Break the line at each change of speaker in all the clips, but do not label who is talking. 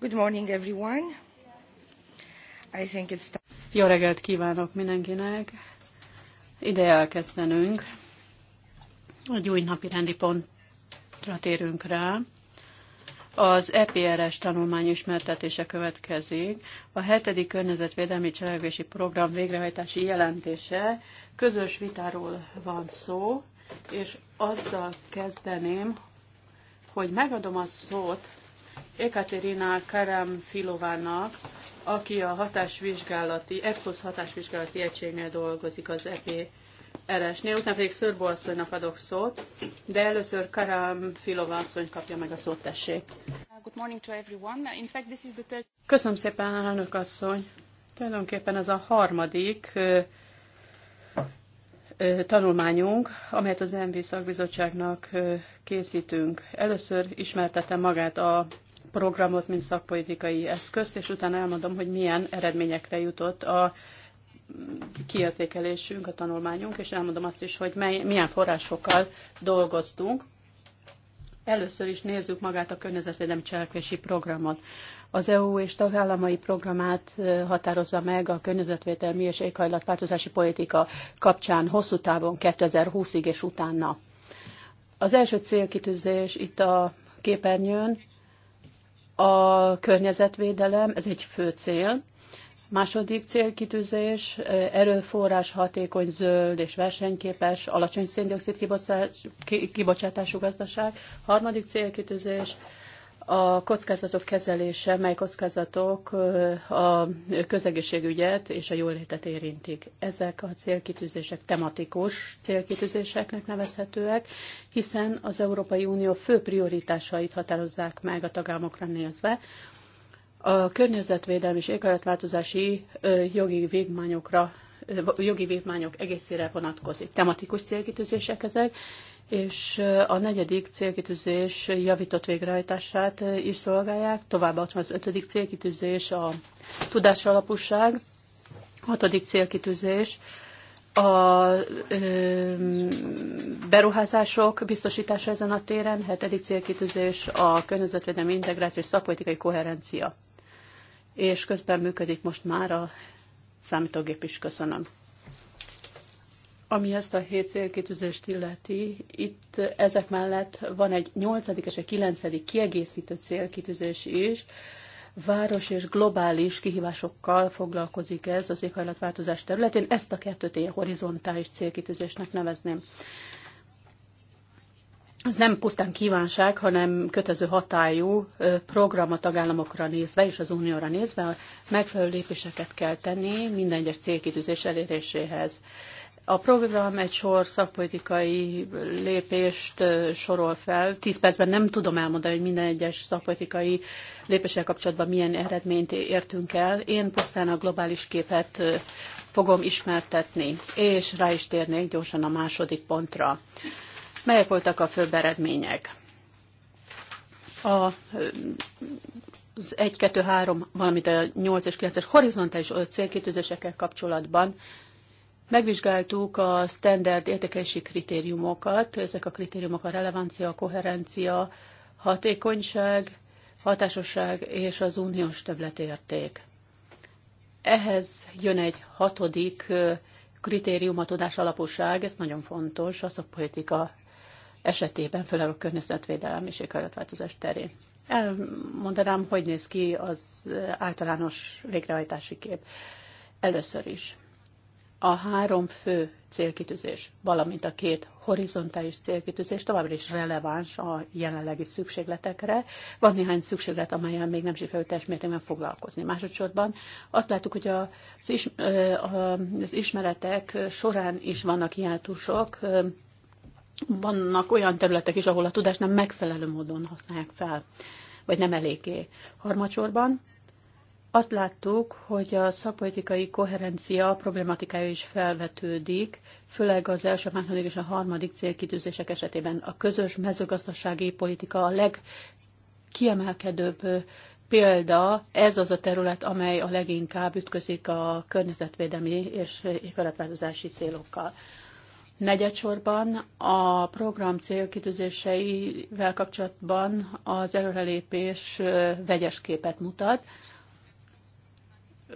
Good morning everyone.
I think it's Jó reggelt kívánok mindenkinek. Ide elkezdenünk. a új napi rendi pontra térünk rá. Az EPRS tanulmány ismertetése következik. A hetedik környezetvédelmi cselekvési program végrehajtási jelentése közös vitáról van szó, és azzal kezdeném, hogy megadom a szót Ekaterina Karam Filovának, aki a hatásvizsgálati, EFKOZ hatásvizsgálati egységnél dolgozik az EP RS-nél, utána pedig Szörbó asszonynak adok szót, de először Karam Filova asszony kapja meg a szót, tessék. Good morning to everyone. In fact, this is the third... Köszönöm szépen, elnök asszony. Tulajdonképpen ez a harmadik ö, ö, tanulmányunk, amelyet az MV szakbizottságnak ö, készítünk. Először ismertette magát a programot, mint szakpolitikai eszközt, és utána elmondom, hogy milyen eredményekre jutott a kiértékelésünk, a tanulmányunk, és elmondom azt is, hogy mely, milyen forrásokkal dolgoztunk. Először is nézzük magát a környezetvédelmi cselekvési programot. Az EU és tagállamai programát határozza meg a környezetvédelmi és éghajlatváltozási politika kapcsán hosszú távon 2020-ig és utána. Az első célkitűzés itt a képernyőn a környezetvédelem, ez egy fő cél. Második célkitűzés, eh, erőforrás hatékony, zöld és versenyképes, alacsony széndiokszid kibocsátású gazdaság. Harmadik célkitűzés, a kockázatok kezelése, mely kockázatok a közegészségügyet és a jólétet érintik. Ezek a célkitűzések tematikus célkitűzéseknek nevezhetőek, hiszen az Európai Unió fő prioritásait határozzák meg a tagállamokra nézve, a környezetvédelmi és éghajlatváltozási jogi végmányokra jogi vívmányok egészére vonatkozik. Tematikus célkitűzések ezek, és a negyedik célkitűzés javított végrehajtását is szolgálják, továbbá az ötödik célkitűzés a tudásalapúság, hatodik célkitűzés a ö, beruházások biztosítása ezen a téren, hetedik célkitűzés a környezetvédelmi integráció és szakpolitikai koherencia. És közben működik most már a számítógép is. Köszönöm. Ami ezt a hét célkitűzést illeti, itt ezek mellett van egy nyolcadik és egy kilencedik kiegészítő célkitűzés is. Város és globális kihívásokkal foglalkozik ez az éghajlatváltozás területén. Ezt a kettőt én horizontális célkitűzésnek nevezném ez nem pusztán kívánság, hanem kötező hatályú program a tagállamokra nézve és az unióra nézve, megfelelő lépéseket kell tenni minden egyes célkitűzés eléréséhez. A program egy sor szakpolitikai lépést sorol fel. Tíz percben nem tudom elmondani, hogy minden egyes szakpolitikai lépéssel kapcsolatban milyen eredményt értünk el. Én pusztán a globális képet fogom ismertetni, és rá is térnék gyorsan a második pontra. Melyek voltak a főbb eredmények? A az 1, 2, 3, valamint a 8 és 9-es horizontális célkitűzésekkel kapcsolatban megvizsgáltuk a standard értékelési kritériumokat. Ezek a kritériumok a relevancia, a koherencia, hatékonyság, hatásosság és az uniós többletérték. Ehhez jön egy hatodik kritérium, a tudás alaposság, ez nagyon fontos a szakpolitika esetében, főleg a környezetvédelem és éghajlatváltozás terén. Elmondanám, hogy néz ki az általános végrehajtási kép. Először is a három fő célkitűzés, valamint a két horizontális célkitűzés továbbra is releváns a jelenlegi szükségletekre. Van néhány szükséglet, amelyen még nem sikerült teljes mértékben foglalkozni. Másodszorban azt látjuk, hogy az, az ismeretek során is vannak hiátusok, vannak olyan területek is, ahol a tudást nem megfelelő módon használják fel, vagy nem eléggé. Harmadsorban azt láttuk, hogy a szakpolitikai koherencia problématikája is felvetődik, főleg az első, második és a harmadik célkitűzések esetében. A közös mezőgazdasági politika a legkiemelkedőbb példa, ez az a terület, amely a leginkább ütközik a környezetvédelmi és éghajlatváltozási célokkal. Negyedsorban a program célkitűzéseivel kapcsolatban az előrelépés vegyes képet mutat.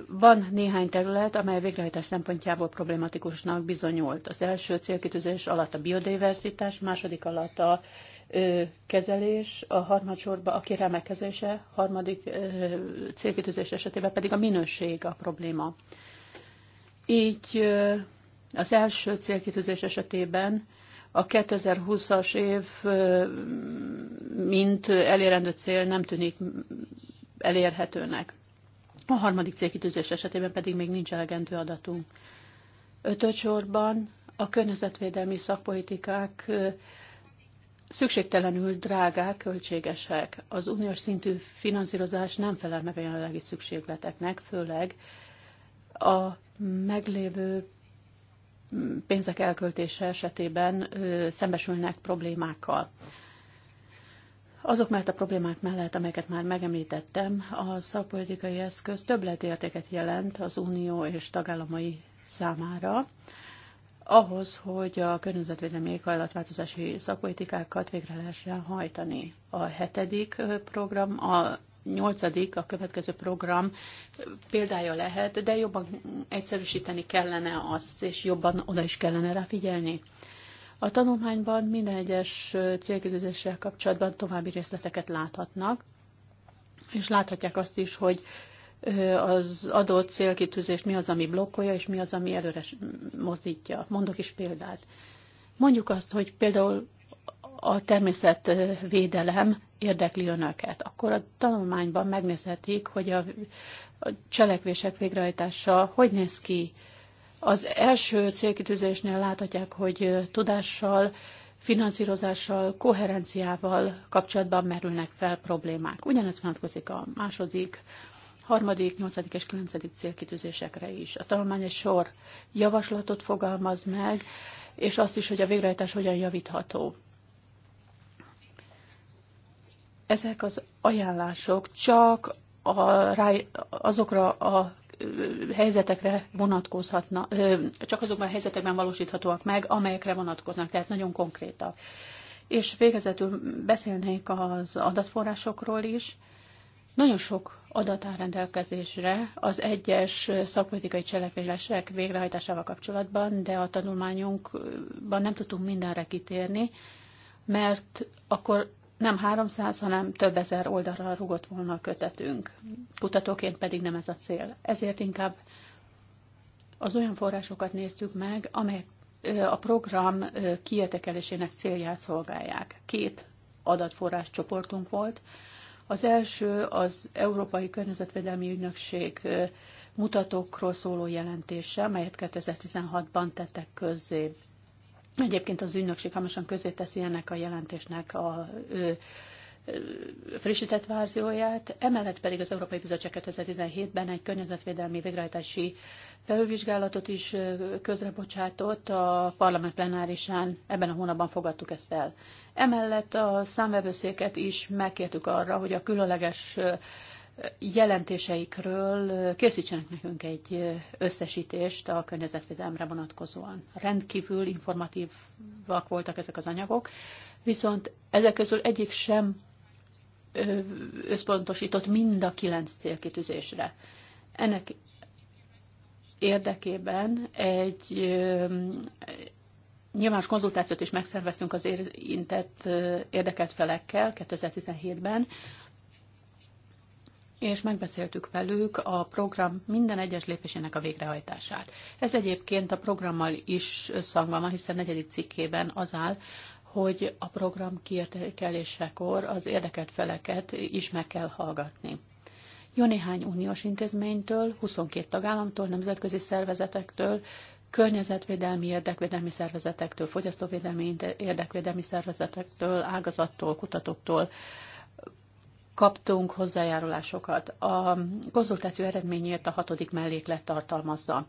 Van néhány terület, amely végrehajtás szempontjából problematikusnak bizonyult. Az első célkitűzés alatt a biodiverzitás, második alatt a kezelés, a harmadsorban a kérelmek kezelése, harmadik célkitűzés esetében pedig a minőség a probléma. Így az első célkitűzés esetében a 2020-as év mint elérendő cél nem tűnik elérhetőnek. A harmadik célkitűzés esetében pedig még nincs elegendő adatunk. Ötödsorban a környezetvédelmi szakpolitikák szükségtelenül drágák, költségesek. Az uniós szintű finanszírozás nem felel meg a jelenlegi szükségleteknek, főleg a meglévő pénzek elköltése esetében szembesülnek problémákkal. Azok mellett a problémák mellett, amelyeket már megemlítettem, a szakpolitikai eszköz többletértéket jelent az unió és tagállamai számára, ahhoz, hogy a környezetvédelmi éghajlatváltozási szakpolitikákat végre lehessen hajtani. A hetedik program a nyolcadik a következő program példája lehet, de jobban egyszerűsíteni kellene azt, és jobban oda is kellene rá figyelni. A tanulmányban minden egyes célkitűzéssel kapcsolatban további részleteket láthatnak, és láthatják azt is, hogy az adott célkitűzést mi az, ami blokkolja, és mi az, ami előre mozdítja. Mondok is példát. Mondjuk azt, hogy például a természetvédelem érdekli önöket, akkor a tanulmányban megnézhetik, hogy a cselekvések végrehajtása hogy néz ki. Az első célkitűzésnél láthatják, hogy tudással, finanszírozással, koherenciával kapcsolatban merülnek fel problémák. Ugyanez vonatkozik a második, harmadik, nyolcadik és kilencedik célkitűzésekre is. A tanulmány egy sor javaslatot fogalmaz meg, és azt is, hogy a végrehajtás hogyan javítható ezek az ajánlások csak a, rá, azokra a helyzetekre vonatkozhatna, csak azokban a helyzetekben valósíthatóak meg, amelyekre vonatkoznak, tehát nagyon konkrétak. És végezetül beszélnék az adatforrásokról is. Nagyon sok adat áll rendelkezésre az egyes szakpolitikai cselekvések végrehajtásával kapcsolatban, de a tanulmányunkban nem tudtunk mindenre kitérni, mert akkor nem 300, hanem több ezer oldalra rugott volna a kötetünk. Kutatóként pedig nem ez a cél. Ezért inkább az olyan forrásokat néztük meg, amelyek a program kietekelésének célját szolgálják. Két adatforrás csoportunk volt. Az első az Európai Környezetvédelmi Ügynökség mutatókról szóló jelentése, melyet 2016-ban tettek közzé. Egyébként az ügynökség hamarosan közé teszi ennek a jelentésnek a ö, frissített verzióját, emellett pedig az Európai Bizottság 2017-ben egy környezetvédelmi végrehajtási felülvizsgálatot is közrebocsátott, a parlament plenárisán ebben a hónapban fogadtuk ezt el. Emellett a számvevőszéket is megkértük arra, hogy a különleges jelentéseikről készítsenek nekünk egy összesítést a környezetvédelemre vonatkozóan. Rendkívül informatívak voltak ezek az anyagok, viszont ezek közül egyik sem összpontosított mind a kilenc célkitűzésre. Ennek érdekében egy nyilvános konzultációt is megszerveztünk az érintett érdekelt felekkel 2017-ben, és megbeszéltük velük a program minden egyes lépésének a végrehajtását. Ez egyébként a programmal is összhangban van, hiszen negyedik cikkében az áll, hogy a program kiértékelésekor az érdekelt feleket is meg kell hallgatni. Jó néhány uniós intézménytől, 22 tagállamtól, nemzetközi szervezetektől, környezetvédelmi érdekvédelmi szervezetektől, fogyasztóvédelmi érdekvédelmi szervezetektől, ágazattól, kutatóktól, kaptunk hozzájárulásokat. A konzultáció eredményét a hatodik melléklet tartalmazza.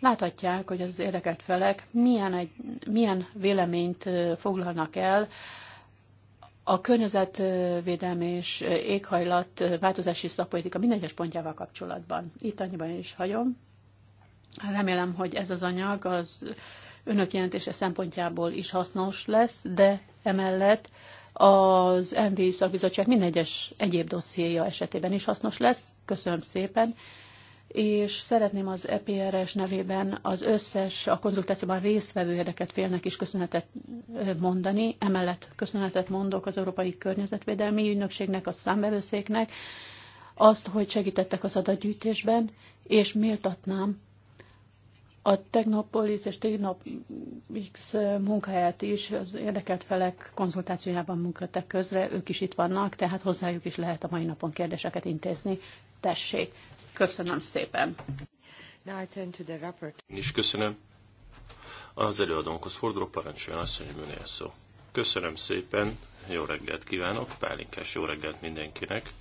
Láthatják, hogy az érdekelt felek milyen, egy, milyen véleményt foglalnak el a környezetvédelmi és éghajlat változási szakpolitika minden egyes pontjával kapcsolatban. Itt annyiban is hagyom. Remélem, hogy ez az anyag az önök jelentése szempontjából is hasznos lesz, de emellett az MV szakbizottság minden egyes egyéb dossziéja esetében is hasznos lesz. Köszönöm szépen és szeretném az EPRS nevében az összes a konzultációban résztvevő érdeket félnek is köszönetet mondani. Emellett köszönetet mondok az Európai Környezetvédelmi Ügynökségnek, a számbevőszéknek, azt, hogy segítettek az adatgyűjtésben, és méltatnám a tegnapolis és tegnap X munkáját is az érdekelt felek konzultációjában munkatek közre, ők is itt vannak, tehát hozzájuk is lehet a mai napon kérdéseket intézni. Tessék! Köszönöm szépen! Now
Én is köszönöm. Az előadónkhoz fordulok, parancsoljon asszonyom hogy szó. Köszönöm szépen, jó reggelt kívánok, pálinkás jó reggelt mindenkinek.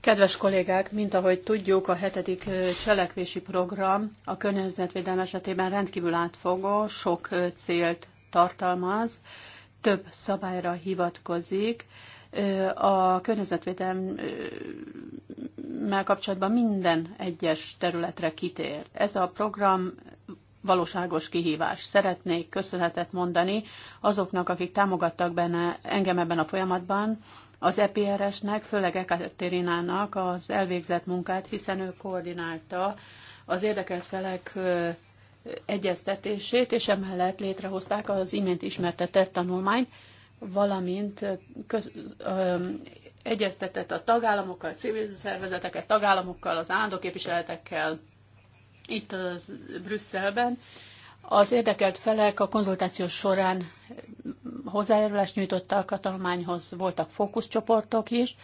Kedves kollégák, mint ahogy tudjuk, a hetedik cselekvési program a környezetvédelem esetében rendkívül átfogó, sok célt tartalmaz, több szabályra hivatkozik. A környezetvédelemmel kapcsolatban minden egyes területre kitér. Ez a program valóságos kihívás. Szeretnék köszönetet mondani azoknak, akik támogattak benne engem ebben a folyamatban, az EPRS-nek, főleg Ekaterinának az elvégzett munkát, hiszen ő koordinálta az érdekelt felek egyeztetését, és emellett létrehozták az imént ismertetett tanulmányt, valamint köz, ö, egyeztetett a tagállamokkal, civil szervezeteket, tagállamokkal, az állandó képviseletekkel itt az Brüsszelben, az érdekelt felek a konzultáció során hozzájárulást nyújtottak a tanulmányhoz, voltak fókuszcsoportok is,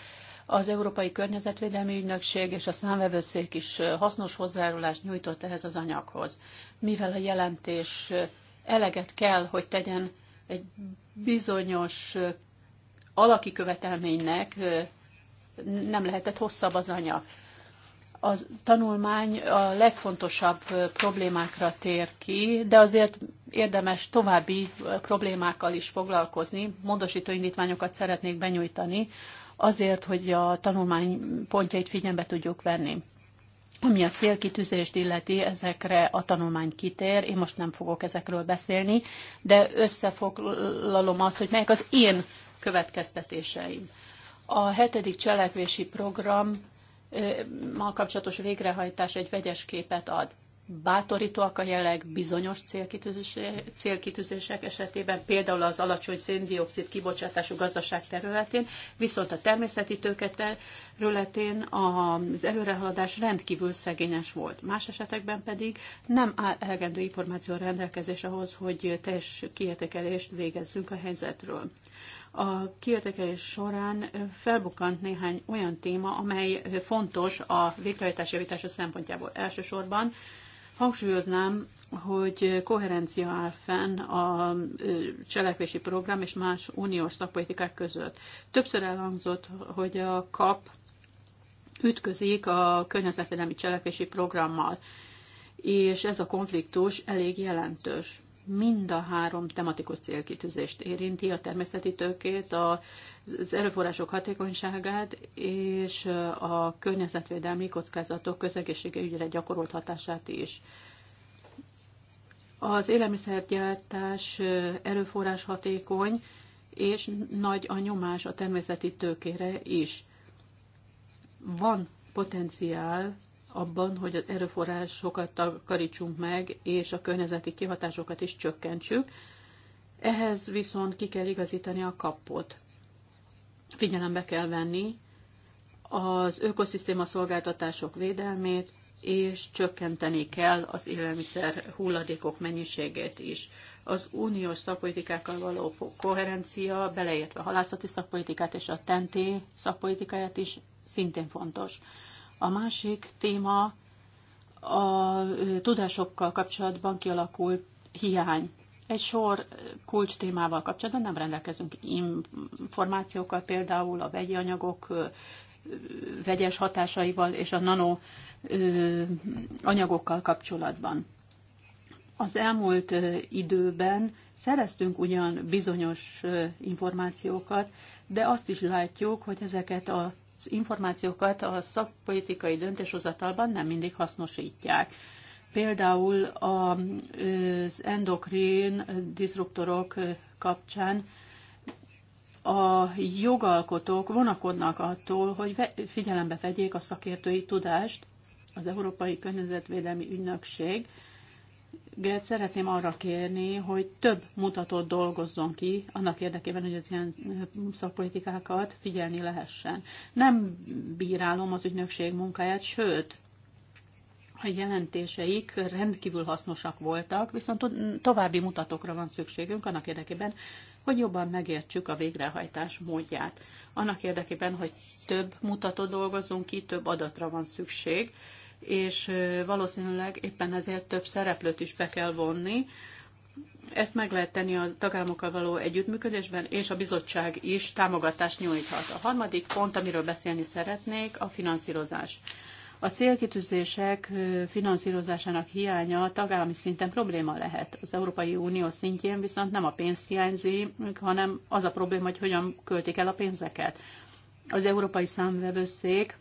az Európai Környezetvédelmi Ügynökség és a számvevőszék is hasznos hozzájárulást nyújtott ehhez az anyaghoz. Mivel a jelentés eleget kell, hogy tegyen egy bizonyos alaki követelménynek, nem lehetett hosszabb az anyag a tanulmány a legfontosabb problémákra tér ki, de azért érdemes további problémákkal is foglalkozni. Módosító indítványokat szeretnék benyújtani, azért, hogy a tanulmány pontjait figyelembe tudjuk venni. Ami a célkitűzést illeti, ezekre a tanulmány kitér, én most nem fogok ezekről beszélni, de összefoglalom azt, hogy melyek az én következtetéseim. A hetedik cselekvési program mal kapcsolatos végrehajtás egy vegyes képet ad. Bátorítóak a jelek bizonyos célkitűzések, célkitűzések esetében, például az alacsony széndiokszid kibocsátású gazdaság területén, viszont a természeti tőke területén az előrehaladás rendkívül szegényes volt. Más esetekben pedig nem áll elegendő információ rendelkezés ahhoz, hogy teljes kiértékelést végezzünk a helyzetről. A kiértékelés során felbukkant néhány olyan téma, amely fontos a végrehajtás javítása szempontjából. Elsősorban hangsúlyoznám, hogy koherencia áll fenn a cselekvési program és más uniós szakpolitikák között. Többször elhangzott, hogy a KAP ütközik a környezetvédelmi cselekvési programmal, és ez a konfliktus elég jelentős mind a három tematikus célkitűzést érinti, a természeti tőkét, az erőforrások hatékonyságát és a környezetvédelmi kockázatok ügyre gyakorolt hatását is. Az élelmiszergyártás erőforrás hatékony, és nagy a nyomás a természeti tőkére is. Van potenciál abban, hogy az erőforrásokat takarítsunk meg, és a környezeti kihatásokat is csökkentsük. Ehhez viszont ki kell igazítani a kapot. Figyelembe kell venni az ökoszisztéma szolgáltatások védelmét, és csökkenteni kell az élelmiszer hulladékok mennyiségét is. Az uniós szakpolitikákkal való koherencia, beleértve a halászati szakpolitikát és a tenté szakpolitikáját is szintén fontos. A másik téma a tudásokkal kapcsolatban kialakult hiány. Egy sor kulcs témával kapcsolatban nem rendelkezünk információkkal, például a vegyi anyagok vegyes hatásaival és a nano anyagokkal kapcsolatban. Az elmúlt időben szereztünk ugyan bizonyos információkat, de azt is látjuk, hogy ezeket a az információkat a szakpolitikai döntéshozatalban nem mindig hasznosítják. Például az endokrin diszruptorok kapcsán a jogalkotók vonakodnak attól, hogy figyelembe vegyék a szakértői tudást, az Európai Környezetvédelmi Ügynökség Gert szeretném arra kérni, hogy több mutatót dolgozzon ki, annak érdekében, hogy az ilyen szakpolitikákat figyelni lehessen. Nem bírálom az ügynökség munkáját, sőt, a jelentéseik rendkívül hasznosak voltak, viszont további mutatókra van szükségünk annak érdekében, hogy jobban megértsük a végrehajtás módját. Annak érdekében, hogy több mutató dolgozunk ki, több adatra van szükség, és valószínűleg éppen ezért több szereplőt is be kell vonni. Ezt meg lehet tenni a tagállamokkal való együttműködésben, és a bizottság is támogatást nyújthat. A harmadik pont, amiről beszélni szeretnék, a finanszírozás. A célkitűzések finanszírozásának hiánya tagállami szinten probléma lehet. Az Európai Unió szintjén viszont nem a pénz hiányzik, hanem az a probléma, hogy hogyan költik el a pénzeket. Az Európai Számvevőszék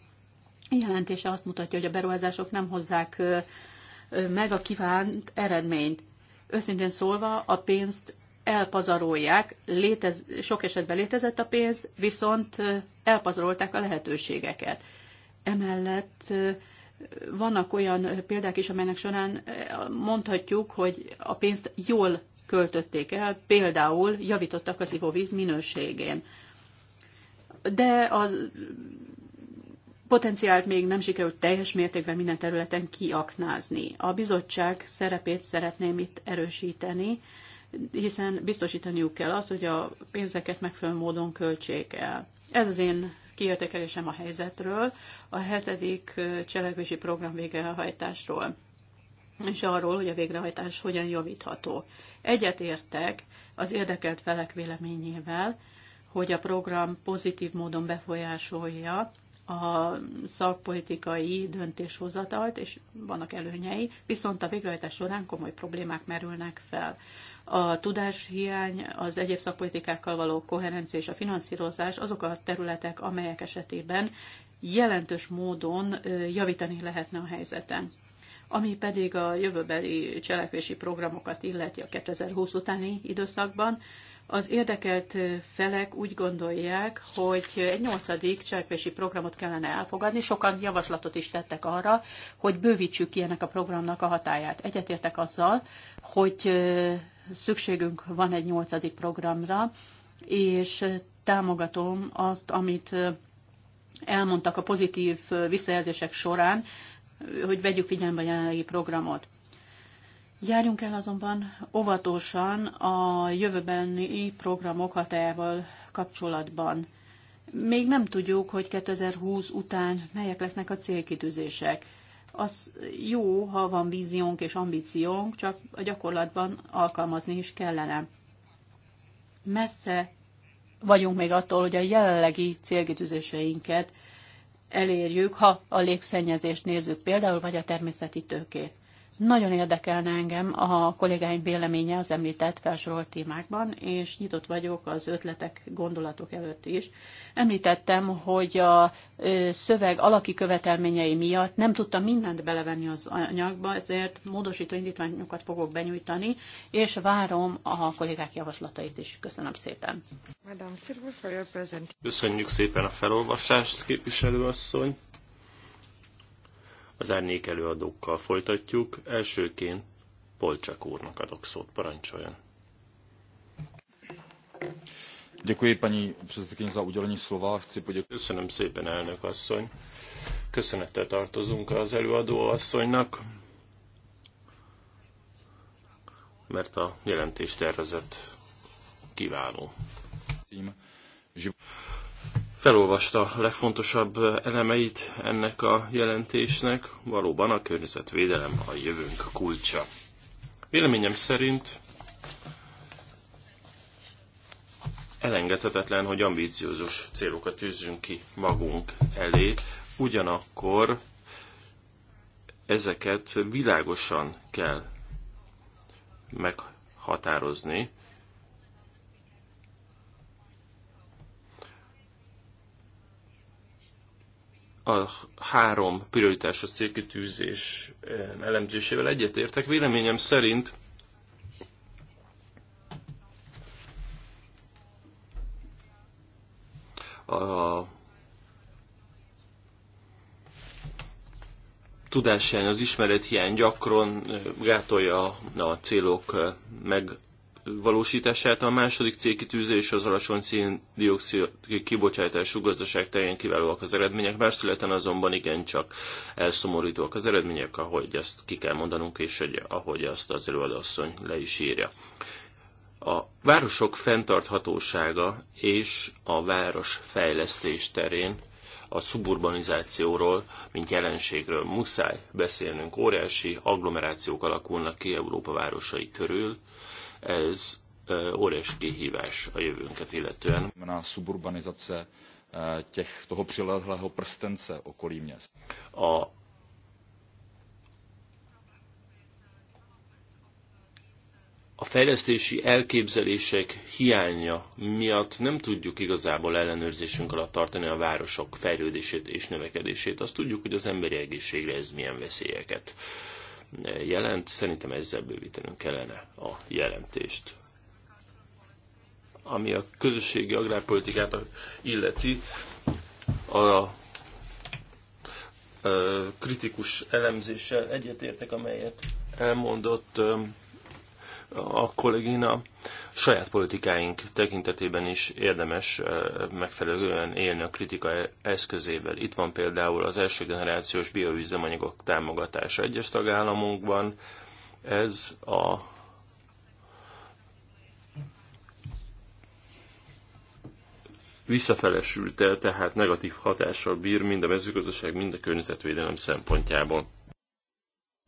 jelentése azt mutatja, hogy a beruházások nem hozzák meg a kívánt eredményt. Őszintén szólva, a pénzt elpazarolják, létez, sok esetben létezett a pénz, viszont elpazarolták a lehetőségeket. Emellett vannak olyan példák is, amelynek során mondhatjuk, hogy a pénzt jól költötték el, például javítottak az ivóvíz minőségén. De az potenciált még nem sikerült teljes mértékben minden területen kiaknázni. A bizottság szerepét szeretném itt erősíteni, hiszen biztosítaniuk kell az, hogy a pénzeket megfelelő módon költsék el. Ez az én kiértékelésem a helyzetről, a hetedik cselekvési program végrehajtásról, és arról, hogy a végrehajtás hogyan javítható. Egyet értek az érdekelt felek véleményével, hogy a program pozitív módon befolyásolja a szakpolitikai döntéshozatalt, és vannak előnyei, viszont a végrehajtás során komoly problémák merülnek fel. A tudáshiány, az egyéb szakpolitikákkal való koherencia és a finanszírozás azok a területek, amelyek esetében jelentős módon javítani lehetne a helyzeten. Ami pedig a jövőbeli cselekvési programokat illeti a 2020 utáni időszakban, az érdekelt felek úgy gondolják, hogy egy nyolcadik cselekvési programot kellene elfogadni. Sokan javaslatot is tettek arra, hogy bővítsük ki ennek a programnak a hatáját. Egyetértek azzal, hogy szükségünk van egy nyolcadik programra, és támogatom azt, amit elmondtak a pozitív visszajelzések során, hogy vegyük figyelembe a jelenlegi programot. Járjunk el azonban óvatosan a jövőbeni programok hatájával kapcsolatban. Még nem tudjuk, hogy 2020 után melyek lesznek a célkitűzések. Az jó, ha van víziónk és ambíciónk, csak a gyakorlatban alkalmazni is kellene. Messze vagyunk még attól, hogy a jelenlegi célkitűzéseinket elérjük, ha a légszennyezést nézzük például, vagy a természeti tőkét. Nagyon érdekelne engem a kollégáim véleménye az említett felsorolt témákban, és nyitott vagyok az ötletek, gondolatok előtt is. Említettem, hogy a szöveg alaki követelményei miatt nem tudtam mindent belevenni az anyagba, ezért módosító indítványokat fogok benyújtani, és várom a kollégák javaslatait is. Köszönöm szépen.
Köszönjük szépen a felolvasást, képviselőasszony. Az árnyék előadókkal folytatjuk. Elsőként Polcsak úrnak adok szót. Parancsoljon. Děkuji paní předsedkyně za udělení slova. Chci poděkovat. Köszönöm szépen, elnök asszony. Köszönettel tartozunk az előadó asszonynak, mert a jelentés tervezett kiváló felolvasta a legfontosabb elemeit ennek a jelentésnek. Valóban a környezetvédelem a jövőnk kulcsa. Véleményem szerint elengedhetetlen, hogy ambíciózus célokat tűzzünk ki magunk elé, ugyanakkor ezeket világosan kell meghatározni, a három prioritásos célkitűzés eh, elemzésével egyetértek. Véleményem szerint a tudáshiány, az ismerethiány gyakran eh, gátolja a célok eh, meg Valósítását a második célkitűzés az alacsony széndiokszid kibocsátású gazdaság terén kiválóak az eredmények, más területen azonban igencsak elszomorítóak az eredmények, ahogy ezt ki kell mondanunk, és hogy, ahogy azt az előadasszony le is írja. A városok fenntarthatósága és a város fejlesztés terén a szuburbanizációról, mint jelenségről muszáj beszélnünk. Óriási agglomerációk alakulnak ki Európa városai körül, ez óriás kihívás a jövőnket illetően. A suburbanizace e, těch, toho přilehlého prstence okolí měst. A a fejlesztési elképzelések hiánya miatt nem tudjuk igazából ellenőrzésünk alatt tartani a városok fejlődését és növekedését. Azt tudjuk, hogy az emberi egészségre ez milyen veszélyeket uh, jelent. Szerintem ezzel bővítenünk kellene a jelentést. Ami a közösségi agrárpolitikát illeti, a kritikus elemzéssel egyetértek, amelyet elmondott a kollégina saját politikáink tekintetében is érdemes eh, megfelelően élni a kritika eszközével. Itt van például az első generációs bioüzemanyagok támogatása egyes tagállamokban. Ez a visszafelesült el, tehát negatív hatással bír mind a mezőgazdaság, mind a környezetvédelem szempontjából.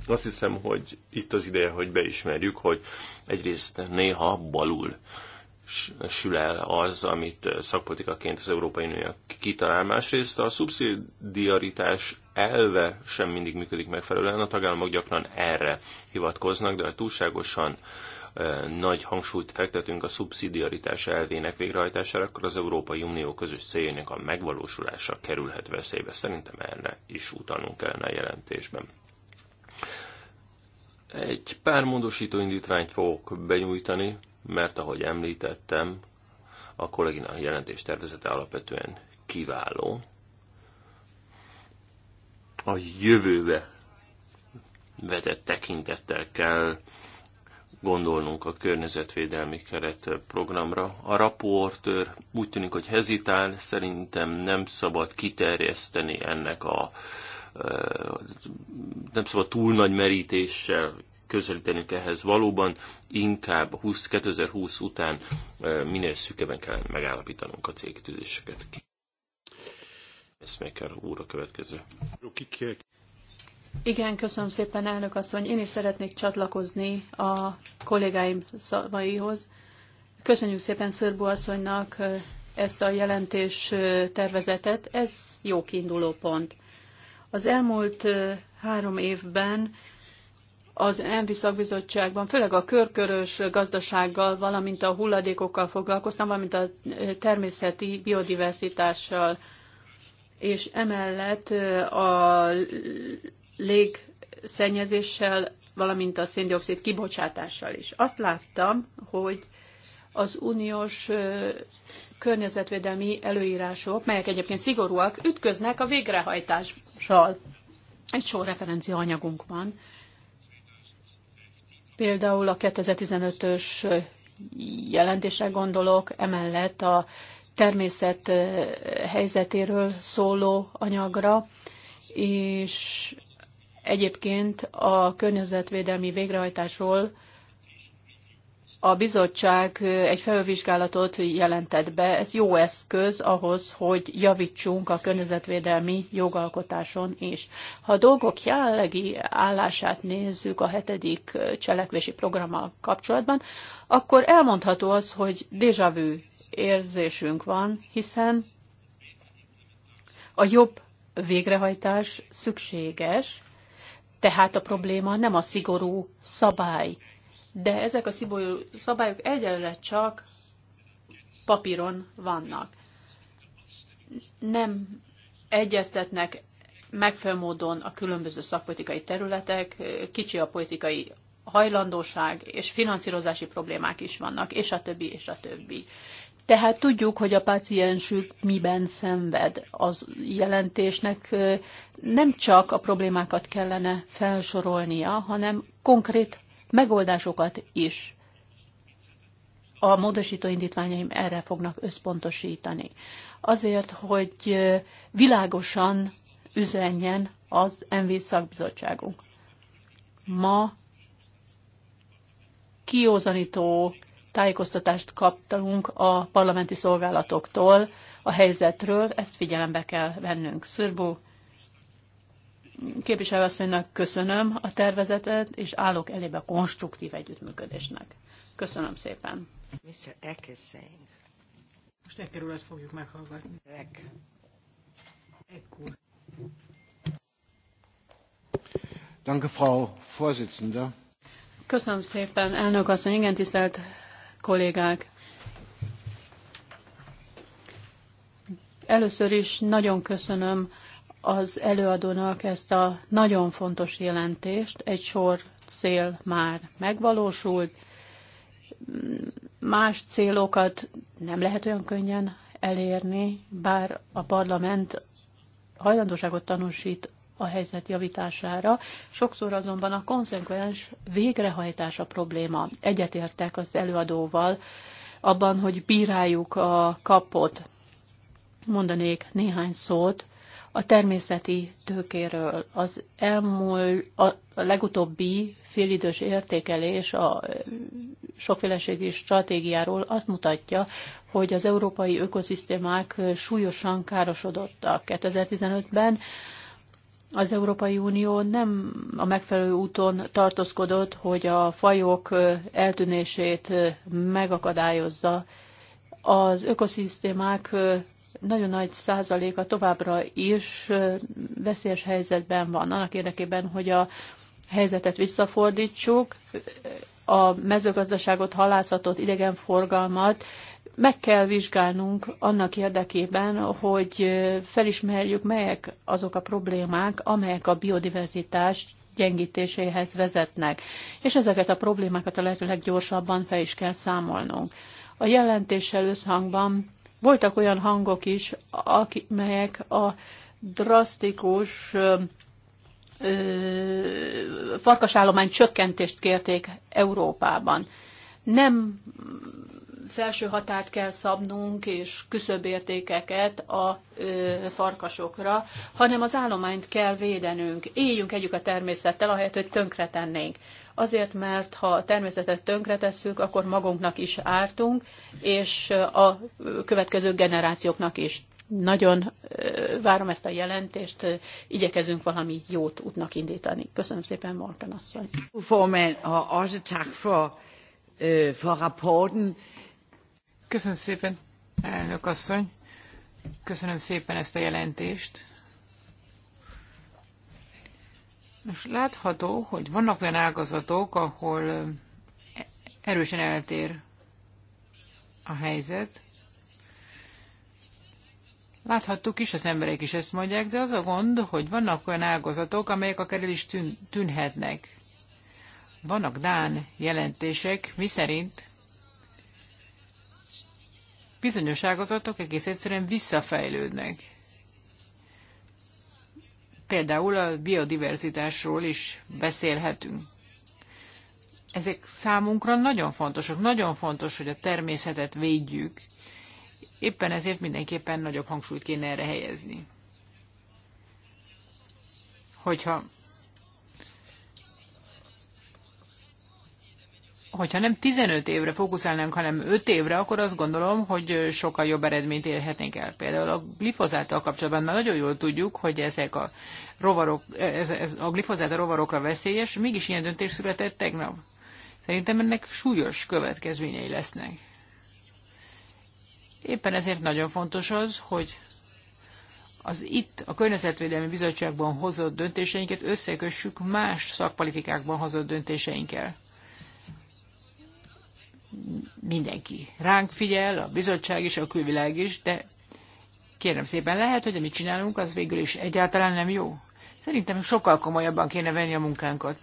Azt hiszem, hogy itt az ideje, hogy beismerjük, hogy egyrészt néha balul sül el az, amit szakpolitikaként az Európai Unió kitalál. Másrészt a szubszidiaritás elve sem mindig működik megfelelően, a tagállamok gyakran erre hivatkoznak, de túlságosan nagy hangsúlyt fektetünk a szubszidiaritás elvének végrehajtására, akkor az Európai Unió közös céljainak a megvalósulása kerülhet veszélybe. Szerintem erre is utalnunk kellene a jelentésben. Egy pár módosító indítványt fogok benyújtani, mert ahogy említettem, a kollégina jelentés tervezete alapvetően kiváló. A jövőbe vetett tekintettel kell gondolnunk a környezetvédelmi keret programra. A raportőr úgy tűnik, hogy hezitál, szerintem nem szabad kiterjeszteni ennek a nem szabad túl nagy merítéssel közelítenünk ehhez valóban, inkább 20, 2020 után minél szükeben kell megállapítanunk a célkitűzéseket. Eszméker úr a következő.
Igen, köszönöm szépen, elnök asszony. Én is szeretnék csatlakozni a kollégáim szavaihoz. Köszönjük szépen Szörbu asszonynak ezt a jelentés tervezetet. Ez jó kiinduló pont. Az elmúlt három évben az ENVI szakbizottságban, főleg a körkörös gazdasággal, valamint a hulladékokkal foglalkoztam, valamint a természeti biodiversitással, és emellett a légszennyezéssel, valamint a széndiokszid kibocsátással is. Azt láttam, hogy az uniós környezetvédelmi előírások, melyek egyébként szigorúak, ütköznek a végrehajtással. Egy sor referencia anyagunk van. Például a 2015-ös jelentésre gondolok, emellett a természet eh, helyzetéről szóló anyagra, és egyébként a környezetvédelmi végrehajtásról a bizottság egy felülvizsgálatot jelentett be. Ez jó eszköz ahhoz, hogy javítsunk a környezetvédelmi jogalkotáson is. Ha a dolgok jelenlegi állását nézzük a hetedik cselekvési programmal kapcsolatban, akkor elmondható az, hogy déjà vu érzésünk van, hiszen a jobb végrehajtás szükséges, tehát a probléma nem a szigorú szabály, de ezek a szabályok egyelőre csak papíron vannak. Nem egyeztetnek megfelelő módon a különböző szakpolitikai területek, kicsi a politikai hajlandóság, és finanszírozási problémák is vannak, és a többi, és a többi. Tehát tudjuk, hogy a páciensük miben szenved. Az jelentésnek nem csak a problémákat kellene felsorolnia, hanem konkrét megoldásokat is. A módosító indítványaim erre fognak összpontosítani. Azért, hogy világosan üzenjen az MV szakbizottságunk. Ma kiózanító tájékoztatást kaptunk a parlamenti szolgálatoktól a helyzetről, ezt figyelembe kell vennünk. Szörbú Képviselőasszonynak köszönöm a tervezetet, és állok elébe a konstruktív együttműködésnek. Köszönöm szépen.
Mr. Eck is saying. Most egy kerület fogjuk
meghallgatni. Eck. Eck úr.
Danke, Frau Vorsitzende.
Köszönöm szépen, elnök asszony, igen tisztelt kollégák. Először is nagyon köszönöm az előadónak ezt a nagyon fontos jelentést. Egy sor cél már megvalósult, más célokat nem lehet olyan könnyen elérni, bár a parlament hajlandóságot tanúsít a helyzet javítására, sokszor azonban a konzekvens végrehajtás a probléma. Egyetértek az előadóval abban, hogy bíráljuk a kapot. Mondanék néhány szót a természeti tőkéről. Az elmúlt, a legutóbbi félidős értékelés a sokféleségi stratégiáról azt mutatja, hogy az európai ökoszisztémák súlyosan károsodottak 2015-ben, az Európai Unió nem a megfelelő úton tartózkodott, hogy a fajok eltűnését megakadályozza. Az ökoszisztémák nagyon nagy százaléka továbbra is veszélyes helyzetben van. Annak érdekében, hogy a helyzetet visszafordítsuk, a mezőgazdaságot, halászatot, idegenforgalmat meg kell vizsgálnunk annak érdekében, hogy felismerjük, melyek azok a problémák, amelyek a biodiverzitás gyengítéséhez vezetnek, és ezeket a problémákat a lehető leggyorsabban fel is kell számolnunk. A jelentéssel összhangban voltak olyan hangok is, melyek a drasztikus farkasállomány csökkentést kérték Európában. Nem felső határt kell szabnunk és küszöbértékeket a ö, farkasokra, hanem az állományt kell védenünk. Éljünk együtt a természettel, ahelyett, hogy tönkretennénk azért, mert ha a természetet tönkretesszük, akkor magunknak is ártunk, és a következő generációknak is. Nagyon várom ezt a jelentést, igyekezünk valami jót útnak indítani. Köszönöm szépen, Morgan asszony.
Øh, Köszönöm szépen, elnök asszony. Köszönöm szépen ezt a jelentést. Nos, látható, hogy vannak olyan ágazatok, ahol erősen eltér a helyzet. Láthattuk is, az emberek is ezt mondják, de az a gond, hogy vannak olyan ágazatok, amelyek akár el is tűn, tűnhetnek. Vannak Dán jelentések, miszerint bizonyos ágazatok egész egyszerűen visszafejlődnek. Például a biodiverzitásról is beszélhetünk. Ezek számunkra nagyon fontosak. Nagyon fontos, hogy a természetet védjük. Éppen ezért mindenképpen nagyobb hangsúlyt kéne erre helyezni. Hogyha hogyha nem 15 évre fókuszálnánk, hanem 5 évre, akkor azt gondolom, hogy sokkal jobb eredményt érhetnénk el. Például a glifozáttal kapcsolatban már nagyon jól tudjuk, hogy ezek a rovarok, ez, ez, a glifozát a rovarokra veszélyes, mégis ilyen döntés született tegnap. Szerintem ennek súlyos következményei lesznek. Éppen ezért nagyon fontos az, hogy az itt a Környezetvédelmi Bizottságban hozott döntéseinket összekössük más szakpolitikákban hozott döntéseinkkel mindenki ránk figyel, a bizottság is, a külvilág is, de kérem szépen, lehet, hogy amit csinálunk, az végül is egyáltalán nem jó. Szerintem sokkal komolyabban kéne venni a munkánkat.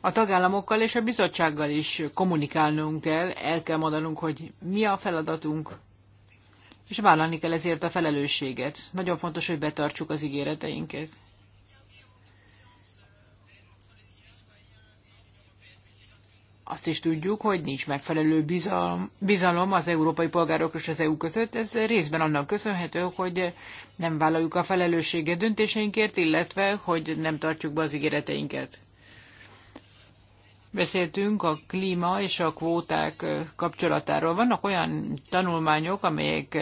A tagállamokkal és a bizottsággal is kommunikálnunk kell, el kell mondanunk, hogy mi a feladatunk, és vállalni kell ezért a felelősséget. Nagyon fontos, hogy betartsuk az ígéreteinket. Azt is tudjuk, hogy nincs megfelelő bizalom, bizalom az európai polgárok és az EU között. Ez részben annak köszönhető, hogy nem vállaljuk a felelősséget döntéseinkért, illetve hogy nem tartjuk be az ígéreteinket. Beszéltünk a klíma és a kvóták kapcsolatáról. Vannak olyan tanulmányok, amelyek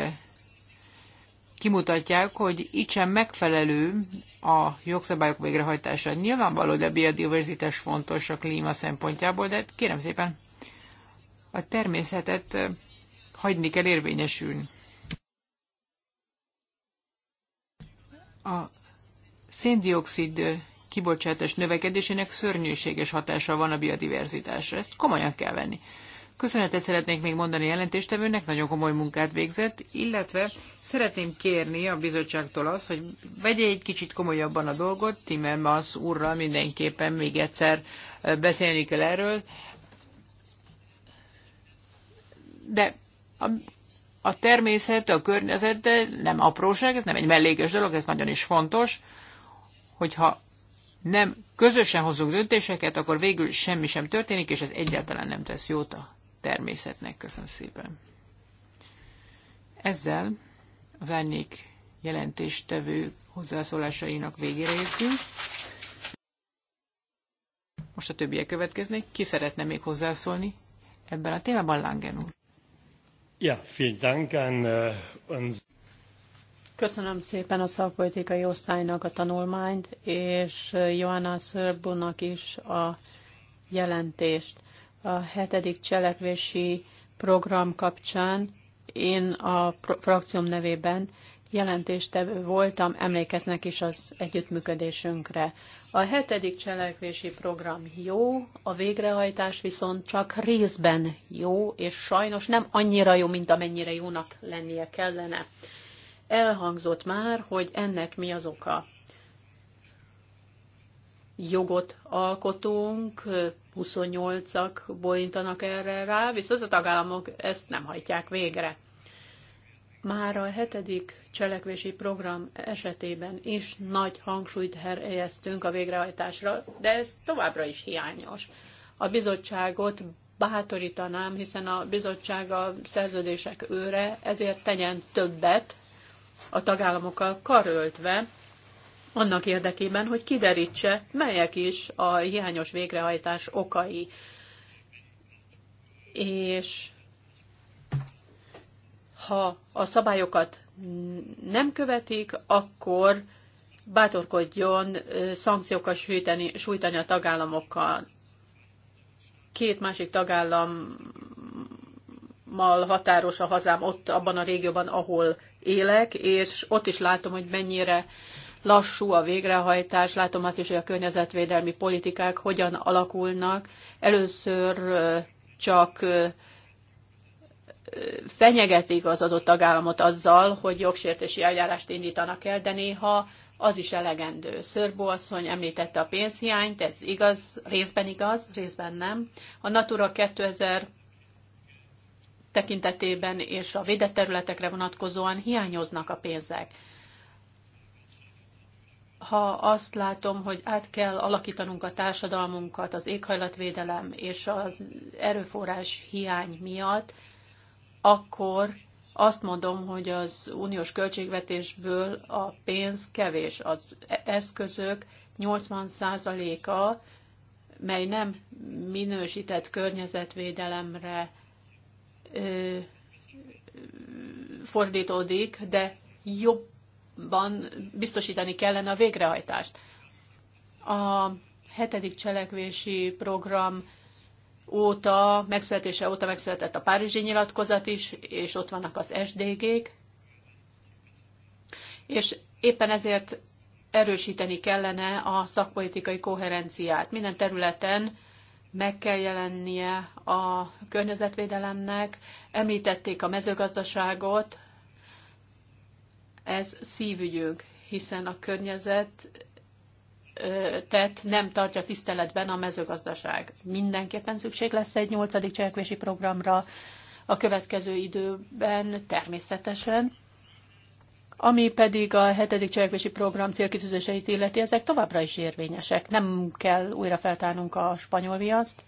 kimutatják, hogy itt sem megfelelő a jogszabályok végrehajtása. Nyilvánvaló, hogy a biodiverzitás fontos a klíma szempontjából, de kérem szépen, a természetet eh, hagyni kell érvényesülni. A széndiokszid eh, kibocsátás növekedésének szörnyűséges hatása van a biodiverzitásra. Ezt komolyan kell venni. Köszönetet szeretnék még mondani jelentéstevőnek, nagyon komoly munkát végzett, illetve szeretném kérni a bizottságtól azt, hogy vegye egy kicsit komolyabban a dolgot, Timmermans úrral mindenképpen még egyszer beszélni kell erről, de a, a természet, a környezet de nem apróság, ez nem egy mellékes dolog, ez nagyon is fontos, hogyha nem közösen hozunk döntéseket, akkor végül semmi sem történik, és ez egyáltalán nem tesz jót a természetnek. Köszönöm szépen. Ezzel az árnyék jelentéstevő hozzászólásainak végére értünk. Most a többiek következnek. Ki szeretne még hozzászólni ebben a témában, Langen úr?
Ja, vielen Dank an äh, uns.
Köszönöm szépen a szakpolitikai osztálynak a tanulmányt, és Joanna Szörbunak is a jelentést a hetedik cselekvési program kapcsán én a frakcióm nevében jelentéstevő voltam, emlékeznek is az együttműködésünkre. A hetedik cselekvési program jó, a végrehajtás viszont csak részben jó, és sajnos nem annyira jó, mint amennyire jónak lennie kellene. Elhangzott már, hogy ennek mi az oka jogot alkotunk, 28-ak bolintanak erre rá, viszont a tagállamok ezt nem hajtják végre. Már a hetedik cselekvési program esetében is nagy hangsúlyt helyeztünk a végrehajtásra, de ez továbbra is hiányos. A bizottságot bátorítanám, hiszen a bizottság a szerződések őre, ezért tegyen többet a tagállamokkal karöltve, annak érdekében, hogy kiderítse, melyek is a hiányos végrehajtás okai. És ha a szabályokat nem követik, akkor bátorkodjon szankciókat sújtani, sújtani a tagállamokkal. Két másik tagállammal határos a hazám ott abban a régióban, ahol élek, és ott is látom, hogy mennyire lassú a végrehajtás, látom azt is, hogy a környezetvédelmi politikák hogyan alakulnak. Először csak fenyegetik az adott tagállamot azzal, hogy jogsértési eljárást indítanak el, de néha az is elegendő. Szörbó asszony említette a pénzhiányt, ez igaz, részben igaz, részben nem. A Natura 2000 tekintetében és a védett területekre vonatkozóan hiányoznak a pénzek ha azt látom, hogy át kell alakítanunk a társadalmunkat az éghajlatvédelem és az erőforrás hiány miatt, akkor azt mondom, hogy az uniós költségvetésből a pénz kevés, az eszközök 80%-a, mely nem minősített környezetvédelemre ö, fordítódik, de jobb ban biztosítani kellene a végrehajtást. A hetedik cselekvési program óta, megszületése óta megszületett a Párizsi nyilatkozat is, és ott vannak az SDG-k, és éppen ezért erősíteni kellene a szakpolitikai koherenciát. Minden területen meg kell jelennie a környezetvédelemnek. Említették a mezőgazdaságot, ez szívügyünk, hiszen a környezet tehát nem tartja tiszteletben a mezőgazdaság. Mindenképpen szükség lesz egy nyolcadik cselekvési programra a következő időben természetesen. Ami pedig a hetedik cselekvési program célkitűzéseit illeti, ezek továbbra is érvényesek. Nem kell újra feltárnunk a spanyol viaszt.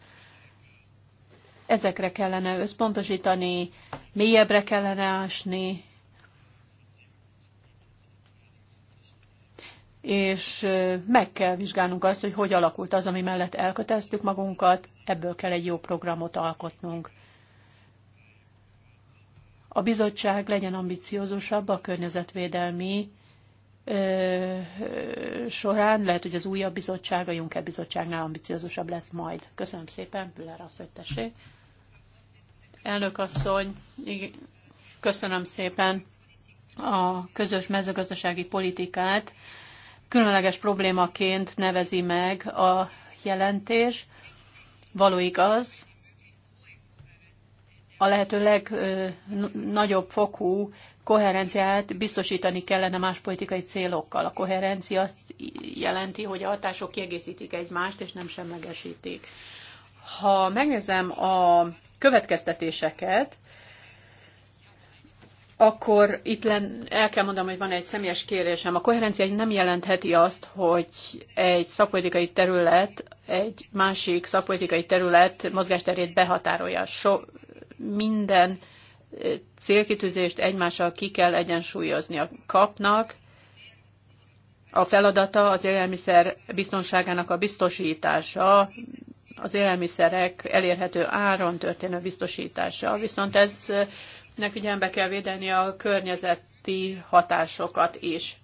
Ezekre kellene összpontosítani, mélyebbre kellene ásni, és meg kell vizsgálnunk azt, hogy hogy alakult az, ami mellett elköteztük magunkat, ebből kell egy jó programot alkotnunk. A bizottság legyen ambiciózusabb a környezetvédelmi ö, során, lehet, hogy az újabb bizottság, a Juncker bizottságnál ambiciózusabb lesz majd. Köszönöm szépen, Püller asszony, tessék. Elnök asszony, köszönöm szépen a közös mezőgazdasági politikát különleges problémaként nevezi meg a jelentés. Való igaz, a lehető legnagyobb fokú koherenciát biztosítani kellene más politikai célokkal. A koherencia azt jelenti, hogy a hatások kiegészítik egymást, és nem semlegesítik. Ha megnézem a következtetéseket, akkor itt len, el kell mondanom, hogy van egy személyes kérésem. A koherencia nem jelentheti azt, hogy egy szakpolitikai terület, egy másik szakpolitikai terület mozgásterét behatárolja. So, minden eh, célkitűzést egymással ki kell egyensúlyozni. A kapnak a feladata az élelmiszer biztonságának a biztosítása, az élelmiszerek elérhető áron történő biztosítása. Viszont ez eh, nek figyelembe kell védeni a környezeti hatásokat is.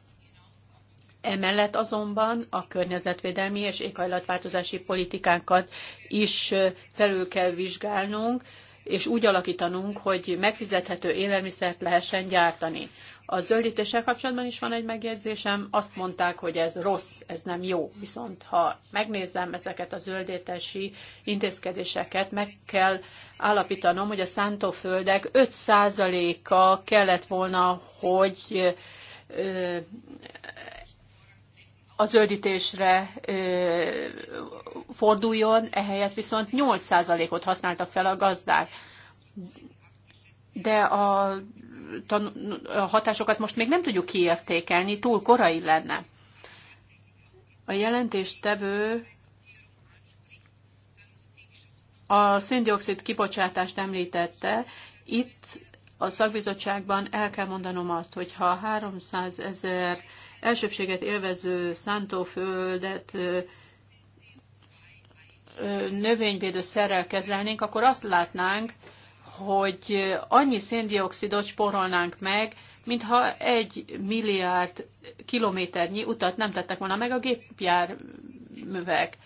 Emellett azonban a környezetvédelmi és éghajlatváltozási politikánkat is felül kell vizsgálnunk, és úgy alakítanunk, hogy megfizethető élelmiszert lehessen gyártani. A zöldítéssel kapcsolatban is van egy megjegyzésem. Azt mondták, hogy ez rossz, ez nem jó. Viszont ha megnézem ezeket a zöldítési intézkedéseket, meg kell állapítanom, hogy a szántóföldek 5%-a kellett volna, hogy a zöldítésre forduljon, ehelyett viszont 8%-ot használtak fel a gazdák. De a tan- hatásokat most még nem tudjuk kiértékelni, túl korai lenne. A jelentéstevő a széndiokszid kibocsátást említette. Itt a szakbizottságban el kell mondanom azt, hogy ha 300 ezer elsőbséget élvező szántóföldet növényvédőszerrel kezelnénk, akkor azt látnánk, hogy annyi széndiokszidot spórolnánk meg, mintha egy milliárd kilométernyi utat nem tettek volna meg a gépjárművek.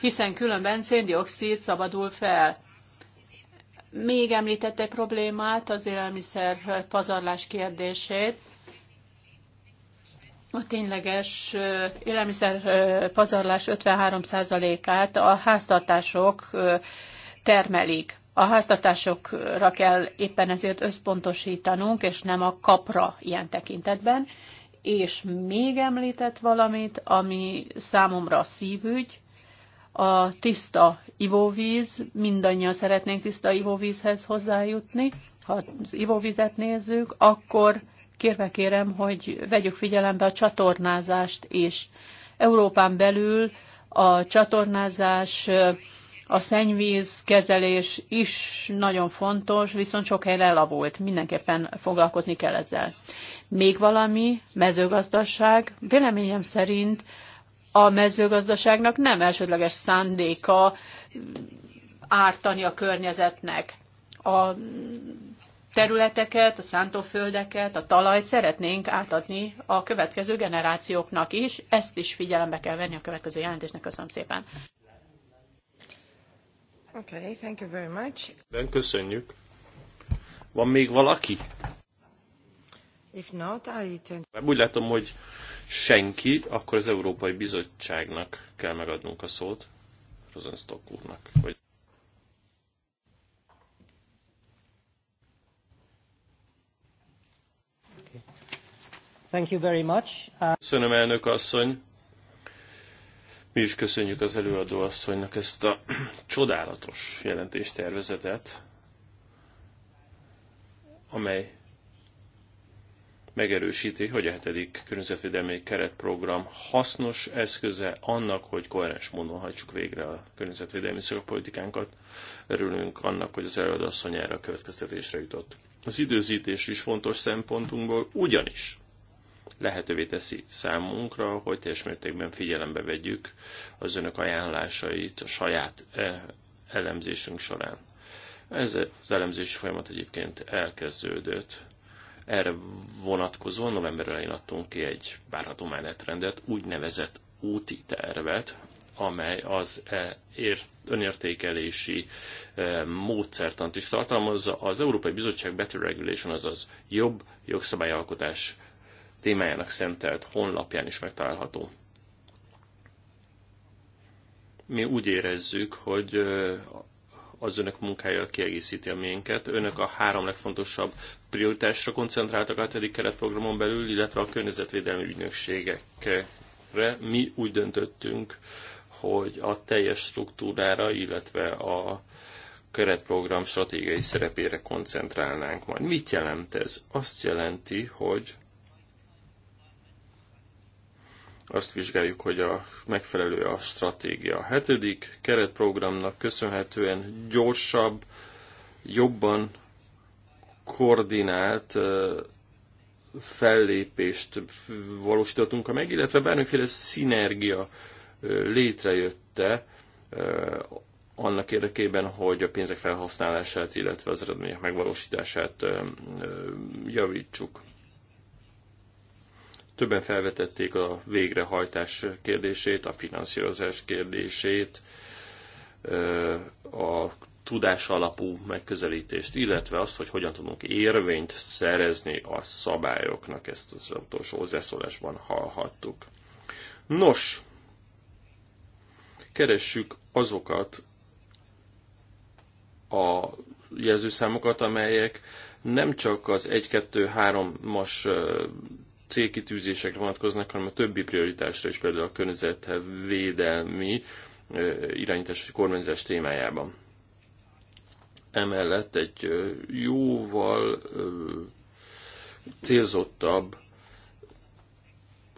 Hiszen különben széndiokszid szabadul fel. Még említette problémát, az élelmiszer pazarlás kérdését a tényleges élelmiszer 53%-át a háztartások termelik. A háztartásokra kell éppen ezért összpontosítanunk, és nem a kapra ilyen tekintetben. És még említett valamit, ami számomra szívügy, a tiszta ivóvíz, mindannyian szeretnénk tiszta ivóvízhez hozzájutni. Ha az ivóvizet nézzük, akkor kérve kérem, hogy vegyük figyelembe a csatornázást is. Európán belül a csatornázás, a szennyvíz kezelés is nagyon fontos, viszont sok helyre elavult. Mindenképpen foglalkozni kell ezzel. Még valami, mezőgazdaság. Véleményem szerint a mezőgazdaságnak nem elsődleges szándéka ártani a környezetnek. A területeket, a szántóföldeket, a talajt szeretnénk átadni a következő generációknak is. Ezt is figyelembe kell venni a következő jelentésnek. Köszönöm szépen.
Okay, thank you very much.
Ben, köszönjük. Van még valaki?
If not, I turn...
Úgy látom, hogy senki, akkor az Európai Bizottságnak kell megadnunk a szót, Rosenstock úrnak. Vagy...
Thank
you very much. Uh,
Köszönöm, elnök asszony. Mi is köszönjük az előadó asszonynak ezt a csodálatos jelentéstervezetet, amely megerősíti, hogy a hetedik környezetvédelmi keretprogram hasznos eszköze annak, hogy koherens módon hajtsuk végre a környezetvédelmi szakpolitikánkat. Örülünk annak, hogy az előadasszony erre a következtetésre jutott. Az időzítés is fontos szempontunkból, ugyanis lehetővé teszi számunkra, hogy teljes mértékben figyelembe vegyük az önök ajánlásait a saját eh, elemzésünk során. Ez az elemzési folyamat egyébként elkezdődött. Erre vonatkozóan november elején adtunk ki egy várható menetrendet, úgynevezett úti tervet, amely az eh, önértékelési eh, módszertant is tartalmazza. Az Európai Bizottság Better Regulation, azaz jobb jogszabályalkotás témájának szentelt honlapján is megtalálható. Mi úgy érezzük, hogy az önök munkája kiegészíti a miénket. Önök a három legfontosabb prioritásra koncentráltak a hetedik keretprogramon belül, illetve a környezetvédelmi ügynökségekre. Mi úgy döntöttünk, hogy a teljes struktúrára, illetve a keretprogram stratégiai szerepére koncentrálnánk majd. Mit jelent ez? Azt jelenti, hogy azt vizsgáljuk, hogy a megfelelő a stratégia. A hetedik keretprogramnak köszönhetően gyorsabb, jobban koordinált fellépést valósítottunk meg, illetve bármiféle szinergia létrejötte annak érdekében, hogy a pénzek felhasználását, illetve az eredmények megvalósítását javítsuk. Többen felvetették a végrehajtás kérdését, a finanszírozás kérdését, a tudás alapú megközelítést, illetve azt, hogy hogyan tudunk érvényt szerezni a szabályoknak. Ezt az utolsó hozzászólásban hallhattuk. Nos, keressük azokat a jelzőszámokat, amelyek nem csak az 1-2-3-as célkitűzésekre vonatkoznak, hanem a többi prioritásra is, például a környezetvédelmi irányítás és kormányzás témájában. Emellett egy jóval célzottabb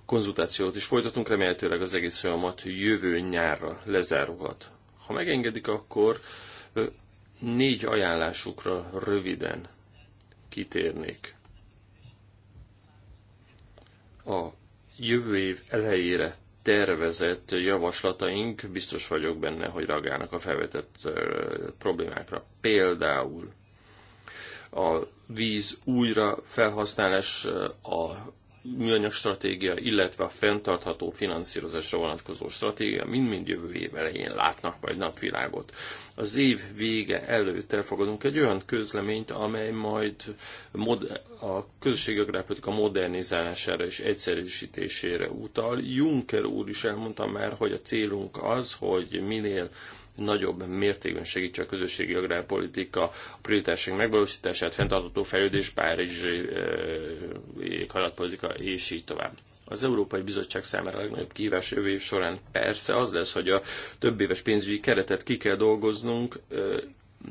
konzultációt is folytatunk, remélhetőleg az egész folyamat jövő nyárra lezárulhat. Ha megengedik, akkor négy ajánlásukra röviden kitérnék a jövő év elejére tervezett javaslataink, biztos vagyok benne, hogy reagálnak a felvetett problémákra. Például a víz újra felhasználás, a műanyag stratégia, illetve a fenntartható finanszírozásra vonatkozó stratégia mind-mind jövő év elején látnak majd napvilágot. Az év vége előtt elfogadunk egy olyan közleményt, amely majd a közösségi agrárpolitika modernizálására és egyszerűsítésére utal. Juncker úr is elmondta már, hogy a célunk az, hogy minél nagyobb mértékben segítse a közösségi agrárpolitika a prioritások megvalósítását, fenntartható fejlődés, Párizsi eh, éghajlatpolitika és így tovább. Az Európai Bizottság számára a legnagyobb kihívás jövő év során persze az lesz, hogy a több éves pénzügyi keretet ki kell dolgoznunk, eh,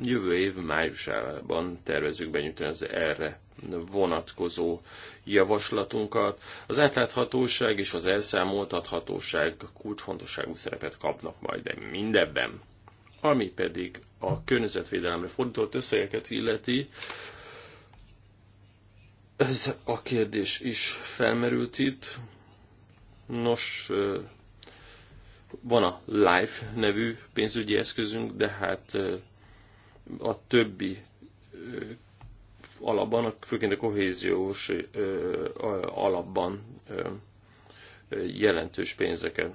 jövő év májusában tervezünk benyújtani az erre vonatkozó javaslatunkat. Az átláthatóság és az elszámoltathatóság kulcsfontosságú szerepet kapnak majd de mindebben. Ami pedig a környezetvédelemre fordított összegeket illeti, ez a kérdés is felmerült itt. Nos, van a LIFE nevű pénzügyi eszközünk, de hát a többi alapban, főként a kohéziós alapban jelentős pénzeket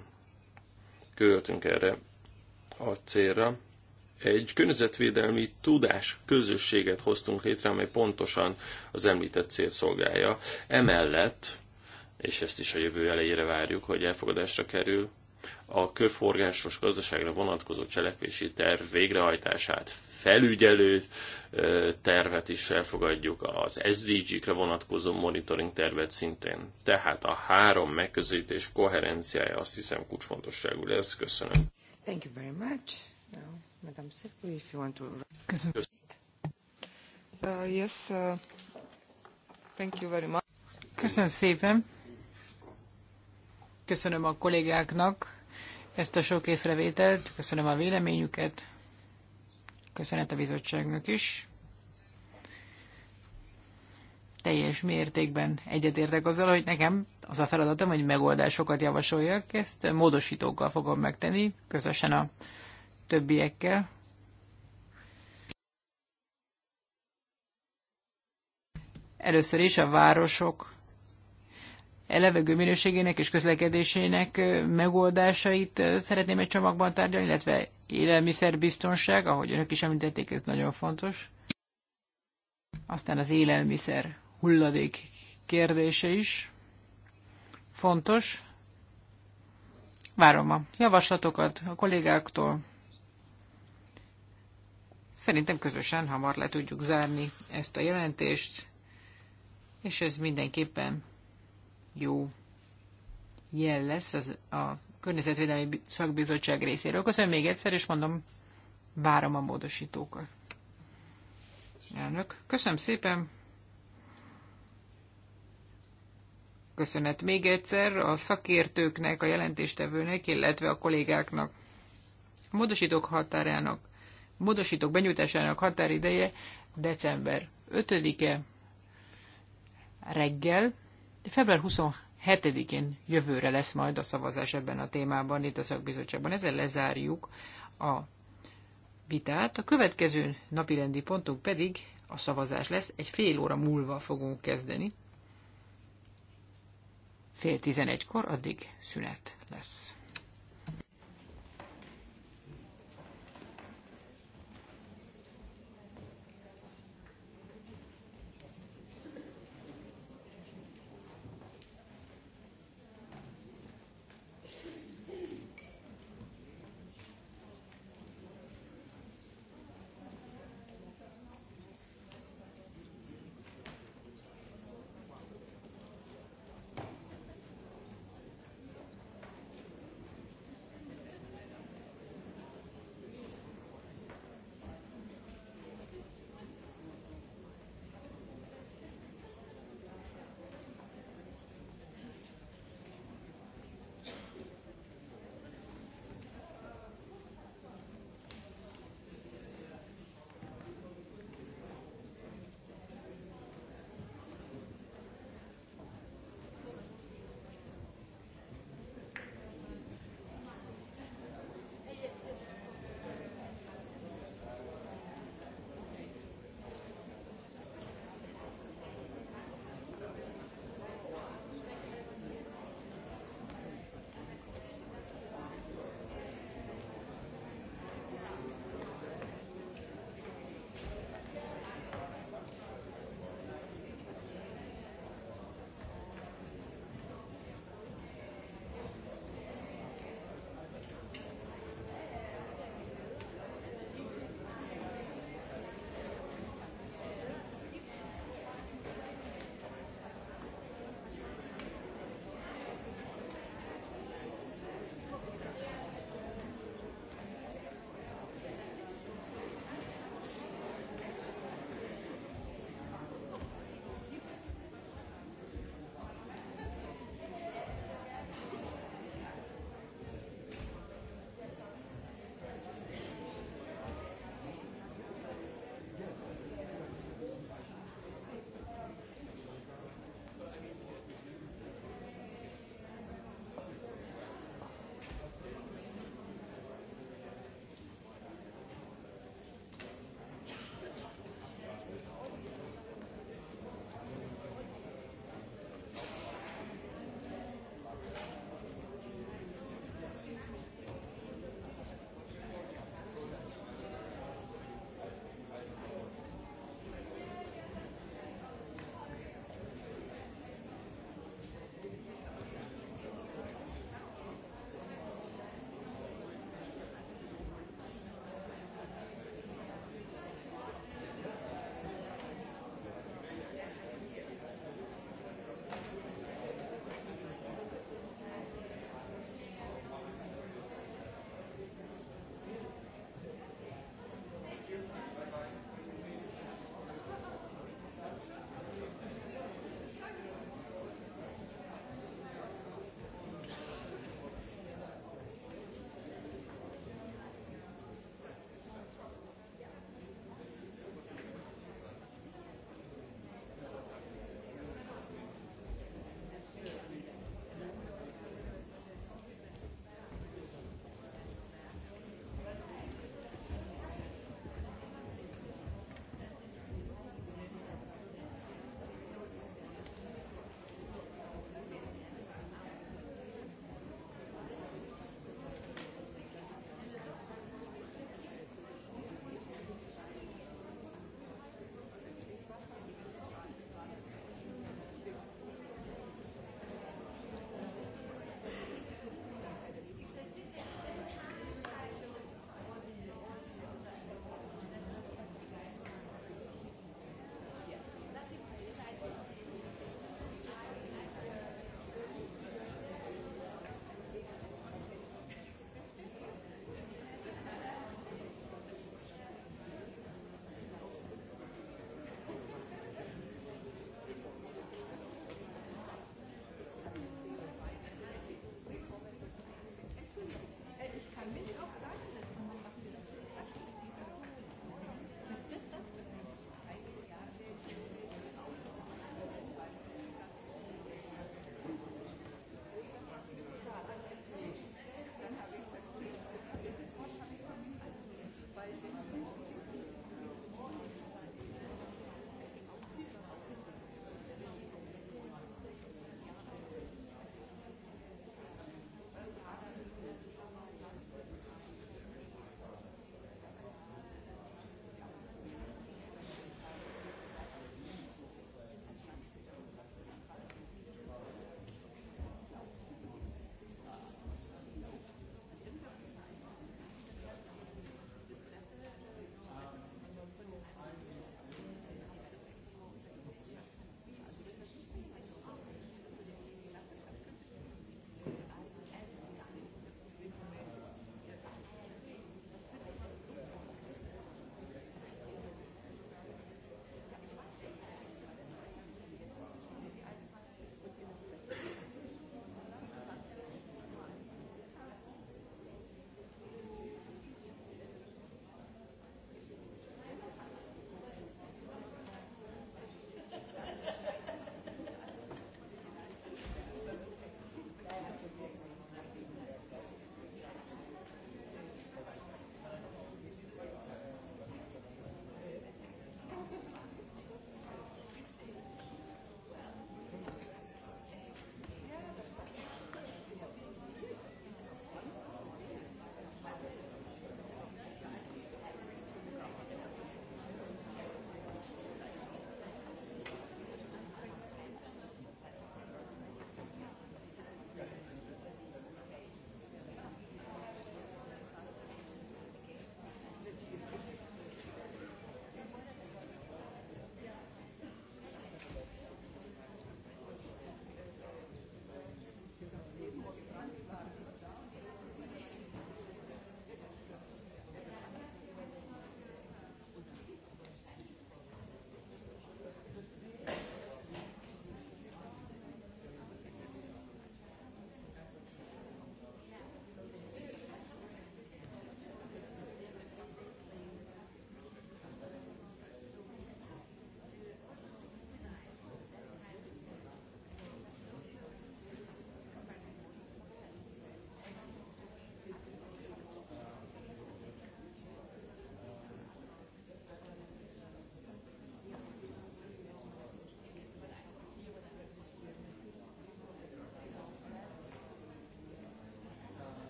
költünk erre a célra. Egy környezetvédelmi tudás közösséget hoztunk létre, amely pontosan az említett cél szolgálja. Emellett, és ezt is a jövő elejére várjuk, hogy elfogadásra kerül, a körforgásos gazdaságra vonatkozó cselekvési terv végrehajtását felügyelő tervet is elfogadjuk, az SDG-kre vonatkozó monitoring tervet szintén. Tehát a három megközelítés koherenciája azt hiszem kulcsfontosságú lesz. Köszönöm.
Thank
you very much. Now, Madam if you want to...
Köszönöm.
Uh, yes, uh, thank you very much. Köszönöm szépen. Köszönöm a kollégáknak ezt a sok észrevételt, köszönöm a véleményüket, köszönet a bizottságnak is teljes mértékben egyetértek azzal, hogy nekem az a feladatom, hogy megoldásokat javasoljak, ezt módosítókkal fogom megtenni, közösen a többiekkel. Először is a városok e levegő minőségének és közlekedésének megoldásait szeretném egy csomagban tárgyalni, illetve élelmiszerbiztonság, ahogy önök is említették, ez nagyon fontos. Aztán az élelmiszer hulladék kérdése is fontos. Várom a javaslatokat a kollégáktól. Szerintem közösen hamar le tudjuk zárni ezt a jelentést, és ez mindenképpen jó jel lesz az a Környezetvédelmi Szakbizottság részéről. Köszönöm még egyszer, és mondom, várom a módosítókat. Elnök, köszönöm szépen! Köszönet még egyszer a szakértőknek, a jelentéstevőnek, illetve a kollégáknak. A módosítók határának, módosítók benyújtásának határideje december 5-e reggel, február 27-én jövőre lesz majd a szavazás ebben a témában, itt a szakbizottságban. Ezzel lezárjuk a vitát. A következő napirendi pontunk pedig a szavazás lesz. Egy fél óra múlva fogunk kezdeni fél tizenegykor, addig szünet lesz.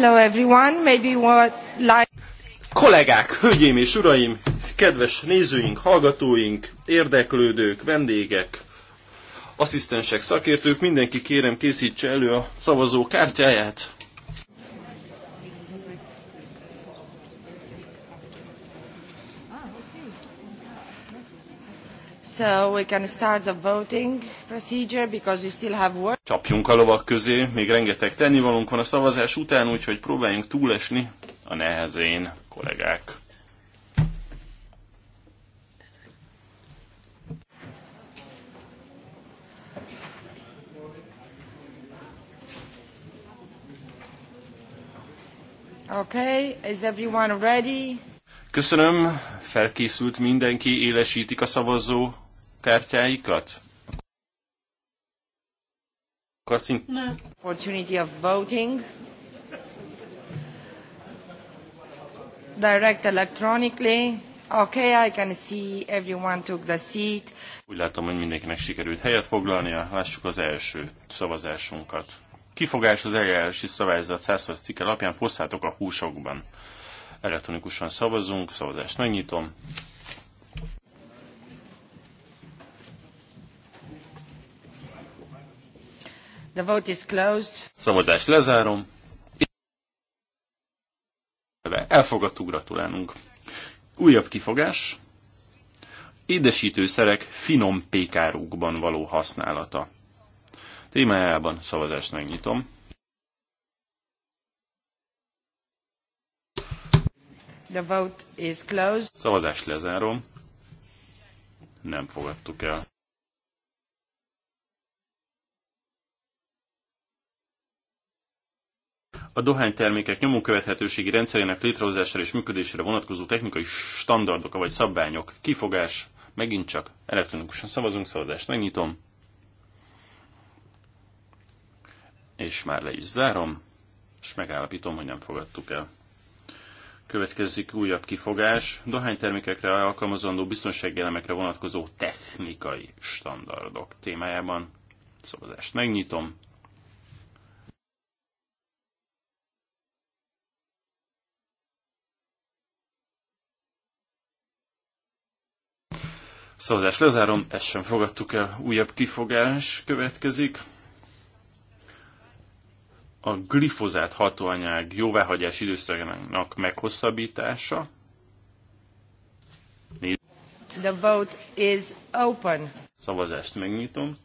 Hello everyone, maybe what like...
Kollégák, hölgyeim és uraim, kedves nézőink, hallgatóink, érdeklődők, vendégek, asszisztensek, szakértők, mindenki kérem készítse elő a szavazó kártyáját.
we can start the voting procedure because we still have work.
Csapjunk a lovak közé, még rengeteg tennivalónk van a szavazás után, úgyhogy próbáljunk túlesni a nehezén, kollégák.
Okay, is everyone ready?
Köszönöm, felkészült mindenki, élesítik a szavazó kártyáikat? Kasszin...
Opportunity of voting. Direct electronically. Okay, I can see everyone took the seat.
Úgy látom, hogy mindenkinek sikerült helyet foglalnia. Lássuk az első szavazásunkat. Kifogás az eljárási szabályzat 120 cikke alapján foszthatok a húsokban. Elektronikusan szavazunk, szavazást megnyitom.
The vote is closed.
Szavazást lezárom. Elfogadtuk, gratulálunk. Újabb kifogás. Édesítőszerek finom pékárukban való használata. Témájában szavazást megnyitom.
The vote is closed.
Szavazást lezárom. Nem fogadtuk el. a dohánytermékek nyomókövethetőségi követhetőségi rendszerének létrehozására és működésére vonatkozó technikai standardok vagy szabványok. Kifogás, megint csak elektronikusan szavazunk, szavazást megnyitom. És már le is zárom, és megállapítom, hogy nem fogadtuk el. Következik újabb kifogás, dohánytermékekre alkalmazandó biztonsági elemekre vonatkozó technikai standardok témájában. Szavazást megnyitom, Szavazás lezárom, ezt sem fogadtuk el. Újabb kifogás következik. A glifozát hatóanyag jóváhagyás időszakának meghosszabbítása.
The vote is open.
Szavazást megnyitom.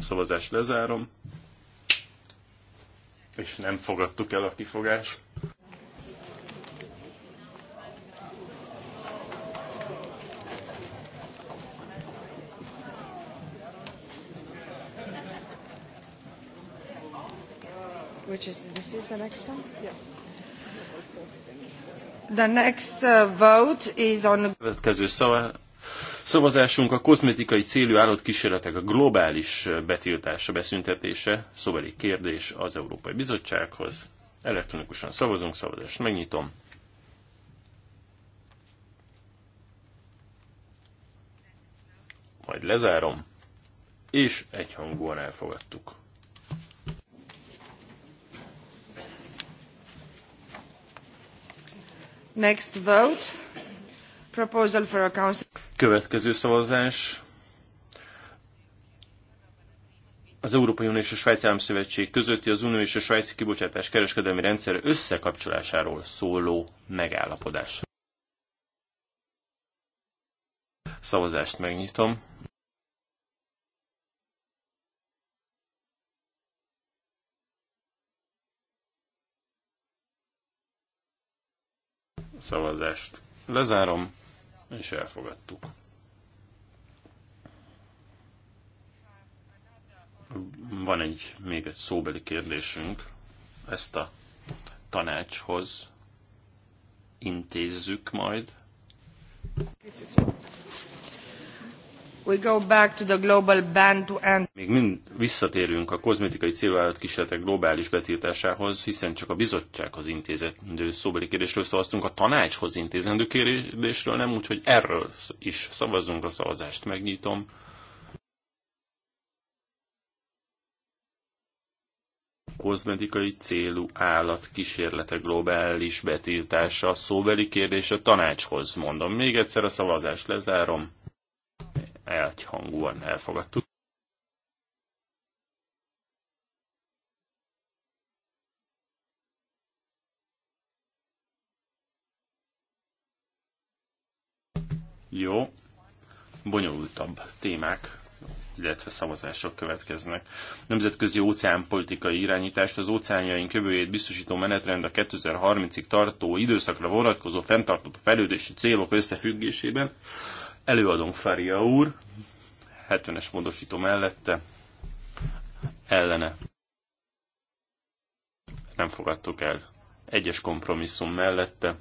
Szavazást lezárom és nem fogadtuk el a kifogást.
Which is this is the next one? Yes. The next uh, vote is
on. Szavazásunk a kozmetikai célú állatkísérletek a globális betiltása, beszüntetése, egy kérdés az Európai Bizottsághoz. Elektronikusan szavazunk, szavazást megnyitom. Majd lezárom, és egyhangúan elfogadtuk.
Next vote. Proposal for
a council. Következő szavazás. Az Európai Unió és a Svájci Államszövetség közötti az Unió és a Svájci Kibocsátás Kereskedelmi Rendszer összekapcsolásáról szóló megállapodás. Szavazást megnyitom. Szavazást lezárom és elfogadtuk. Van egy, még egy szóbeli kérdésünk, ezt a tanácshoz intézzük majd.
Köszönöm.
We go back to the global ban to end.
Még mind visszatérünk a kozmetikai célvállalat kísérletek globális betiltásához, hiszen csak a bizottsághoz intézendő szóbeli kérdésről szavaztunk, a tanácshoz intézendő kérdésről nem, úgyhogy erről is szavazzunk a szavazást. Megnyitom. kozmetikai célú kísérlete globális betiltása, szóbeli kérdés a tanácshoz. Mondom még egyszer, a szavazást lezárom egyhangúan elfogadtuk. Jó, bonyolultabb témák, illetve szavazások következnek. Nemzetközi óceánpolitikai irányítást az óceánjaink jövőjét biztosító menetrend a 2030-ig tartó időszakra vonatkozó fenntartott fejlődési célok összefüggésében Előadom Faria úr, 70-es módosító mellette, ellene. Nem fogadtuk el. Egyes kompromisszum mellette,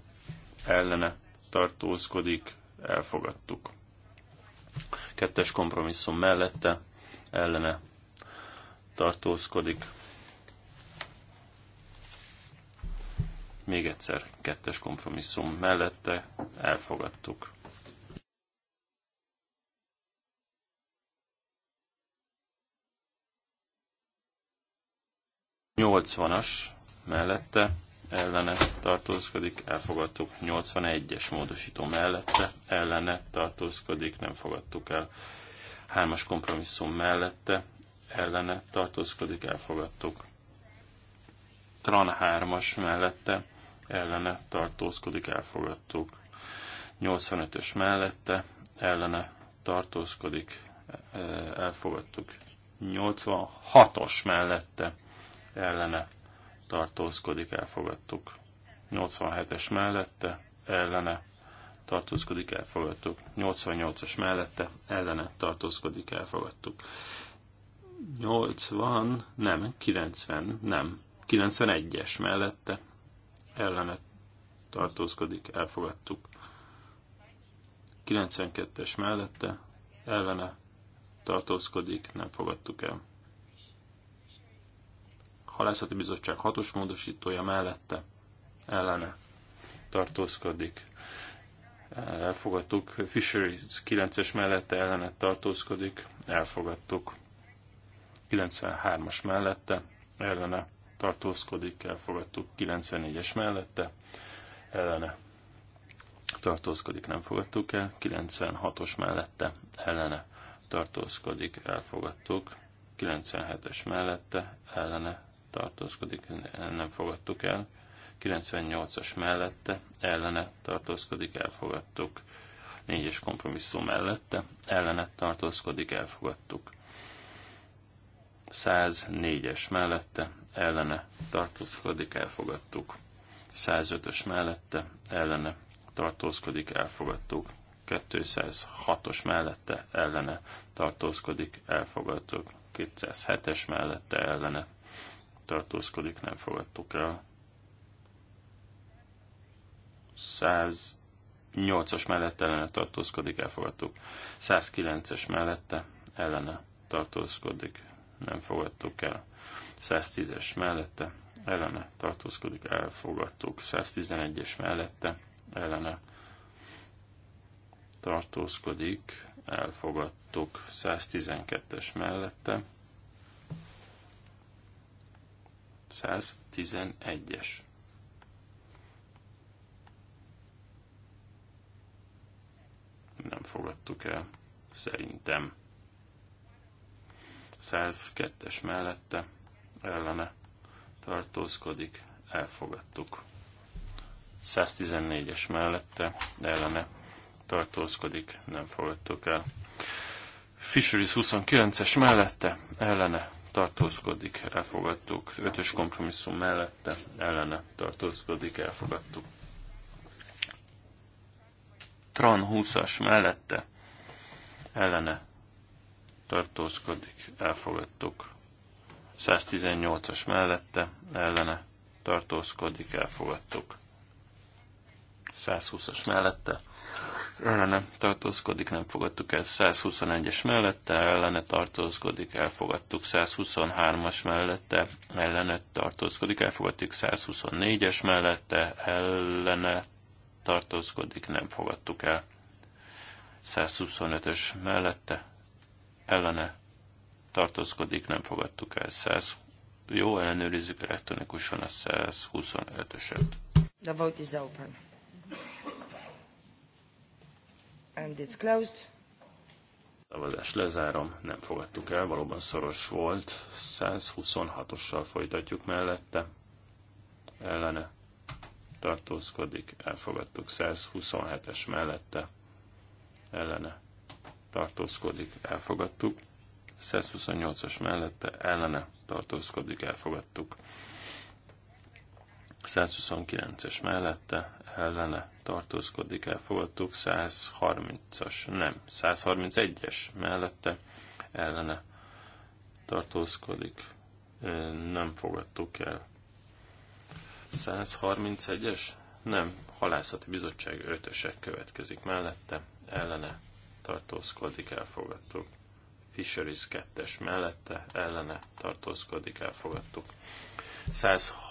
ellene tartózkodik, elfogadtuk. Kettes kompromisszum mellette, ellene tartózkodik. Még egyszer, kettes kompromisszum mellette elfogadtuk. 80-as mellette ellene tartózkodik, elfogadtuk. 81-es módosító mellette ellene tartózkodik, nem fogadtuk el. 3-as kompromisszum mellette ellene tartózkodik, elfogadtuk. Tran 3-as mellette ellene tartózkodik, elfogadtuk. 85-ös mellette ellene tartózkodik, e, elfogadtuk. 86-os mellette ellene tartózkodik, elfogadtuk. 87-es mellette, ellene tartózkodik, elfogadtuk. 88-as mellette, ellene tartózkodik, elfogadtuk. 80, nem, 90, nem. 91-es mellette, ellene tartózkodik, elfogadtuk. 92-es mellette, ellene tartózkodik, nem fogadtuk el. Halászati Bizottság hatos módosítója mellette ellene tartózkodik. Elfogadtuk. Fisheries 9-es mellette ellene tartózkodik. Elfogadtuk. 93-as mellette ellene tartózkodik. Elfogadtuk. 94-es mellette ellene tartózkodik. Nem fogadtuk el. 96-os mellette ellene tartózkodik. Elfogadtuk. 97-es mellette ellene tartózkodik, el nem fogadtuk el. 98-as mellette, ellene tartózkodik, elfogadtuk. 4-es kompromisszum mellette, ellene tartózkodik, elfogadtuk. 104-es mellette, ellene tartózkodik, elfogadtuk. 105-ös mellette, ellene tartózkodik, elfogadtuk. 206-os mellette, ellene tartózkodik, elfogadtuk. 207-es mellette, ellene tartózkodik, nem fogadtuk el. 108-as mellette ellene tartózkodik, elfogadtuk. 109-es mellette ellene tartózkodik, nem fogadtuk el. 110-es mellette ellene tartózkodik, elfogadtuk. 111-es mellette ellene tartózkodik, elfogadtuk. 112-es mellette 111-es. Nem fogadtuk el, szerintem. 102-es mellette ellene tartózkodik, elfogadtuk. 114-es mellette ellene tartózkodik, nem fogadtuk el. Fisheries 29-es mellette ellene tartózkodik, elfogadtuk. Ötös kompromisszum mellette, ellene tartózkodik, elfogadtuk. Tran 20-as mellette, ellene tartózkodik, elfogadtuk. 118-as mellette, ellene tartózkodik, elfogadtuk. 120-as mellette, ellene tartózkodik, nem fogadtuk el 121-es mellette, ellene tartózkodik, elfogadtuk 123-as mellette, ellene tartózkodik, elfogadtuk 124-es mellette, ellene tartózkodik, nem fogadtuk el 125-ös mellette, ellene tartózkodik, nem fogadtuk el 100. Jó, ellenőrizzük elektronikusan a 125-öset.
The vote is open. And it's closed.
Szavazás lezárom, nem fogadtuk el, valóban szoros volt. 126-ossal folytatjuk mellette, ellene tartózkodik, elfogadtuk 127-es mellette, ellene tartózkodik, elfogadtuk. 128-as mellette ellene tartózkodik, elfogadtuk. 129-es mellette ellene tartózkodik, elfogadtuk 130-as, nem, 131-es mellette ellene tartózkodik, nem fogadtuk el. 131-es? Nem, halászati bizottság 5-ösek következik mellette, ellene tartózkodik, elfogadtuk. Fisheries 2-es mellette, ellene tartózkodik, elfogadtuk.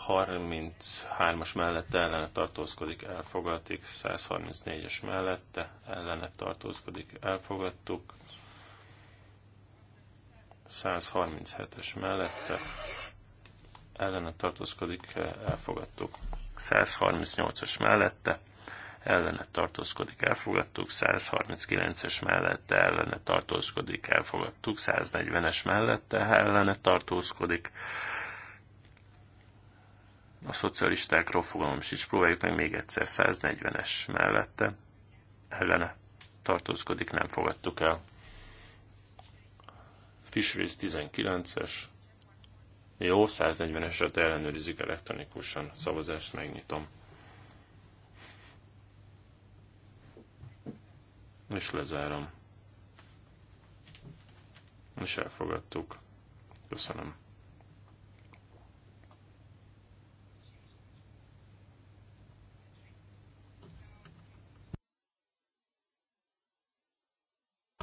133-as mellette ellene tartózkodik, elfogadtuk. 134-es mellette ellene tartózkodik, elfogadtuk. 137-es mellette ellene tartózkodik, elfogadtuk. 138-as mellette ellene tartózkodik, elfogadtuk, 139-es mellette ellene tartózkodik, elfogadtuk, 140-es mellette ellene tartózkodik, a szocialistákról fogalmam sincs, próbáljuk meg még egyszer, 140-es mellette, ellene tartózkodik, nem fogadtuk el. Fisheries 19-es, jó, 140-eset ellenőrizik elektronikusan, szavazást megnyitom. És lezárom. És elfogadtuk. Köszönöm.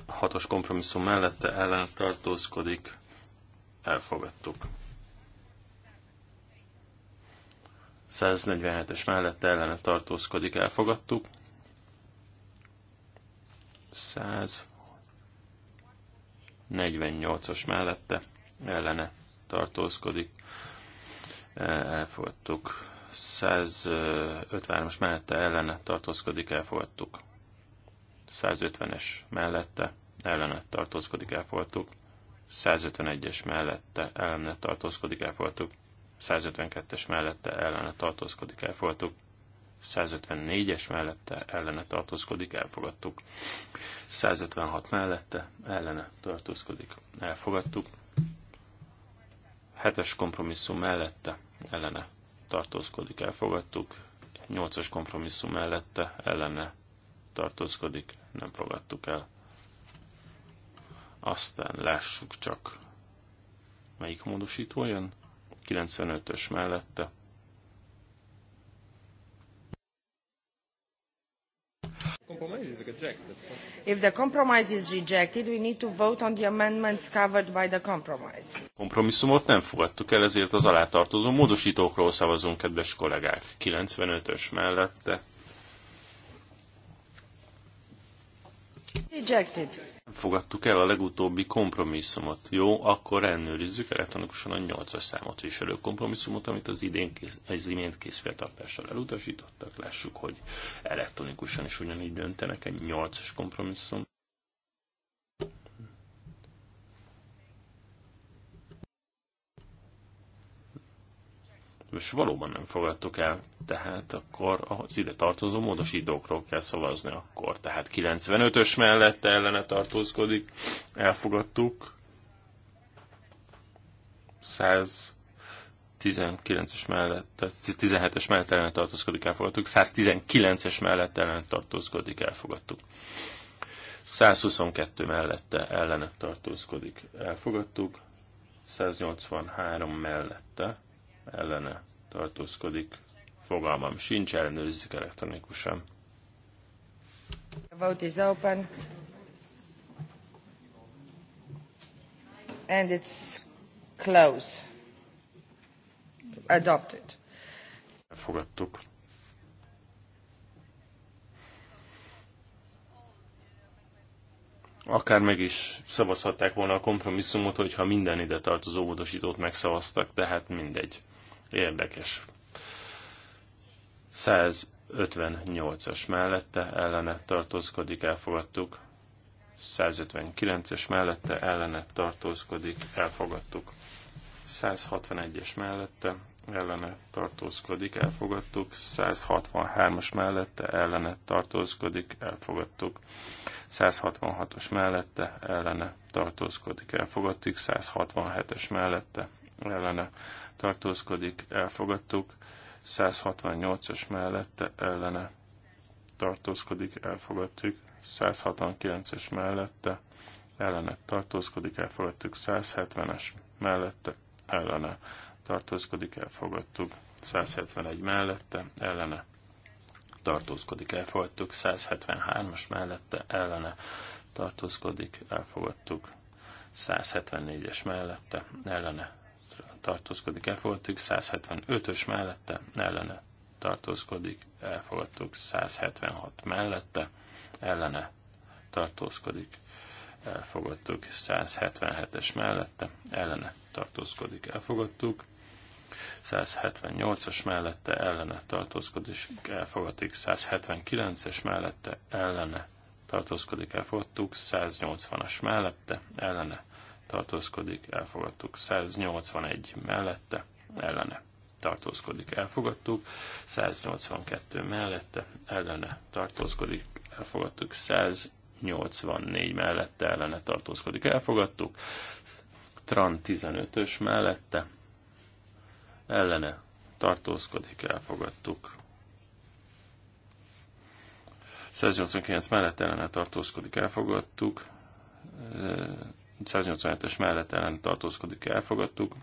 Hatos kompromisszum mellette ellen tartózkodik. Elfogadtuk. 147-es mellette ellene tartózkodik. Elfogadtuk. 148-as mellette ellene tartózkodik. Elfogadtuk. 153-as mellette ellene tartózkodik, elfogadtuk. 150-es mellette ellenet tartózkodik, elfogadtuk. 151-es mellette ellenet tartózkodik, elfogadtuk. 152-es mellette ellenet tartózkodik, elfogadtuk. 154-es mellette ellene tartózkodik, elfogadtuk. 156 mellette ellene tartózkodik, elfogadtuk. 7-es kompromisszum mellette ellene tartózkodik, elfogadtuk. 8-as kompromisszum mellette ellene tartózkodik, nem fogadtuk el. Aztán lássuk csak, melyik módosító jön. 95-ös mellette.
If the compromise is rejected, we need to vote on the amendments covered by the compromise.
Kompromisszumot nem fogadtuk el, ezért az alátartozó módosítókról szavazunk, kedves kollégák. 95-ös mellette Fogadtuk el a legutóbbi kompromisszumot. Jó, akkor ellenőrizzük elektronikusan a 8-as számot viselő kompromisszumot, amit az, idén kész, az imént készféltartással elutasítottak. Lássuk, hogy elektronikusan is ugyanígy döntenek egy 8-as kompromisszum. és valóban nem fogadtuk el, tehát akkor az ide tartozó módosítókról kell szavazni akkor. Tehát 95-ös mellett ellene tartózkodik, elfogadtuk. 119-es mellett, 17-es mellett ellen tartózkodik, elfogadtuk. 119-es mellett ellen tartózkodik, elfogadtuk. 122 mellette ellene tartózkodik, elfogadtuk. 183 mellette ellene tartózkodik. Fogalmam sincs, ellenőrzik elektronikusan.
vote is open. And it's close. Adopted.
Fogadtuk. akár meg is szavazhatták volna a kompromisszumot, hogyha minden ide tartozó módosítót megszavaztak, de hát mindegy. Érdekes. 158-as mellette ellene tartózkodik, elfogadtuk. 159-es mellette ellene tartózkodik, elfogadtuk. 161-es mellette ellene tartózkodik, elfogadtuk. 163-as mellette ellene tartózkodik, elfogadtuk. 166-os mellette ellene tartózkodik, elfogadtuk. 167-es mellette ellene tartózkodik, elfogadtuk. 168-as mellette ellene tartózkodik, elfogadtuk. 169-es mellette ellene tartózkodik, elfogadtuk. 170-es mellette ellene tartózkodik, elfogadtuk. 171 mellette ellene tartózkodik, elfogadtuk. 173-as mellette ellene tartózkodik, elfogadtuk. 174-es mellette ellene tartózkodik, elfogadtuk, 175-ös mellette, ellene tartózkodik, elfogadtuk, 176 mellette, ellene tartózkodik, elfogadtuk, 177-es mellette, ellene tartózkodik, elfogadtuk, 178-as mellette ellene tartózkodik, elfogadtuk, 179-es mellette ellene tartózkodik, elfogadtuk, 180-as mellette ellene tartózkodik, elfogadtuk. 181 mellette, ellene tartózkodik, elfogadtuk. 182 mellette, ellene tartózkodik, elfogadtuk. 184 mellette, ellene tartózkodik, elfogadtuk. Tran 15-ös mellette, ellene tartózkodik, elfogadtuk. 189 mellett ellene tartózkodik, elfogadtuk. 187-es mellett ellen tartózkodik, elfogadtuk.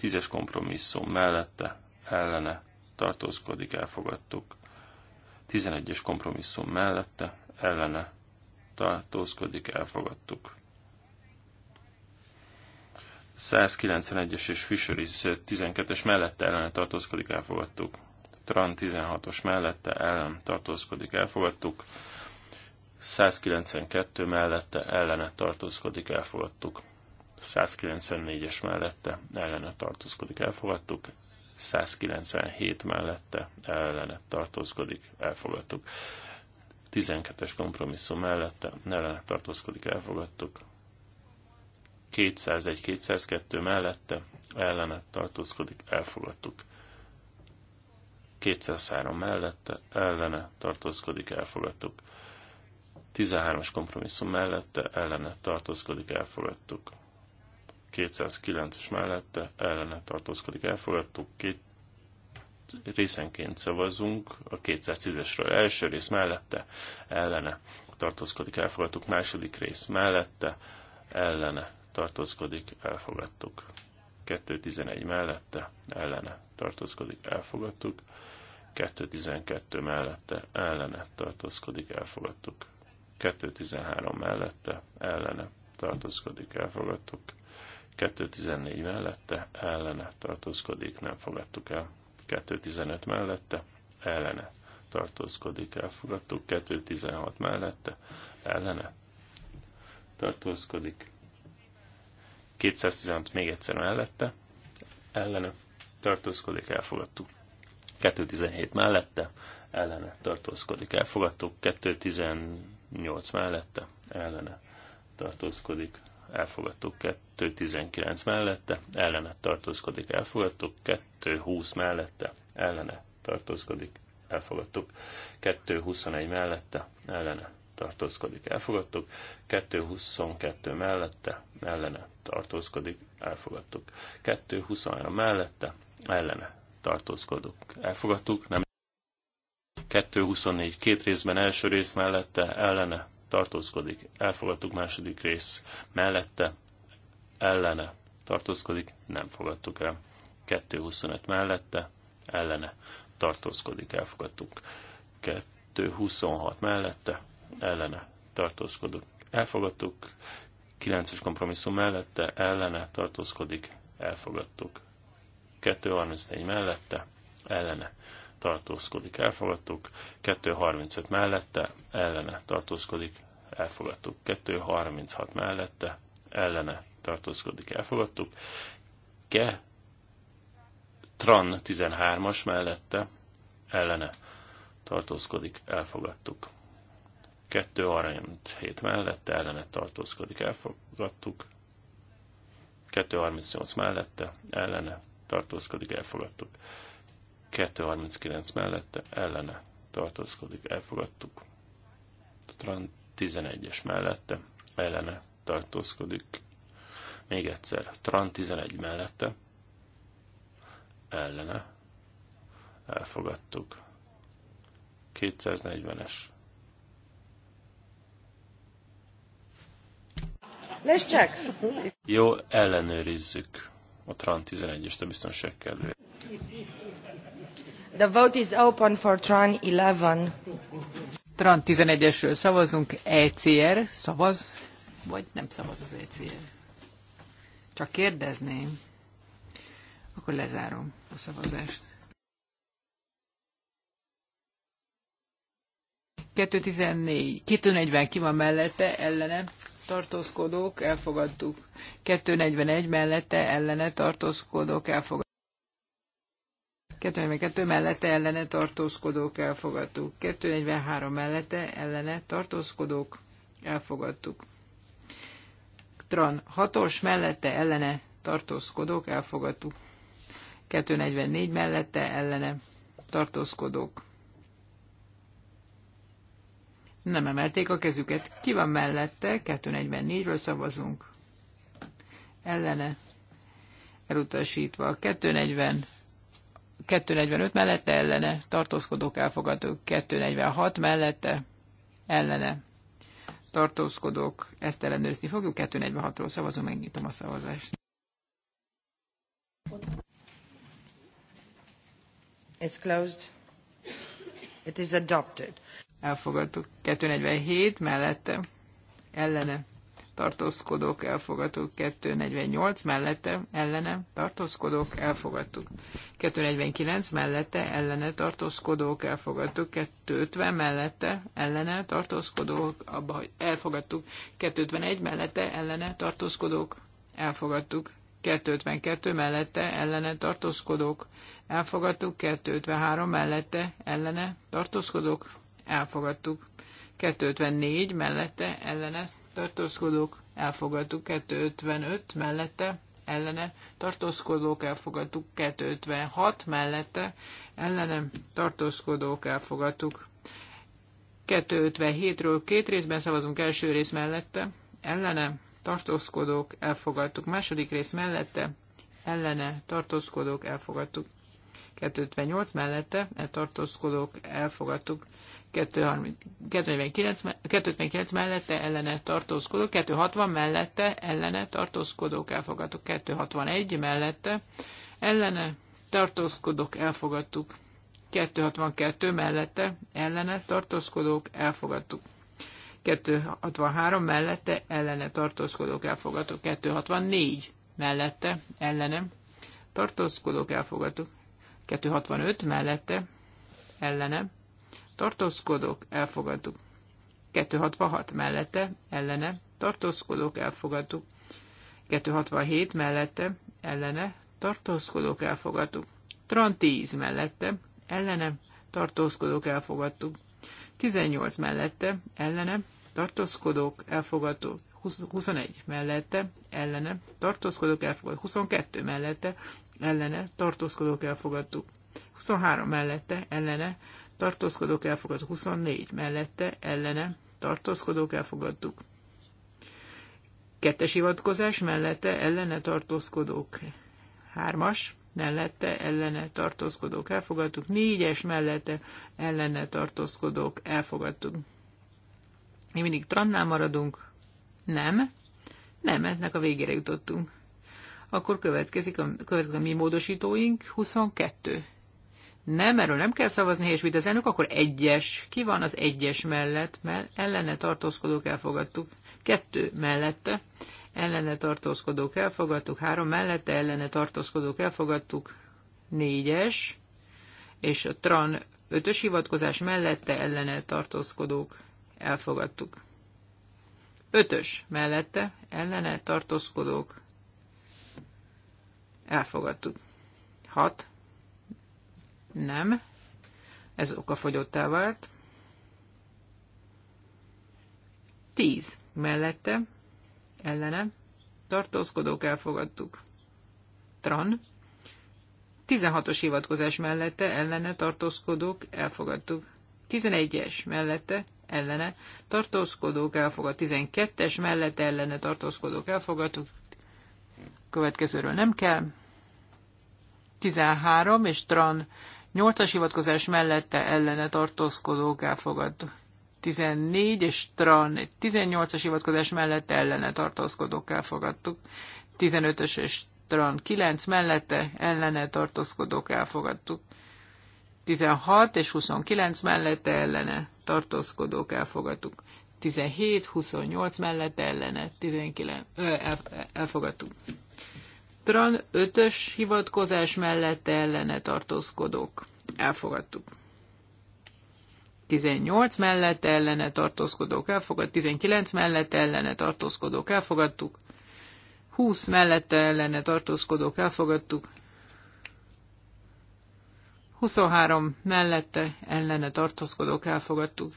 10-es kompromisszum mellette ellene tartózkodik, elfogadtuk. 11-es kompromisszum mellette ellene tartózkodik, elfogadtuk. 191-es és Fisheries 12-es mellette ellene tartózkodik, elfogadtuk. Tran 16-os mellette ellen tartózkodik, elfogadtuk. 192 mellette ellene tartózkodik, elfogadtuk. 194-es mellette ellene tartózkodik, elfogadtuk. 197 mellette ellene tartózkodik, elfogadtuk. 12-es kompromisszum mellette ellene tartózkodik, elfogadtuk. 201-202 mellette ellene tartózkodik, elfogadtuk. 203 mellette ellene tartózkodik, elfogadtuk. 13-as kompromisszum mellette ellene tartózkodik, elfogadtuk. 209-es mellette ellene tartózkodik, elfogadtuk. Két részenként szavazunk a 210-esről. Első rész mellette ellene tartózkodik, elfogadtuk. Második rész mellette ellene tartózkodik, elfogadtuk. 211 mellette ellene tartózkodik, elfogadtuk. 212 mellette ellene tartózkodik, elfogadtuk. 2.13 mellette ellene tartózkodik, elfogadtuk. 2.14 mellette ellene tartózkodik, nem fogadtuk el. 2.15 mellette ellene tartózkodik, elfogadtuk. 2.16 mellette ellene tartózkodik. 216 még egyszer mellette, ellene tartózkodik, elfogadtuk. 217 mellette, ellene tartózkodik, elfogadtuk. 2 8 mellette, ellene tartózkodik, elfogadtuk 2.19 mellette, ellene tartózkodik, elfogadtuk 20 mellette, ellene tartózkodik, elfogadtuk 2.21 mellette, ellene tartózkodik, elfogadtuk 2.22 mellette, ellene tartózkodik, elfogadtuk 23 mellette, ellene tartózkodunk, elfogadtuk, nem 2.24 két részben első rész mellette ellene tartózkodik. Elfogadtuk második rész mellette ellene tartózkodik. Nem fogadtuk el. 2.25 mellette ellene tartózkodik. Elfogadtuk. 2.26 mellette ellene tartózkodik. Elfogadtuk. 9-es kompromisszum mellette ellene tartózkodik. Elfogadtuk. 2.34 mellette ellene tartózkodik, elfogadtuk, 2.35 mellette, ellene tartózkodik, elfogadtuk, 2.36 mellette, ellene tartózkodik, elfogadtuk, ke Tran 13-as mellette, ellene tartózkodik, elfogadtuk. 2.37 mellette, ellene tartózkodik, elfogadtuk, 2.38 mellette, ellene tartózkodik, elfogadtuk. 239 mellette ellene tartózkodik, elfogadtuk. Tran 11-es mellette ellene tartózkodik. Még egyszer, Tran 11 mellette ellene elfogadtuk. 240-es. Lesz csak? Jó, ellenőrizzük a Tran 11-est a biztonság kedvéért.
The vote
is open for Tran 11. esről szavazunk, ECR szavaz, vagy nem szavaz az ECR. Csak kérdezném. Akkor lezárom a szavazást. 214, 240 ki van mellette, ellene tartózkodók, elfogadtuk. 241 mellette, ellene tartózkodók, elfogadtuk. 242 mellette ellene tartózkodók elfogadtuk. 243 mellette ellene tartózkodók elfogadtuk. Tran 6-os mellette ellene tartózkodók elfogadtuk. 244 mellette ellene tartózkodók. Nem emelték a kezüket. Ki van mellette? 244-ről szavazunk. Ellene. Elutasítva. 240 245 mellette ellene, tartózkodók elfogadók 246 mellette ellene, tartózkodók, ezt ellenőrizni fogjuk, 246-ról szavazom, megnyitom a szavazást. It's closed. It is adopted. Elfogadtuk. 247 mellette ellene tartózkodók, elfogadtuk 248 mellette, ellene, tartózkodók, elfogadtuk. 249 mellette, ellene, tartózkodók, elfogadtuk. 250 mellette, ellene, tartózkodók, abba, elfogadtuk. 251 mellette, ellene, tartózkodók, elfogadtuk. 252 mellette, ellene, tartózkodók, elfogadtuk. 253 mellette, ellene, tartózkodók, elfogadtuk. 254 mellette, ellene, tartózkodók, elfogadtuk 255 mellette, ellene, tartózkodók, elfogadtuk 256 mellette, ellene tartózkodók, elfogadtuk 257-ről két részben szavazunk első rész mellette, ellene, tartózkodók, elfogadtuk második rész mellette, ellene, tartózkodók, elfogadtuk 258 mellette, e tartózkodók, elfogadtuk 259 mellette ellene tartózkodok, 260 mellette ellene tartózkodok, elfogadtuk, 261 mellette ellene tartózkodok, elfogadtuk, 262 mellette ellene tartózkodok, elfogadtuk. 263 mellette ellene tartózkodók elfogadtuk, 264 mellette ellene tartózkodók elfogadtuk, 265 mellette ellene tartózkodok, elfogadtuk. 266 mellette, ellene, tartózkodok, elfogadtuk. 267 mellette, ellene, tartózkodok, elfogadtuk. Tran 10 mellette, ellene, tartózkodok, elfogadtuk. 18 mellette, ellene, tartózkodok, elfogadtuk. 21 mellette, ellene, tartózkodok, elfogadtuk, 22 mellette, ellene, tartózkodok, elfogadtuk, 23 mellette, ellene, tartózkodók elfogadtuk, 24 mellette, ellene, tartózkodók elfogadtuk. Kettes hivatkozás mellette, ellene tartózkodók. Hármas mellette, ellene tartózkodók elfogadtuk. Négyes mellette, ellene tartózkodók elfogadtuk. Mi mindig trannál maradunk? Nem. Nem, ennek a végére jutottunk. Akkor következik a, következik a mi módosítóink, 22 nem, erről nem kell szavazni, és mit az elnök, akkor egyes. Ki van az egyes mellett? Mert ellene tartózkodók elfogadtuk. Kettő mellette. Ellene tartózkodók elfogadtuk. Három mellette ellene tartózkodók elfogadtuk. Négyes. És a tran ötös hivatkozás mellette ellene tartózkodók elfogadtuk. Ötös mellette ellene tartózkodók elfogadtuk. Hat nem. Ez okafogyottá vált. 10 mellette, ellene, tartózkodók elfogadtuk. Tran. 16-os hivatkozás mellette, ellene, tartózkodók elfogadtuk. 11-es mellette, ellene, tartózkodók elfogadtuk. 12-es mellette, ellene, tartózkodók elfogadtuk. Következőről nem kell. 13 és Tran 8-as hivatkozás mellette ellene tartózkodók elfogad 14 és Tran 18-as hivatkozás mellette ellene tartózkodók elfogadtuk. 15-ös és Tran 9 mellette ellene tartózkodók elfogadtuk. 16 és 29 mellette ellene tartózkodók elfogadtuk. 17, 28 mellette ellene 19, ö, el, elfogadtuk. Tran 5-ös hivatkozás mellette ellene tartózkodok. Elfogadtuk. 18 mellett ellene tartózkodók elfogadtuk. 19 mellett ellene tartózkodók elfogadtuk, 20 mellette ellene tartózkodók elfogadtuk, 23 mellette ellene tartózkodók elfogadtuk,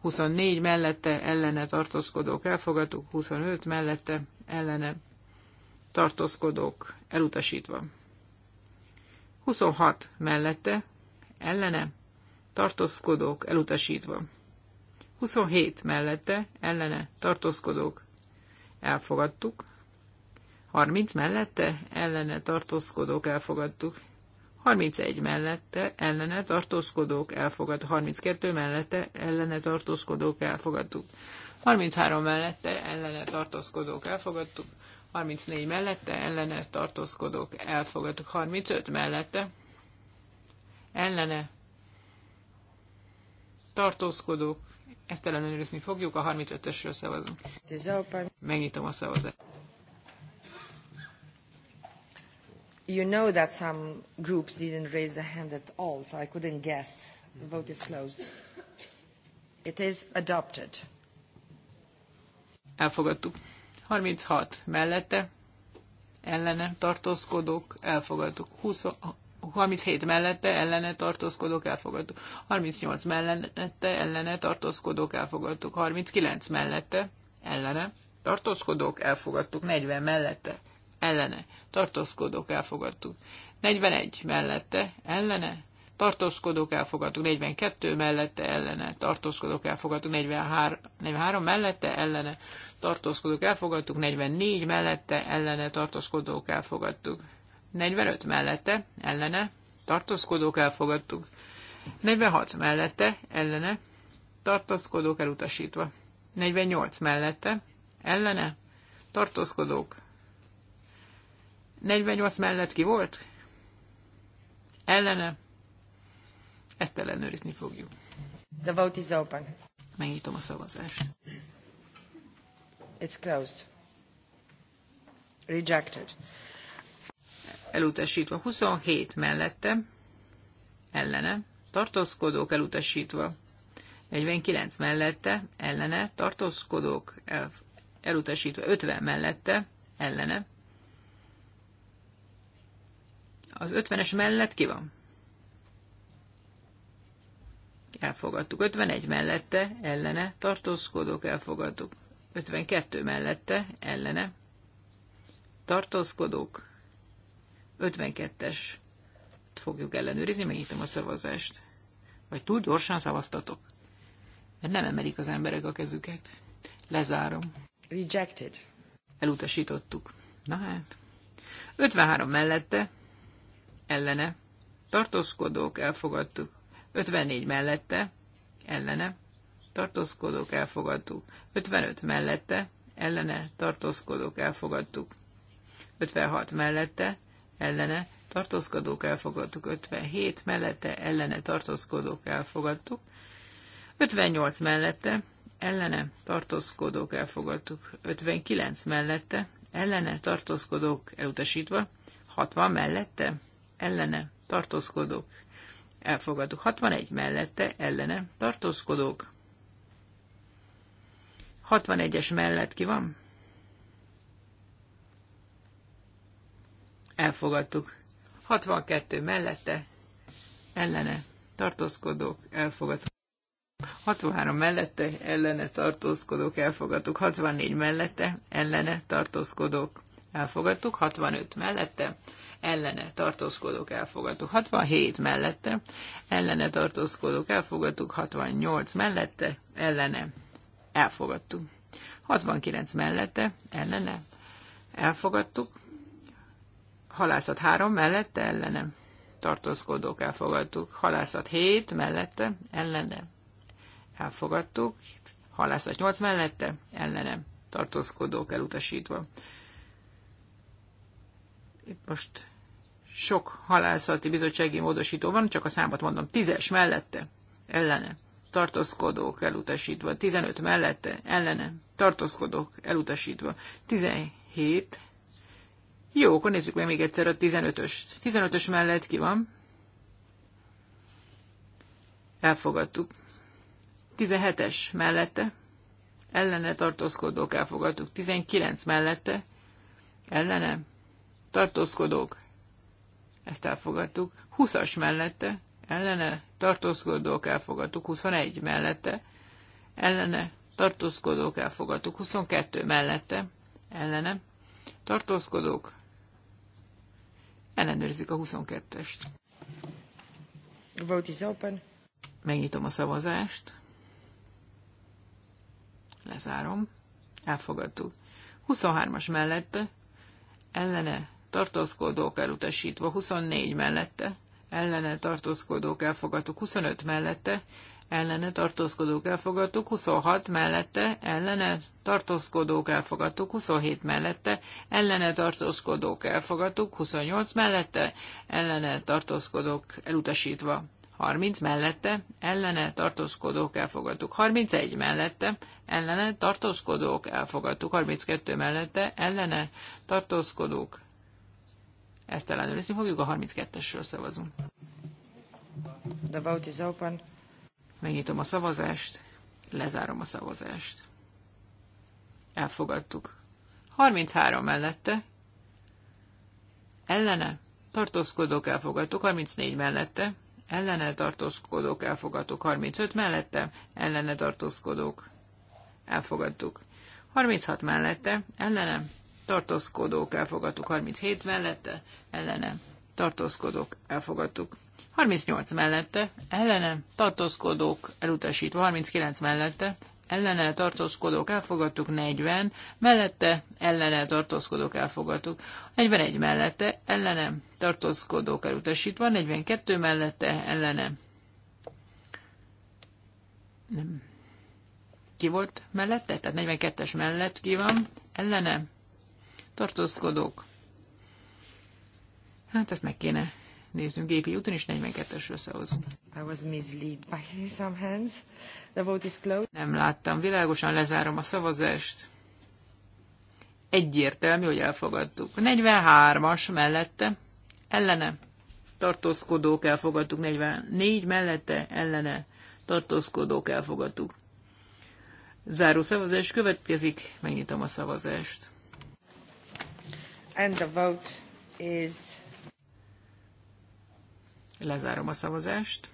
24 mellette ellene tartózkodók elfogadtuk, 25 mellette ellene tartózkodók elutasítva. 26 mellette, ellene, tartózkodók elutasítva. 27 mellette, ellene, tartózkodók elfogadtuk. 30 mellette, ellene, tartózkodók elfogadtuk. 31 mellette, ellene, tartózkodók elfogadtuk. 32 mellette, ellene, tartózkodók elfogadtuk. 33 mellette, ellene, tartózkodók elfogadtuk. 34 mellette, ellene tartózkodók elfogadtuk. 35 mellette, ellene tartózkodók, ezt ellenőrizni fogjuk, a 35-ösről szavazunk. Megnyitom a szavazást.
You know that some groups didn't raise a hand at all, so I couldn't guess. The vote is closed. It is adopted.
Elfogadtuk. 36 mellette, ellene tartózkodók, elfogadtuk. 20, 37 mellette, ellene tartózkodók, elfogadtuk. 38 mellette, ellene tartózkodók, elfogadtuk. 39 mellette, ellene tartózkodók, elfogadtuk. 40 mellette, ellene tartózkodók, elfogadtuk. 41 mellette, ellene tartózkodók elfogadtuk 42 mellette ellene, tartózkodók elfogadtuk 43, 43 mellette ellene, tartózkodók elfogadtuk, 44 mellette ellene tartózkodók elfogadtuk, 45 mellette ellene tartózkodók elfogadtuk, 46 mellette ellene tartózkodók elutasítva, 48 mellette ellene tartózkodók 48 mellett ki volt? Ellene? Ezt ellenőrizni fogjuk.
The vote is open.
Megnyitom a szavazást. Elutasítva. 27 mellette. Ellene. Tartózkodók elutasítva. 49 mellette. Ellene. Tartózkodók elutasítva. 50 mellette. Ellene. Az 50-es mellett ki van? Elfogadtuk. 51 mellette, ellene, tartózkodók, elfogadtuk. 52 mellette, ellene, tartózkodók, 52-es fogjuk ellenőrizni, megnyitom a szavazást. Vagy túl gyorsan szavaztatok, mert nem emelik az emberek a kezüket. Lezárom. Rejected. Elutasítottuk. Na hát. 53 mellette, ellene, tartózkodók, elfogadtuk. 54 mellette, ellene, tartózkodók elfogadtuk. 55 mellette, ellene tartózkodók elfogadtuk. 56 mellette, ellene tartózkodók elfogadtuk. 57 mellette, ellene tartózkodók elfogadtuk. 58 mellette, ellene tartózkodók elfogadtuk. 59 mellette, ellene tartózkodók elutasítva. 60 mellette, ellene tartózkodók elfogadtuk. 61 mellette, ellene tartózkodók 61-es mellett ki van? Elfogadtuk. 62 mellette, ellene, tartózkodók, elfogadtuk. 63 mellette, ellene, tartózkodók, elfogadtuk. 64 mellette, ellene, tartózkodók, elfogadtuk. 65 mellette, ellene tartózkodók elfogadtuk, 67 mellette, ellene tartózkodók elfogadtuk, 68 mellette, ellene elfogadtuk. 69 mellette, ellene, elfogadtuk. Halászat 3 mellette, ellene, tartózkodók elfogadtuk. Halászat 7 mellette, ellene, elfogadtuk. Halászat 8 mellette, ellene, tartózkodók elutasítva. Itt most sok halászati bizottsági módosító van, csak a számot mondom, tízes mellette, ellene tartózkodók elutasítva, 15 mellette, ellene, tartózkodók elutasítva, 17. Jó, akkor nézzük meg még egyszer a 15-öst. 15-ös mellett ki van? Elfogadtuk. 17-es mellette, ellene tartózkodók elfogadtuk, 19 mellette, ellene tartózkodók, ezt elfogadtuk, 20-as mellette, ellene tartózkodók elfogadtuk, 21 mellette, ellene, tartózkodók elfogadtuk, 22 mellette, ellene, tartózkodók, ellenőrzik a 22-est.
Vote is open.
Megnyitom a szavazást. Lezárom. Elfogadtuk. 23-as mellette, ellene, tartózkodók elutasítva, 24 mellette, ellene tartózkodók elfogadtuk 25 mellette, ellene tartózkodók elfogadtuk 26 mellette, ellene tartózkodók elfogadtuk 27 mellette, ellene tartózkodók elfogadtuk 28 mellette, ellene tartózkodók elutasítva 30 mellette, ellene tartózkodók elfogadtuk. 31 mellette, ellene tartózkodók elfogadtuk. 32 mellette, ellene tartózkodók ezt ellenőrizni fogjuk, a 32-esről szavazunk. The vote is open. Megnyitom a szavazást, lezárom a szavazást. Elfogadtuk. 33 mellette. Ellene. Tartózkodók elfogadtuk. 34 mellette. Ellene tartózkodók elfogadtuk. 35 mellette. Ellene tartózkodók elfogadtuk. 36 mellette. Ellene tartózkodók elfogadtuk, 37 mellette, ellene tartózkodók elfogadtuk. 38 mellette, ellene tartózkodók elutasítva, 39 mellette, ellene tartózkodók elfogadtuk, 40 mellette, ellene tartózkodók elfogadtuk, 41 mellette, ellene tartózkodók elutasítva, 42 mellette, ellene. Nem. Ki volt mellette? Tehát 42-es mellett ki van, ellene tartózkodók. Hát ezt meg kéne néznünk gépi úton, és 42 es szavazunk. I was mislead
by some hands. The vote is closed.
Nem láttam. Világosan lezárom a szavazást. Egyértelmű, hogy elfogadtuk. 43-as mellette, ellene, tartózkodók elfogadtuk. 44 mellette, ellene, tartózkodók elfogadtuk. Záró szavazás következik, megnyitom a szavazást.
And the vote is...
Lezárom a szavazást.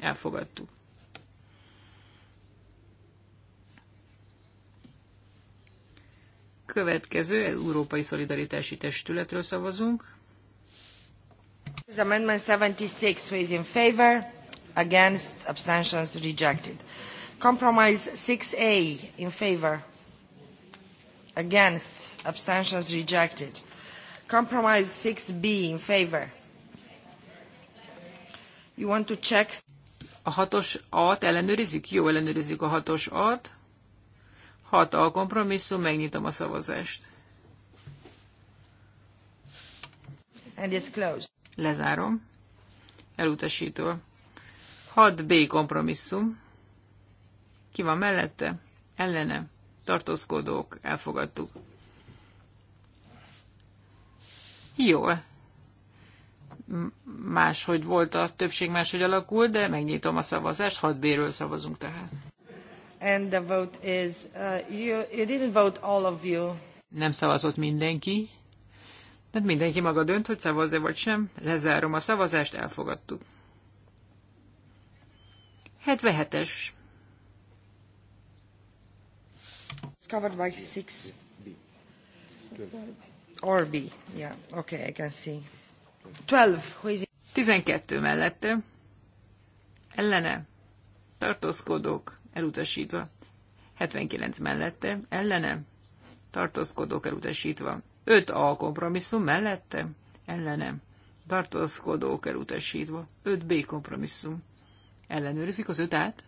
Elfogadtuk. Következő Európai Szolidaritási Testületről szavazunk.
Amendment 76 who is in favor, against, abstentions rejected. Compromise 6A in favor, against abstentions rejected compromise 6b in favor
you want to check a hatos at ellenőrizzük? Jó, ellenőrizzük a hatos at. Hat a kompromisszum, megnyitom a szavazást. And it's closed. Lezárom. Elutasító. 6B kompromisszum. Ki van mellette? Ellene tartózkodók, elfogadtuk. Jól. Máshogy volt a többség, máshogy alakult, de megnyitom a szavazást, hat béről szavazunk tehát.
And the vote is, uh, you, you didn't vote all of you.
Nem szavazott mindenki. mert hát mindenki maga dönt, hogy szavaz-e vagy sem. Lezárom a szavazást, elfogadtuk. 77-es
covered by six or B. Yeah, okay, I can
see. 12. Tizenkettő 12 mellette. Ellene. Tartózkodók elutasítva. 79 mellette. Ellene. Tartózkodók elutasítva. 5 A kompromisszum mellette. Ellene. Tartózkodók elutasítva. 5 B kompromisszum. Ellenőrizik az 5 át?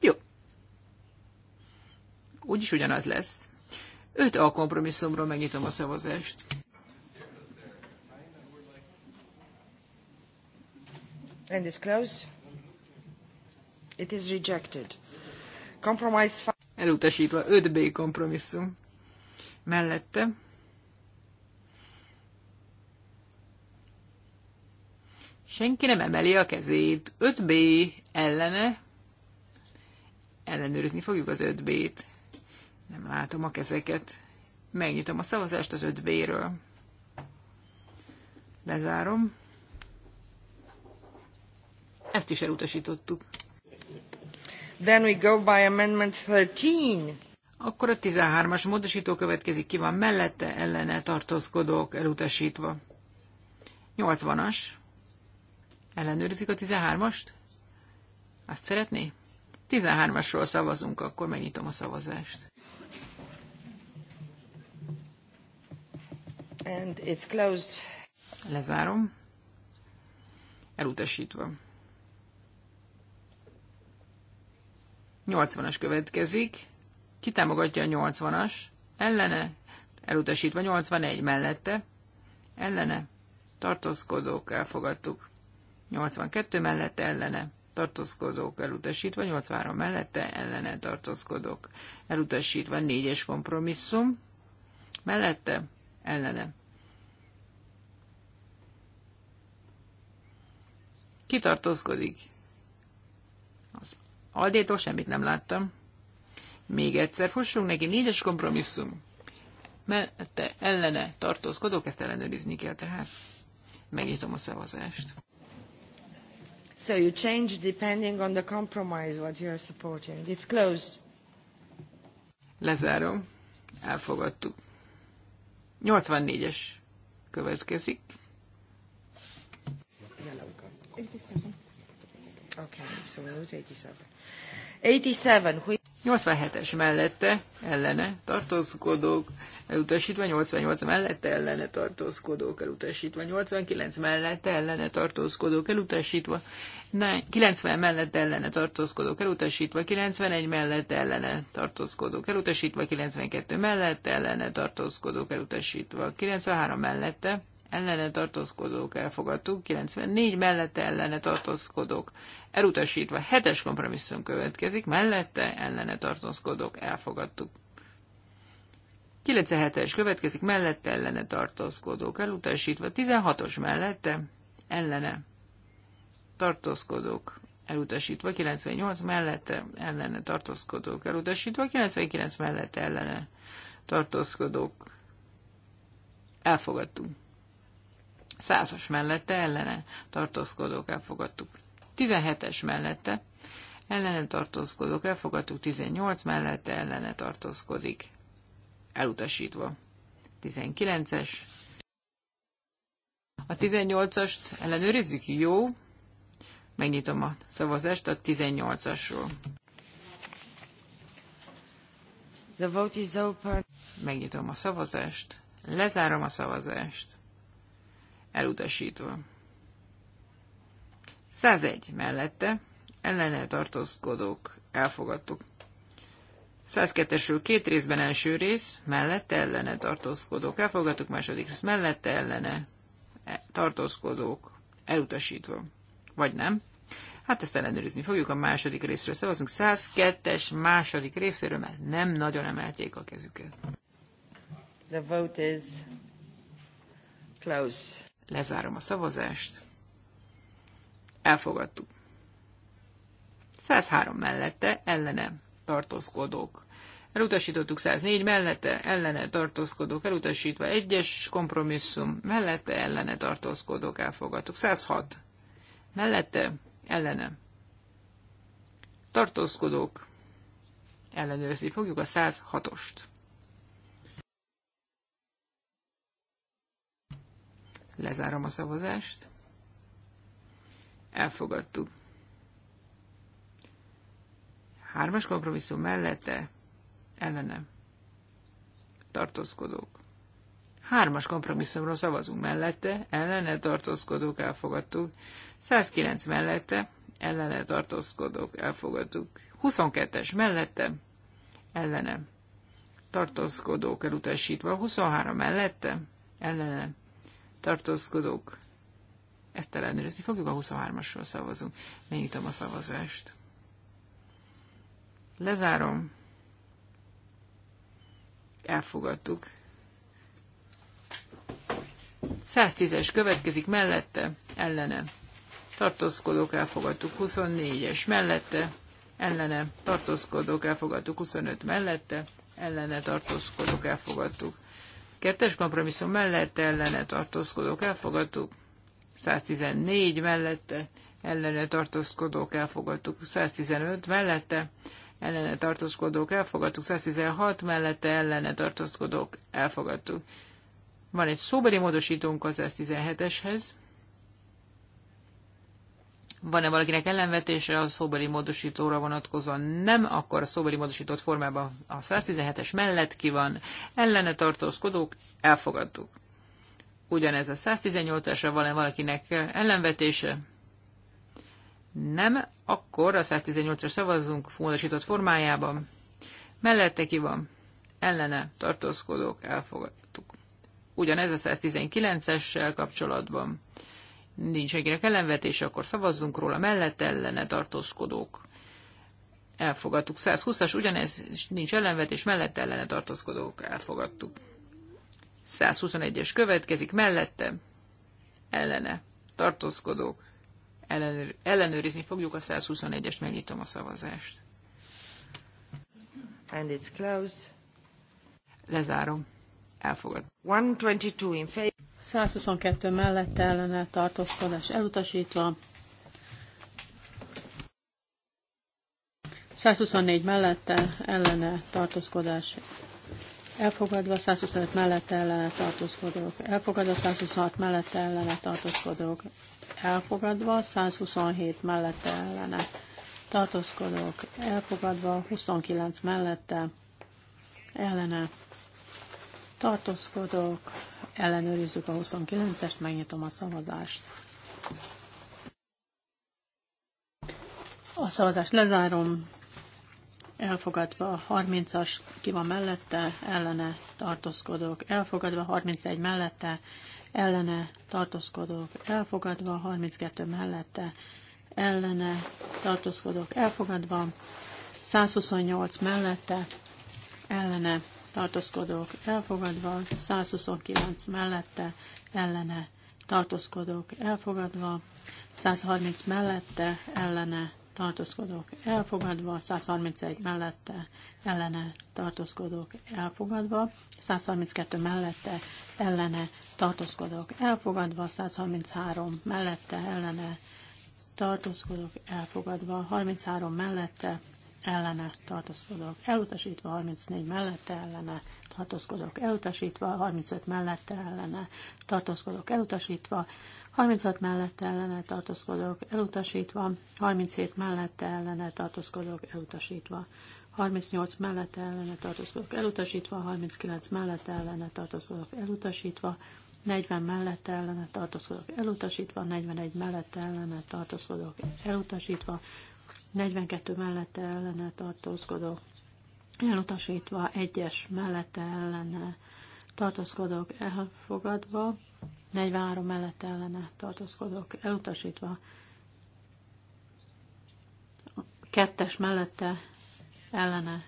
Jó úgyis ugyanaz lesz. 5 a kompromisszumra megnyitom a szavazást.
And is close. It is rejected. Compromise Elutasítva
5B kompromisszum. Mellette. Senki nem emeli a kezét. 5B ellene. Ellenőrizni fogjuk az 5B-t. Nem látom a kezeket. Megnyitom a szavazást az 5B-ről. Lezárom. Ezt is elutasítottuk. Then we go by amendment 13. Akkor a 13-as módosító következik, ki van mellette, ellene tartózkodók elutasítva. 80-as. Ellenőrzik a 13-ast? Azt szeretné? 13-asról szavazunk, akkor megnyitom a szavazást. And it's closed. Lezárom. Elutasítva. 80-as következik. Ki támogatja a 80-as? Ellene. Elutasítva 81 mellette. Ellene. Tartózkodók elfogadtuk. 82 mellette ellene tartózkodók elutasítva, 83 mellette ellene tartózkodók elutasítva, 4-es kompromisszum mellette ellene. Kitartózkodik. Az aldétól semmit nem láttam. Még egyszer fussunk neki, négyes kompromisszum. Mellette ellene tartózkodok, ezt ellenőrizni kell tehát. Megnyitom a szavazást. So you change
depending on the compromise what you are supporting. It's closed.
Lezárom. Elfogadtuk. 84-es következik.
Okay, so
87. 87-es mellette, ellene tartózkodók, elutasítva 88 mellette, ellene tartózkodók, elutasítva 89 mellette, ellene tartózkodók, elutasítva 90 mellett ellene tartózkodók elutasítva, 91 mellett ellene tartózkodók elutasítva, 92 mellett ellene tartózkodók elutasítva, 93 mellette ellene tartózkodók elfogadtuk, 94 mellette ellene tartózkodók elutasítva, 7-es kompromisszum következik, mellette ellene tartózkodók elfogadtuk. 97-es következik, mellette ellene tartózkodók elutasítva, 16-os mellette ellene tartózkodók elutasítva, 98 mellette ellene tartózkodók elutasítva, 99 mellette ellene tartózkodók elfogadtuk. Százas mellette ellene tartózkodók elfogadtuk. 17-es mellette ellene tartózkodók elfogadtuk, 18 mellette ellene tartózkodik elutasítva. 19-es. A 18-ast ellenőrizzük? Jó, Megnyitom a szavazást a 18-asról. The vote is open. Megnyitom a szavazást. Lezárom a szavazást. Elutasítva. 101 mellette ellene tartózkodók elfogadtuk. 102-esről két részben első rész, mellette ellene tartózkodók elfogadtuk, második rész mellette ellene tartózkodók elutasítva vagy nem. Hát ezt ellenőrizni fogjuk, a második részről szavazunk. 102-es második részéről, mert nem nagyon emelték a kezüket. The vote is close. Lezárom a szavazást. Elfogadtuk. 103 mellette, ellene tartózkodók. Elutasítottuk 104 mellette, ellene tartózkodók, elutasítva egyes kompromisszum, mellette ellene tartózkodók elfogadtuk. 106 mellette, ellene. Tartózkodók, ellenőrizni fogjuk a 106-ost. Lezárom a szavazást. Elfogadtuk. Hármas kompromisszum mellette, ellene. Tartózkodók Hármas kompromisszumra szavazunk mellette, ellene tartózkodók elfogadtuk. 109 mellette, ellene tartózkodók elfogadtuk. 22-es mellette, ellene tartózkodók elutasítva. 23 mellette, ellene tartózkodók. Ezt ellenőrizni fogjuk, a 23-asról szavazunk. Megnyitom a szavazást. Lezárom. Elfogadtuk. 110-es következik mellette, ellene. Tartózkodók elfogadtuk 24-es mellette, ellene. Tartózkodók elfogadtuk 25 mellette, ellene. Tartózkodók elfogadtuk. Kettes kompromisszum mellette, ellene. Tartózkodók elfogadtuk. 114 mellette, ellene tartózkodók elfogadtuk 115 mellette, ellene tartózkodók elfogadtuk 116 mellette, ellene tartózkodók elfogadtuk van egy szóbeli módosítónk az S17-eshez. Van-e valakinek ellenvetése a szóbeli módosítóra vonatkozóan? Nem, akkor a szóbeli módosított formában a 117-es mellett ki van. Ellene tartózkodók elfogadtuk. Ugyanez a 118-esre van-e valakinek ellenvetése? Nem, akkor a 118 es szavazzunk módosított formájában. Mellette ki van? Ellene tartózkodók elfogadtuk ugyanez a 119-essel kapcsolatban. Nincs senkinek ellenvetése, akkor szavazzunk róla mellett ellene tartózkodók. Elfogadtuk. 120-as, ugyanez nincs ellenvetés, mellett ellene tartózkodók. Elfogadtuk. 121-es következik, mellette ellene tartózkodók. Ellenőr, ellenőrizni fogjuk a 121-est, megnyitom a szavazást. And it's closed.
Lezárom elfogad. 122 in favor. 122 mellette ellene tartózkodás elutasítva. 124 mellette ellene tartózkodás elfogadva, 125 mellette ellene tartózkodók, elfogadva, 126 mellette ellene tartózkodók, elfogadva, 127 mellette ellene tartózkodók, elfogadva, 29 mellette ellene tartózkodok, ellenőrizzük a 29-est, megnyitom a szavazást. A szavazást lezárom, elfogadva 30-as, ki van mellette, ellene tartózkodok, elfogadva 31 mellette, ellene tartózkodok, elfogadva 32 mellette, ellene tartózkodok, elfogadva 128 mellette, ellene tartózkodók elfogadva, 129 mellette, ellene tartózkodók elfogadva, 130 mellette, ellene tartózkodók elfogadva, 131 mellette, ellene tartózkodók elfogadva, 132 mellette, ellene tartózkodók elfogadva, 133 mellette, ellene tartózkodók elfogadva, 33 mellette, ellene tartózkodok elutasítva, 34 mellette ellene tartózkodok elutasítva, 35 mellette ellene tartózkodok elutasítva, 36 mellette ellene tartózkodok elutasítva, 37 mellette ellene tartózkodok elutasítva. 38 mellette ellene tartózkodok elutasítva, 39 mellette ellene tartózkodok elutasítva, 40 mellette ellene tartózkodok elutasítva, 41 mellette ellene tartózkodok elutasítva, 42 mellette ellene tartózkodok, elutasítva, egyes mellette ellene tartózkodok, elfogadva, 43 mellette ellene tartózkodok, elutasítva, kettes mellette ellene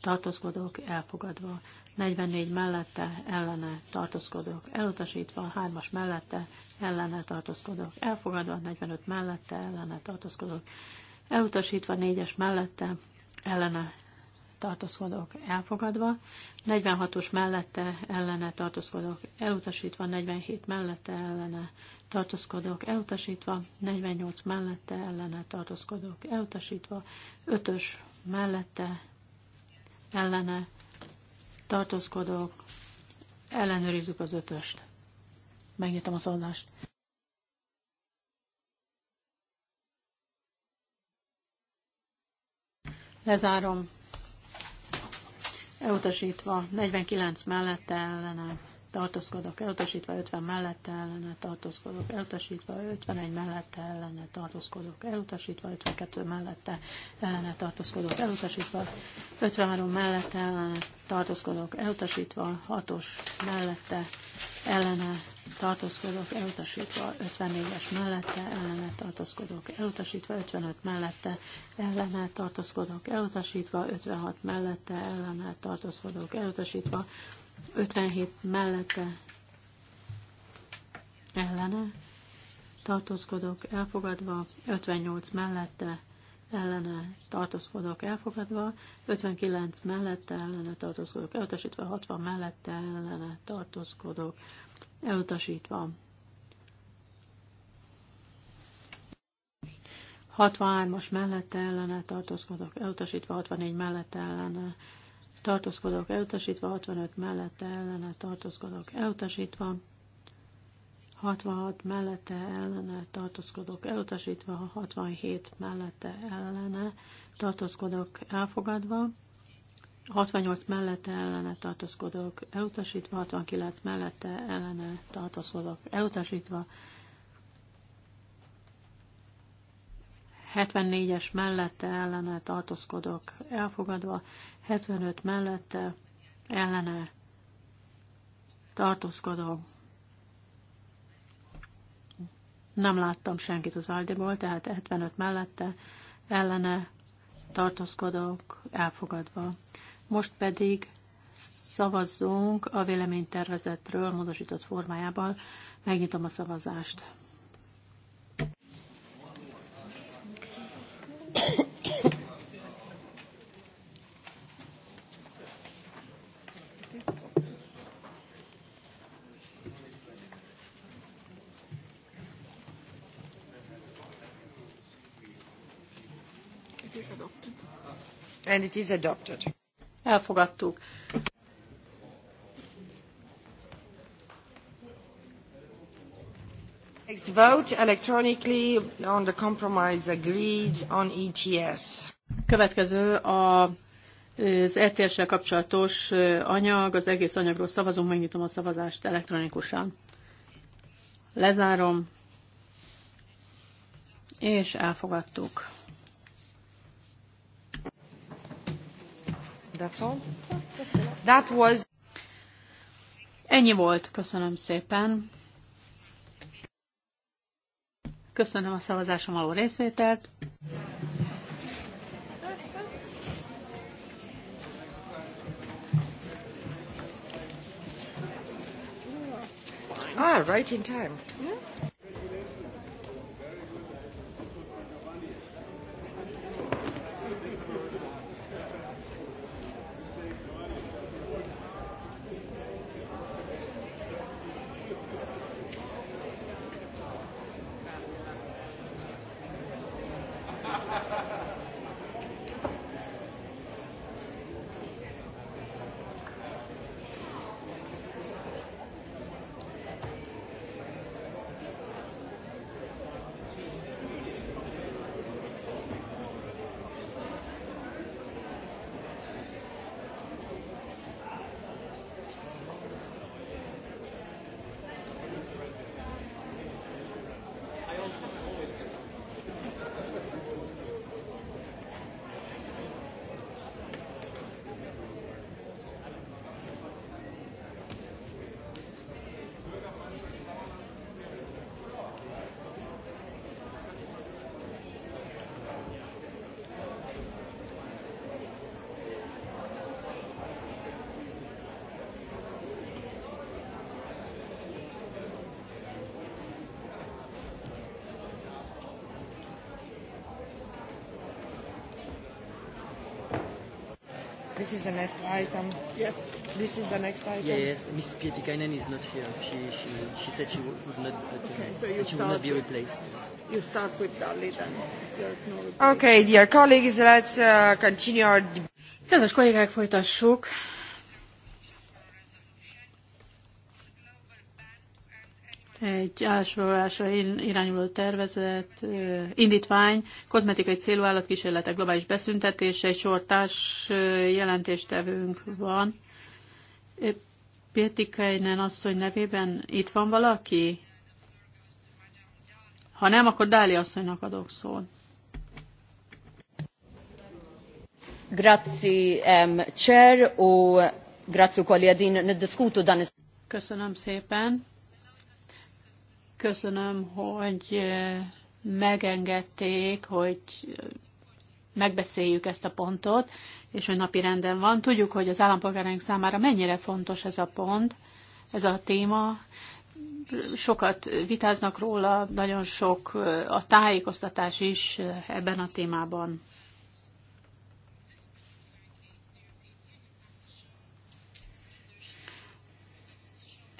tartózkodok, elfogadva, 44 mellette ellene tartózkodok, elutasítva, 3-as mellette ellene tartózkodok, elfogadva, 45 mellette ellene tartózkodok, elutasítva négyes mellette, ellene tartózkodók elfogadva, 46-os mellette ellene tartózkodók elutasítva, 47 mellette ellene tartózkodók elutasítva, 48 mellette ellene tartózkodók elutasítva, 5-ös mellette ellene tartózkodók, ellenőrizzük az ötöst. Megnyitom a szolgást. Lezárom. Elutasítva 49 mellette ellene tartózkodok, elutasítva 50 mellette ellene tartózkodok, elutasítva 51 mellette ellene tartózkodok, elutasítva 52 mellette ellene tartózkodok, elutasítva 53 mellette ellene tartózkodok, elutasítva 6-os mellette ellene tartózkodók elutasítva, 54-es mellette ellene tartózkodók elutasítva, 55 mellette ellene tartózkodók elutasítva, 56 mellette ellene tartózkodók elutasítva, 57 mellette ellene tartózkodók elfogadva, 58 mellette ellene tartózkodók elfogadva, 59 mellette ellene tartózkodók elutasítva, 60 mellette ellene tartózkodók elutasítva. 63-as mellette ellene tartózkodok, elutasítva 64 mellette ellene tartózkodok, elutasítva 65 mellette ellene tartózkodok, elutasítva 66 mellette ellene tartózkodok, elutasítva 67 mellette ellene tartózkodok, elfogadva 68 mellette ellene tartózkodok, elutasítva, 69 mellette ellene tartózkodok, elutasítva, 74-es mellette ellene tartózkodok, elfogadva, 75 mellette ellene tartózkodok. Nem láttam senkit az áldiból, tehát 75 mellette ellene tartózkodok, elfogadva. Most pedig szavazzunk a véleménytervezetről módosított formájában. Megnyitom a szavazást. And it is adopted. Elfogadtuk.
Next vote electronically on the compromise agreed
on ETS. Következő a, az ETS-sel kapcsolatos anyag, az egész anyagról szavazunk, megnyitom a szavazást elektronikusan. Lezárom, és elfogadtuk. That's all. That was... Ennyi volt, köszönöm szépen. Köszönöm a szavazásom való részvételt.
Ah, right in time. Yeah. This is the next item. Yes. This is the next item. Yes,
Miss Pietikainen is not here. She she she said she would not uh, Okay, so you she not be replaced. You start with Dali then. There's no
replacement. okay, dear colleagues, let's uh, continue our. Kedves kollégák, folytassuk
egy állásolásra irányuló tervezet, indítvány, kozmetikai célú állatkísérletek globális beszüntetése, egy sortás jelentéstevőnk van. Pétikeinen asszony nevében itt van valaki? Ha nem, akkor Dália asszonynak adok szót. Grazie, um, chair, o grazie, kolléga, din, ne diskutu, dan... Köszönöm szépen. Köszönöm, hogy megengedték, hogy megbeszéljük ezt a pontot, és hogy napi renden van. Tudjuk, hogy az állampolgáraink számára mennyire fontos ez a pont, ez a téma. Sokat vitáznak róla, nagyon sok a tájékoztatás is ebben a témában.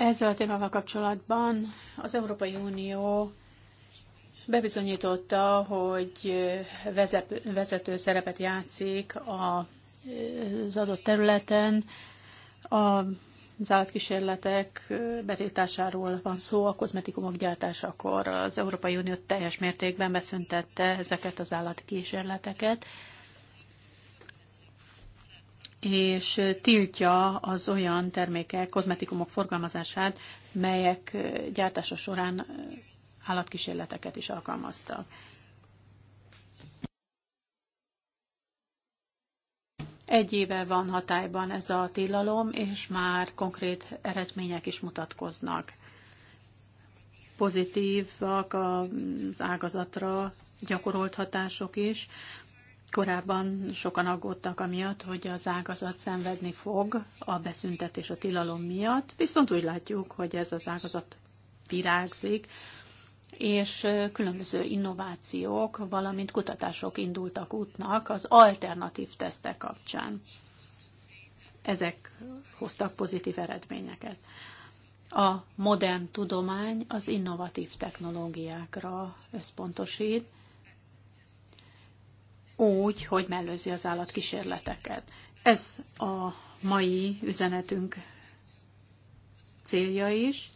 Ezzel a témával kapcsolatban az Európai Unió bebizonyította, hogy vezető szerepet játszik az adott területen. Az állatkísérletek betiltásáról van szó a kozmetikumok gyártásakor. Az Európai Unió teljes mértékben beszüntette ezeket az állatkísérleteket. kísérleteket és tiltja az olyan termékek, kozmetikumok forgalmazását, melyek gyártása során állatkísérleteket is alkalmaztak. Egy éve van hatályban ez a tilalom, és már konkrét eredmények is mutatkoznak. Pozitívak az ágazatra gyakorolt hatások is. Korábban sokan aggódtak amiatt, hogy az ágazat szenvedni fog a beszüntetés a tilalom miatt, viszont úgy látjuk, hogy ez az ágazat virágzik, és különböző innovációk, valamint kutatások indultak útnak az alternatív tesztek kapcsán. Ezek hoztak pozitív eredményeket. A modern tudomány az innovatív technológiákra összpontosít, úgy, hogy mellőzi az állatkísérleteket. Ez a mai üzenetünk célja is,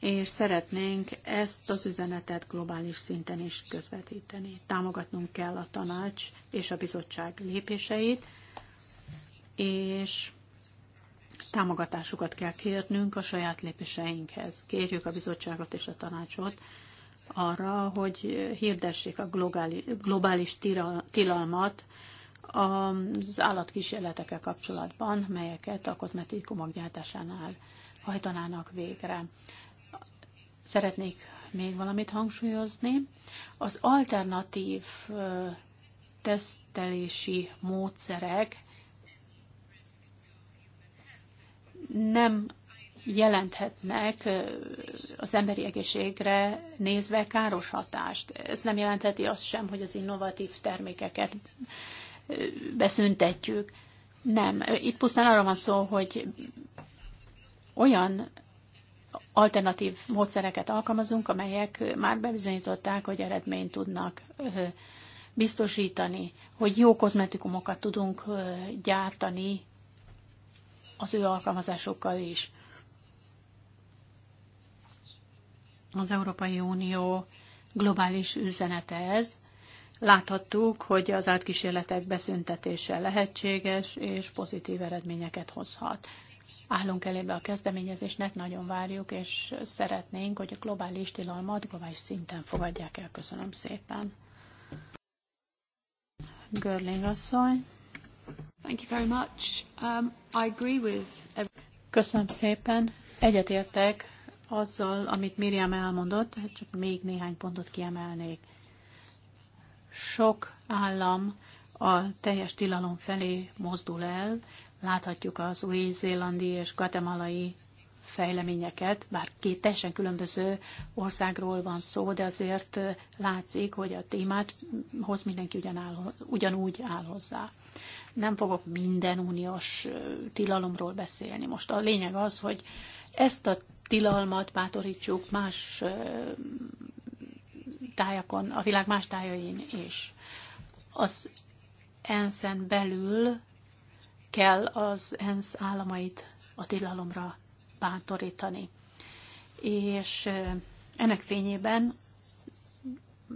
és szeretnénk ezt az üzenetet globális szinten is közvetíteni. Támogatnunk kell a tanács és a bizottság lépéseit, és támogatásukat kell kérnünk a saját lépéseinkhez. Kérjük a bizottságot és a tanácsot, arra, hogy hirdessék a globális tilalmat az állatkísérletekkel kapcsolatban, melyeket a kozmetikumok gyártásánál hajtanának végre. Szeretnék még valamit hangsúlyozni. Az alternatív tesztelési módszerek nem jelenthetnek az emberi egészségre nézve káros hatást. Ez nem jelentheti azt sem, hogy az innovatív termékeket beszüntetjük. Nem. Itt pusztán arra van szó, hogy olyan alternatív módszereket alkalmazunk, amelyek már bebizonyították, hogy eredményt tudnak biztosítani, hogy jó kozmetikumokat tudunk gyártani az ő alkalmazásokkal is. Az Európai Unió globális üzenete ez. Láthattuk, hogy az átkísérletek beszüntetése lehetséges és pozitív eredményeket hozhat. Állunk elébe a kezdeményezésnek, nagyon várjuk, és szeretnénk, hogy a globális tilalmat globális szinten fogadják el. Köszönöm szépen. Görling asszony. Thank you very much. Um, I agree with Köszönöm szépen. Egyetértek azzal, amit Miriam elmondott, hát csak még néhány pontot kiemelnék. Sok állam a teljes tilalom felé mozdul el, láthatjuk az új-zélandi és guatemalai fejleményeket, bár két teljesen különböző országról van szó, de azért látszik, hogy a témát hoz mindenki ugyanáll, ugyanúgy áll hozzá. Nem fogok minden uniós tilalomról beszélni. Most a lényeg az, hogy ezt a tilalmat bátorítsuk más tájakon, a világ más tájain is. Az ENSZ-en belül kell az ENSZ államait a tilalomra bátorítani. És ennek fényében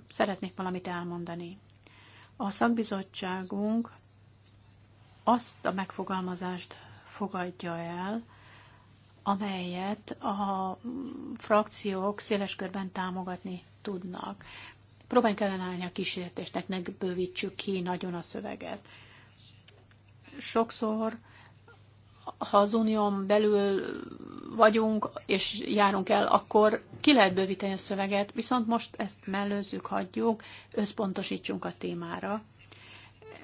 szeretnék valamit elmondani. A szakbizottságunk azt a megfogalmazást fogadja el, amelyet a frakciók széles körben támogatni tudnak. Próbáljunk ellenállni a kísértésnek, ne bővítsük ki nagyon a szöveget. Sokszor, ha az unión belül vagyunk és járunk el, akkor ki lehet bővíteni a szöveget, viszont most ezt mellőzzük, hagyjuk, összpontosítsunk a témára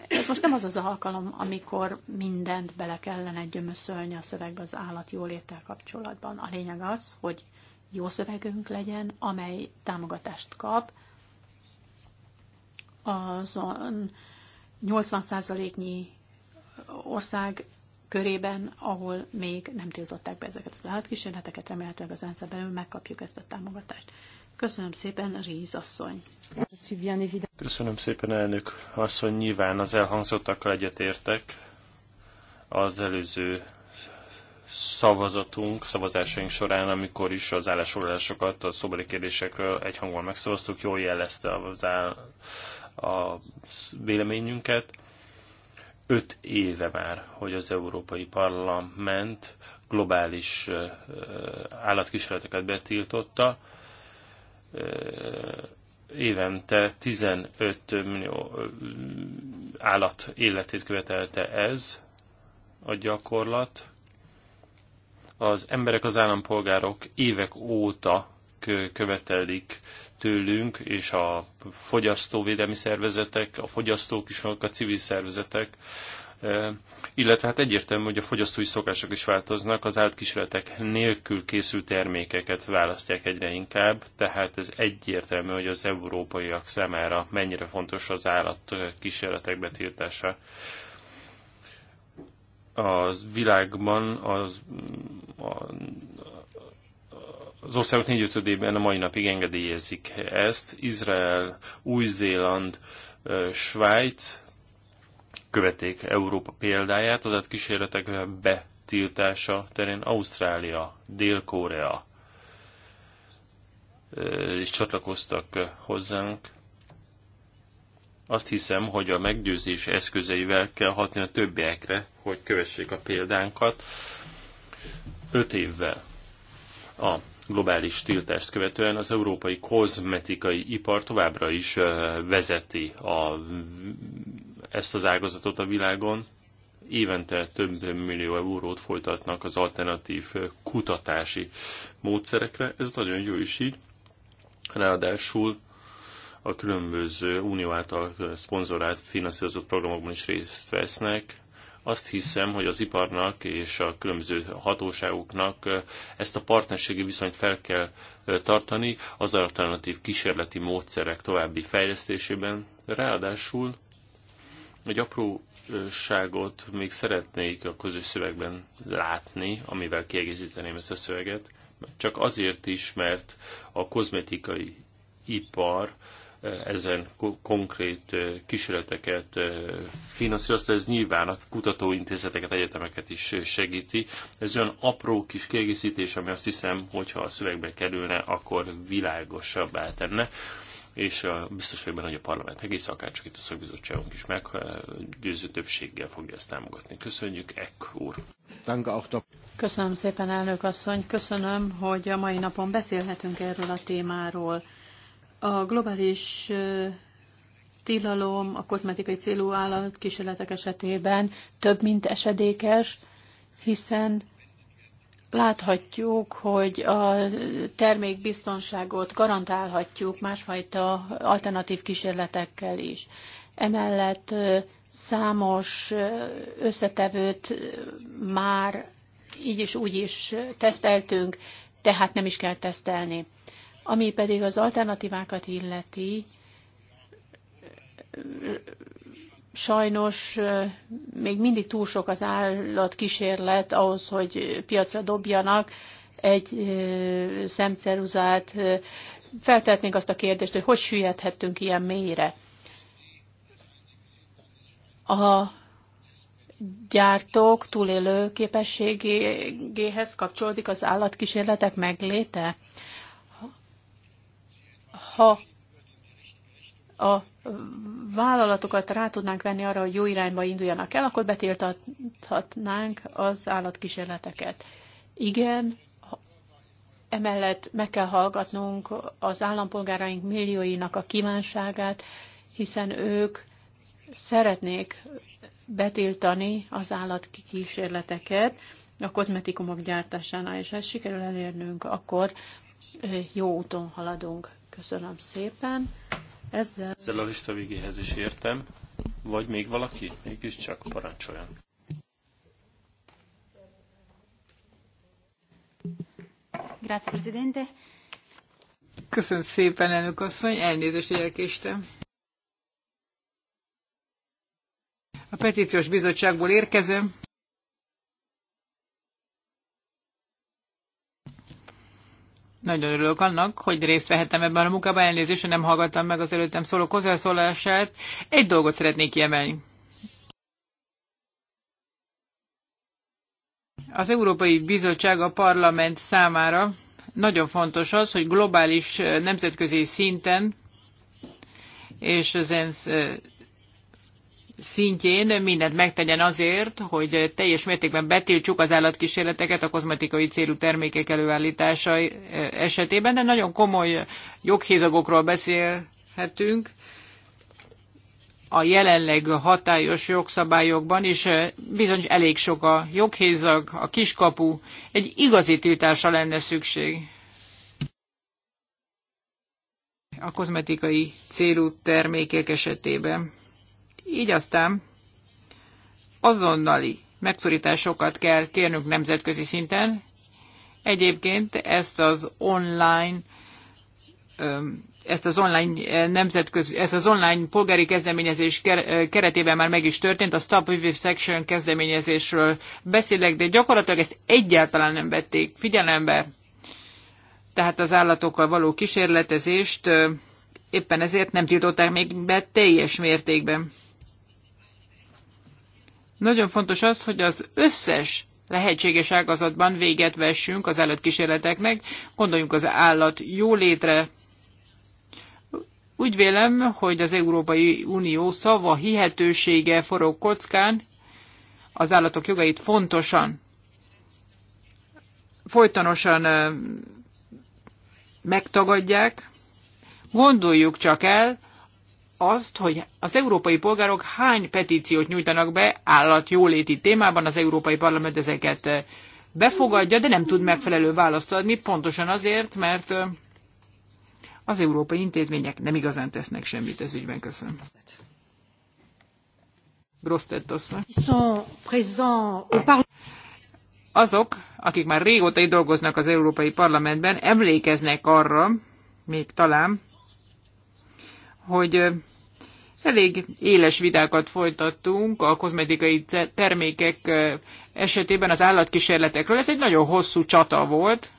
ez most nem az az alkalom, amikor mindent bele kellene gyömöszölni a szövegbe az állat állatjóléttel kapcsolatban. A lényeg az, hogy jó szövegünk legyen, amely támogatást kap, azon 80%-nyi ország körében, ahol még nem tiltották be ezeket az állatkísérleteket, remélhetőleg az ENSZ belül megkapjuk ezt a támogatást. Köszönöm szépen, Ríz asszony.
Köszönöm szépen, elnök asszony. Nyilván az elhangzottakkal egyetértek. Az előző szavazatunk, szavazásaink során, amikor is az állásfoglalásokat, a szobori kérdésekről egyhangon megszavaztuk, jól jelezte az áll, a véleményünket. Öt éve már, hogy az Európai Parlament globális állatkísérleteket betiltotta, évente 15 millió állat életét követelte ez a gyakorlat. Az emberek, az állampolgárok évek óta követelik tőlünk, és a fogyasztóvédelmi szervezetek, a fogyasztók is, a civil szervezetek illetve hát egyértelmű, hogy a fogyasztói szokások is változnak, az állatkísérletek nélkül készült termékeket választják egyre inkább, tehát ez egyértelmű, hogy az európaiak számára mennyire fontos az állatkísérletek betiltása. A világban az, a, az országok négyötödében a mai napig engedélyezik ezt. Izrael, Új-Zéland, Svájc, követték Európa példáját, az kísérletek betiltása terén Ausztrália, Dél-Korea is csatlakoztak hozzánk. Azt hiszem, hogy a meggyőzés eszközeivel kell hatni a többiekre, hogy kövessék a példánkat. Öt évvel a globális tiltást követően az európai kozmetikai ipar továbbra is vezeti a ezt az ágazatot a világon. Évente több millió eurót folytatnak az alternatív kutatási módszerekre. Ez nagyon jó is így. Ráadásul a különböző unió által szponzorált, finanszírozott programokban is részt vesznek. Azt hiszem, hogy az iparnak és a különböző hatóságoknak ezt a partnerségi viszonyt fel kell tartani az alternatív kísérleti módszerek további fejlesztésében. Ráadásul egy apróságot még szeretnék a közös szövegben látni, amivel kiegészíteném ezt a szöveget, csak azért is, mert a kozmetikai ipar e, ezen konkrét e, kísérleteket e, finanszírozta. Ez nyilván a kutatóintézeteket, egyetemeket is segíti. Ez olyan apró kis kiegészítés, ami azt hiszem, hogyha a szövegbe kerülne, akkor világosabbá tenne és a biztos vagyok benne, hogy a parlament egész, akár csak itt a szakbizottságunk is meggyőző többséggel fogja ezt támogatni. Köszönjük, Ek úr!
Köszönöm szépen, elnök asszony! Köszönöm, hogy a mai napon beszélhetünk erről a témáról. A globális tilalom a kozmetikai célú állatkísérletek esetében több, mint esedékes, hiszen láthatjuk, hogy a termékbiztonságot garantálhatjuk másfajta alternatív kísérletekkel is. Emellett számos összetevőt már így is úgy is teszteltünk, tehát nem is kell tesztelni. Ami pedig az alternatívákat illeti, sajnos még mindig túl sok az állatkísérlet ahhoz, hogy piacra dobjanak egy szemceruzát. Feltehetnénk azt a kérdést, hogy hogy süllyedhettünk ilyen mélyre. A gyártók túlélő képességéhez kapcsolódik az állatkísérletek megléte? Ha a vállalatokat rá tudnánk venni arra, hogy jó irányba induljanak el, akkor betiltathatnánk az állatkísérleteket. Igen, emellett meg kell hallgatnunk az állampolgáraink millióinak a kívánságát, hiszen ők szeretnék betiltani az állatkísérleteket a kozmetikumok gyártásánál, és ezt sikerül elérnünk, akkor eh, jó úton haladunk. Köszönöm szépen. Ezzel... Ezzel
a lista végéhez is értem. Vagy még valaki? Mégiscsak parancsoljon.
Grazie, Presidente.
Köszönöm szépen, elnök asszony, elnézést, hogy A petíciós bizottságból érkezem. Nagyon örülök annak, hogy részt vehettem ebben a munkában, elnézést, nem hallgattam meg az előttem szóló hozzászólását. Egy dolgot szeretnék kiemelni. Az Európai Bizottság a parlament számára nagyon fontos az, hogy globális nemzetközi szinten és az ENSZ szintjén mindent megtegyen azért, hogy teljes mértékben betiltsuk az állatkísérleteket a kozmetikai célú termékek előállítása eh, esetében, de nagyon komoly joghézagokról beszélhetünk. A jelenleg hatályos jogszabályokban is eh, bizony elég sok a joghézag, a kiskapu, egy igazi tiltásra lenne szükség a kozmetikai célú termékek esetében. Így aztán azonnali megszorításokat kell kérnünk nemzetközi szinten. Egyébként ezt az online ezt az online eh, nemzetközi, ezt az online polgári kezdeményezés eh, keretében már meg is történt, a Stop Section kezdeményezésről beszélek, de gyakorlatilag ezt egyáltalán nem vették figyelembe, tehát az állatokkal való kísérletezést éppen ezért nem tiltották még be teljes mértékben. Nagyon fontos az, hogy az összes lehetséges ágazatban véget vessünk az állatkísérleteknek, gondoljunk az állat jólétre. Úgy vélem, hogy az Európai Unió szava hihetősége forog kockán, az állatok jogait fontosan, folytonosan megtagadják. Gondoljuk csak el, azt, hogy az európai polgárok hány petíciót nyújtanak be állatjóléti témában, az Európai Parlament ezeket eh, befogadja, de nem tud megfelelő választ adni, pontosan azért, mert eh, az európai intézmények nem igazán tesznek semmit ez ügyben. Köszönöm. Azok, akik már régóta itt dolgoznak az Európai Parlamentben, emlékeznek arra, még talán, hogy elég éles vitákat folytattunk a kozmetikai termékek esetében az állatkísérletekről. Ez egy nagyon hosszú csata volt.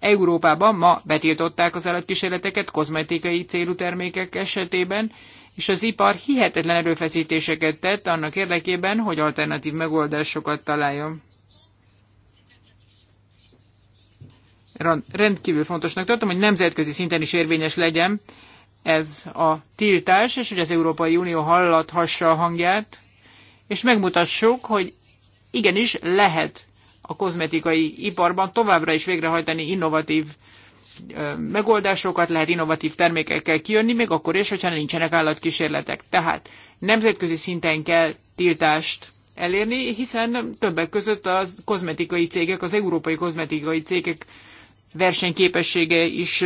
Európában ma betiltották az állatkísérleteket kozmetikai célú termékek esetében, és az ipar hihetetlen erőfeszítéseket tett annak érdekében, hogy alternatív megoldásokat találjon. Rendkívül fontosnak tartom, hogy nemzetközi szinten is érvényes legyen ez a tiltás, és hogy az Európai Unió hallathassa a hangját, és megmutassuk, hogy igenis lehet a kozmetikai iparban továbbra is végrehajtani innovatív megoldásokat, lehet innovatív termékekkel kijönni, még akkor is, hogyha nincsenek állatkísérletek. Tehát nemzetközi szinten kell tiltást elérni, hiszen többek között a kozmetikai cégek, az európai kozmetikai cégek versenyképessége is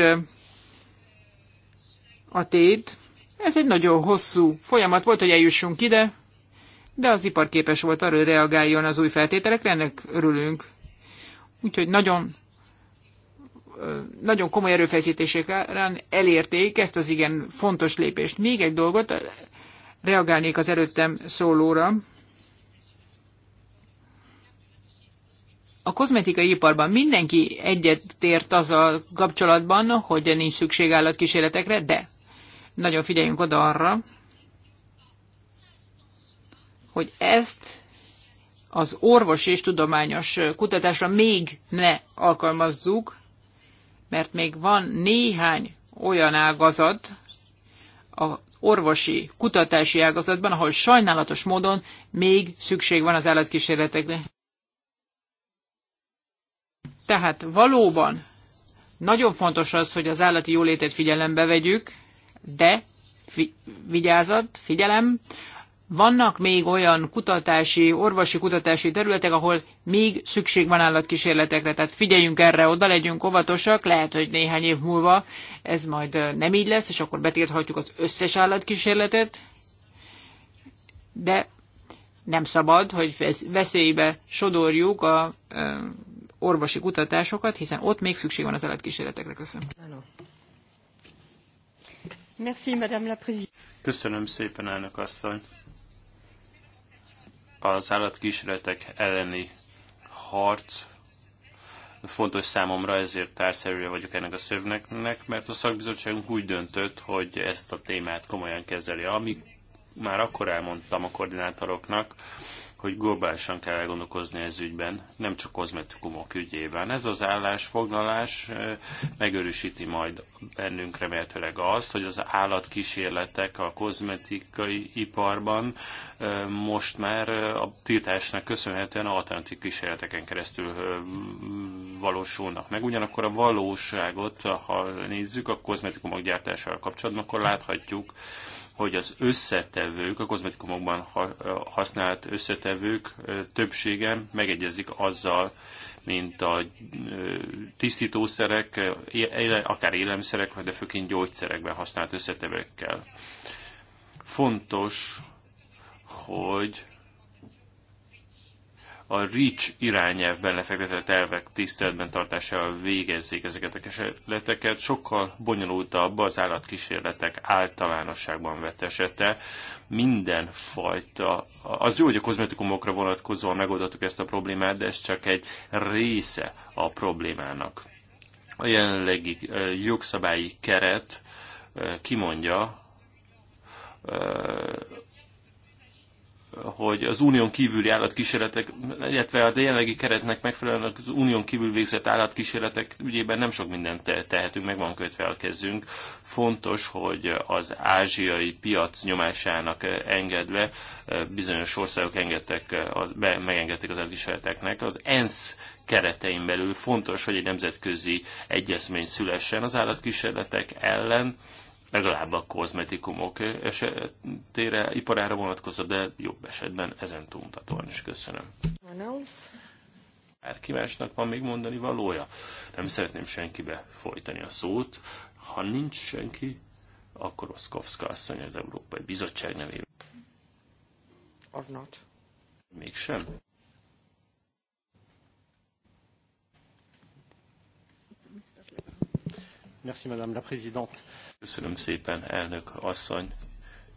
a tét. Ez egy nagyon hosszú folyamat volt, hogy eljussunk ide, de az ipar képes volt arra, hogy reagáljon az új feltételekre, ennek örülünk. Úgyhogy nagyon, nagyon komoly erőfeszítésekre elérték ezt az igen fontos lépést. Még egy dolgot, reagálnék az előttem szólóra. A kozmetikai iparban mindenki egyetért azzal kapcsolatban, hogy nincs szükség állatkísérletekre, de nagyon figyeljünk oda arra, hogy ezt az orvos és tudományos kutatásra még ne alkalmazzuk, mert még van néhány olyan ágazat az orvosi kutatási ágazatban, ahol sajnálatos módon még szükség van az állatkísérletekre. Tehát valóban nagyon fontos az, hogy az állati jólétet figyelembe vegyük, de fi, vigyázat, figyelem, vannak még olyan kutatási, orvosi kutatási területek, ahol még szükség van állatkísérletekre, tehát figyeljünk erre, oda legyünk óvatosak, lehet, hogy néhány év múlva ez majd nem így lesz, és akkor betilthatjuk az összes állatkísérletet, de nem szabad, hogy veszélybe sodorjuk a orvosi kutatásokat, hiszen ott még szükség van az állatkísérletekre. Köszönöm.
Merci, Madame la Présidente.
Köszönöm szépen, elnök asszony. Az állatkísérletek elleni harc fontos számomra, ezért társzerűje vagyok ennek a szövnek, mert a szakbizottságunk úgy döntött, hogy ezt a témát komolyan kezeli. Ami már akkor elmondtam a koordinátoroknak, hogy globálisan kell elgondolkozni ez ügyben, nem csak kozmetikumok ügyében. Ez az állásfoglalás megörösíti majd bennünk remélhetőleg azt, hogy az állatkísérletek a kozmetikai iparban most már a tiltásnak köszönhetően alternatív kísérleteken keresztül valósulnak meg. Ugyanakkor a valóságot, ha nézzük a kozmetikumok gyártásával kapcsolatban, akkor láthatjuk, hogy az összetevők, a kozmetikumokban használt összetevők többsége megegyezik azzal, mint a tisztítószerek, akár élelmiszerek, vagy de főként gyógyszerekben használt összetevőkkel. Fontos, hogy a REACH irányelvben lefektetett elvek tiszteletben tartásával végezzék ezeket a kísérleteket. Sokkal bonyolultabb az állatkísérletek általánosságban vett esete. Mindenfajta, az jó, hogy a kozmetikumokra vonatkozóan megoldottuk ezt a problémát, de ez csak egy része a problémának. A jelenlegi jogszabályi keret kimondja, hogy az unión kívüli állatkísérletek, illetve a jelenlegi keretnek megfelelően az unión kívül végzett állatkísérletek ügyében nem sok mindent tehetünk, meg van kötve a kezünk. Fontos, hogy az ázsiai piac nyomásának engedve bizonyos országok engedtek, az, be, megengedtek az állatkísérleteknek. Az ENSZ keretein belül fontos, hogy egy nemzetközi egyezmény szülessen az állatkísérletek ellen, legalább a kozmetikumok esetére, iparára vonatkozó, de jobb esetben ezen túlmutatóan is köszönöm. Már másnak van még mondani valója? Nem szeretném senkibe folytani a szót. Ha nincs senki, akkor Oszkovszka asszony az Európai Bizottság nevében. Or not. Mégsem. Merci, Madame la Présidente. Köszönöm szépen, elnök asszony.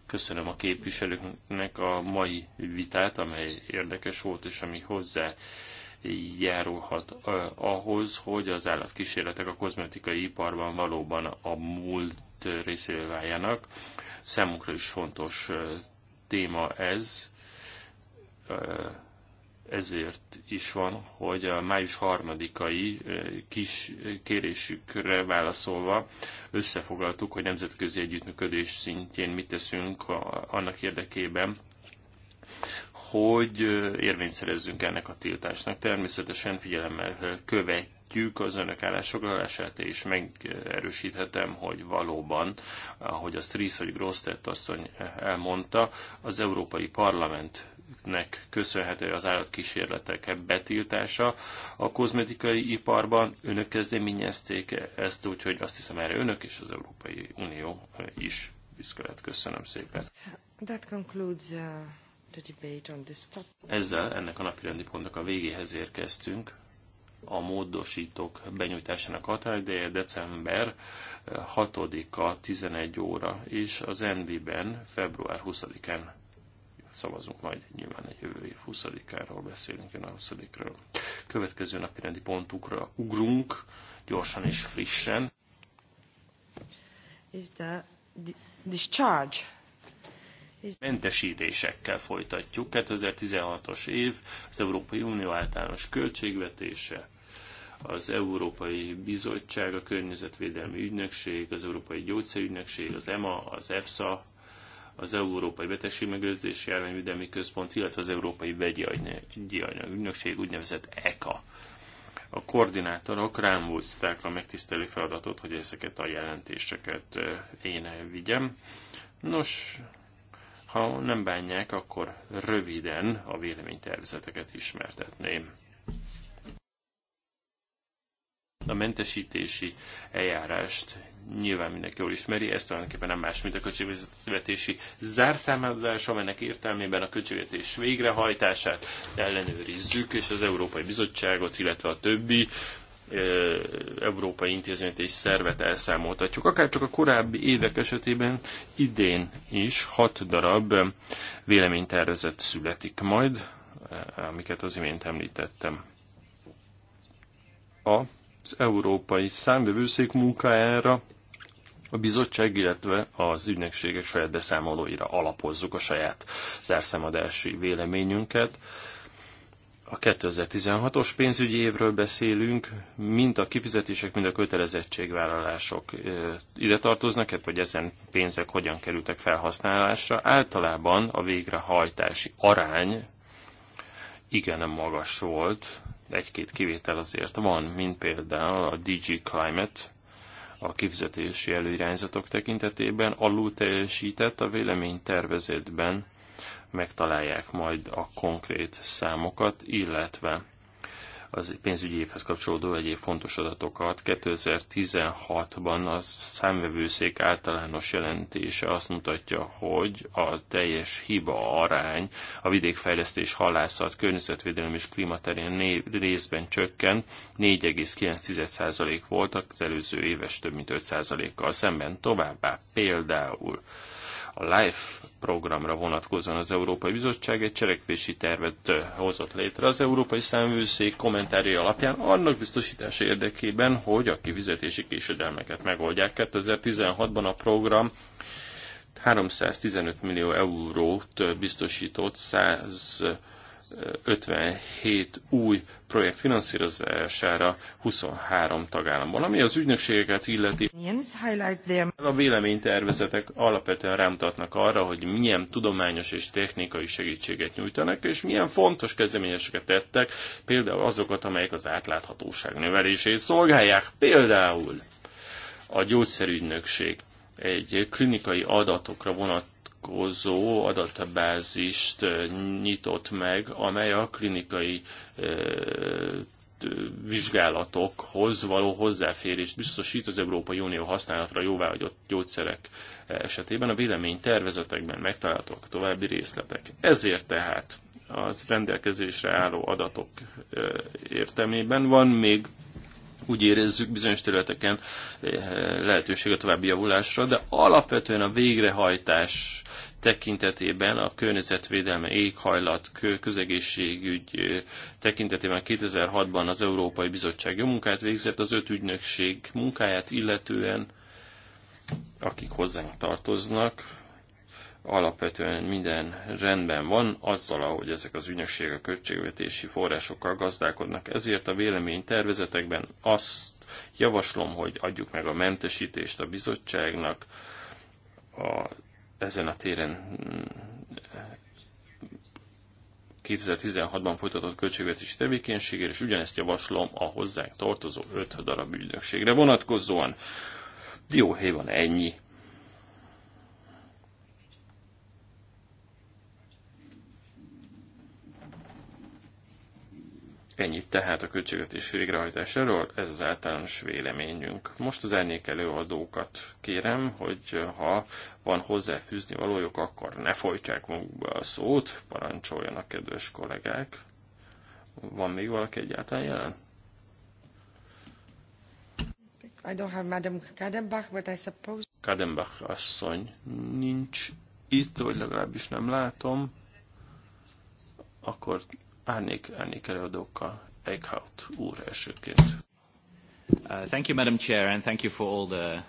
Köszönöm a képviselőknek a mai vitát, amely érdekes volt, és ami hozzá járulhat ahhoz, hogy az állatkísérletek a kozmetikai iparban valóban a múlt részévé váljanak. Számunkra is fontos téma ez ezért is van, hogy a május harmadikai eh, kis kérésükre válaszolva összefoglaltuk, hogy nemzetközi együttműködés szintjén mit teszünk annak érdekében, hogy eh, érvényt szerezzünk ennek a tiltásnak. Természetesen figyelemmel követjük az önök állásfoglalását, és megerősíthetem, hogy valóban, ahogy azt Rísz, vagy Grosztett asszony eh, elmondta, az Európai Parlament nek köszönhető az állatkísérletek betiltása a kozmetikai iparban. Önök kezdeményezték ezt, úgyhogy azt hiszem erre önök és az Európai Unió is büszke lett. Köszönöm szépen.
That concludes, uh, the debate on this topic. Ezzel
ennek a napirendi pontnak a végéhez érkeztünk. A módosítók benyújtásának határideje december 6-a uh, 11 óra, és az NV-ben február 20-án szavazunk majd, nyilván egy jövő év 20-áról beszélünk, jön a 20 -ről. Következő napi rendi pontukra ugrunk, gyorsan és frissen.
Is the discharge
Mentesítésekkel folytatjuk. 2016-os év az Európai Unió általános költségvetése, az Európai Bizottság, a Környezetvédelmi Ügynökség, az Európai Gyógyszerügynökség, az EMA, az EFSA, az Európai Megőrzési Járványvédelmi Központ, illetve az Európai Vegyi Anyag Ügynökség, úgynevezett ECA. A koordinátorok rám búzták a megtisztelő feladatot, hogy ezeket a jelentéseket eh, én vigyem. Nos, ha nem bánják, akkor röviden a véleménytervezeteket ismertetném. A mentesítési eljárást nyilván mindenki jól ismeri, ez tulajdonképpen nem más, mint a költségvetési zárszámadás, amelynek értelmében a költségvetés végrehajtását ellenőrizzük, és az Európai Bizottságot, illetve a többi európai intézményt és szervet elszámoltatjuk. Akár csak a korábbi évek esetében idén is hat darab véleménytervezet születik majd, amiket az imént említettem. A az Európai Számvevőszék munkájára, a bizottság, illetve az ügynökségek saját beszámolóira alapozzuk a saját zárszámadási véleményünket. A 2016-os pénzügyi évről beszélünk, mind a kifizetések, mind a kötelezettségvállalások ide tartoznak, vagy hát, ezen pénzek hogyan kerültek felhasználásra. Általában a végrehajtási arány igen nem magas volt, egy-két kivétel azért van, mint például a DG Climate, a kifizetési előirányzatok tekintetében alul teljesített a tervezetben, megtalálják majd a konkrét számokat, illetve az pénzügyi évhez kapcsolódó egyéb fontos adatokat. 2016-ban a számvevőszék általános jelentése azt mutatja, hogy a teljes hiba arány a vidékfejlesztés, halászat, környezetvédelem és klímaterén részben csökken, 4,9% volt az előző éves több mint 5%-kal szemben. Továbbá például a Life programra vonatkozóan az Európai Bizottság egy cselekvési tervet hozott létre az Európai Számvőszék kommentári alapján annak biztosítása érdekében, hogy a kifizetési késedelmeket megoldják. 2016-ban a program 315 millió eurót biztosított 100 57 új projekt finanszírozására 23 tagállamban. Ami az ügynökségeket illeti, a véleménytervezetek alapvetően rámutatnak arra, hogy milyen tudományos és technikai segítséget nyújtanak, és milyen fontos kezdeményeseket tettek, például azokat, amelyek az átláthatóság növelését szolgálják. Például a gyógyszerügynökség egy klinikai adatokra vonat vonatkozó adatbázist nyitott meg, amely a klinikai vizsgálatokhoz való hozzáférést biztosít az Európai Unió használatra jóváhagyott gyógyszerek esetében. A vélemény tervezetekben megtalálhatók további részletek. Ezért tehát az rendelkezésre álló adatok értelmében van még úgy érezzük bizonyos területeken eh, lehetőség a további javulásra, de alapvetően a végrehajtás tekintetében a környezetvédelme, éghajlat, közegészségügy eh, tekintetében 2006-ban az Európai Bizottság jó munkát végzett, az öt ügynökség munkáját illetően, akik hozzánk tartoznak, alapvetően minden rendben van azzal, ahogy ezek az ügynökségek a költségvetési forrásokkal gazdálkodnak. Ezért a vélemény tervezetekben azt javaslom, hogy adjuk meg a mentesítést a bizottságnak a, ezen a téren 2016-ban folytatott költségvetési tevékenységére, és ugyanezt javaslom a hozzánk tartozó 5 darab ügynökségre vonatkozóan. van ennyi. Ennyit tehát a költségvetés végrehajtásáról, ez az általános véleményünk. Most az elnék előadókat kérem, hogy ha van hozzáfűzni valójuk, akkor ne folytsák magukba a szót, parancsoljanak kedves kollégák. Van még valaki egyáltalán jelen?
I don't have Madam Kadenbach, but I suppose...
Kadenbach asszony nincs itt, vagy legalábbis nem látom. Akkor árnyék, árnyék előadókkal. Eichhout úr elsőként. Uh, thank you, Madam Chair, and thank you for all the...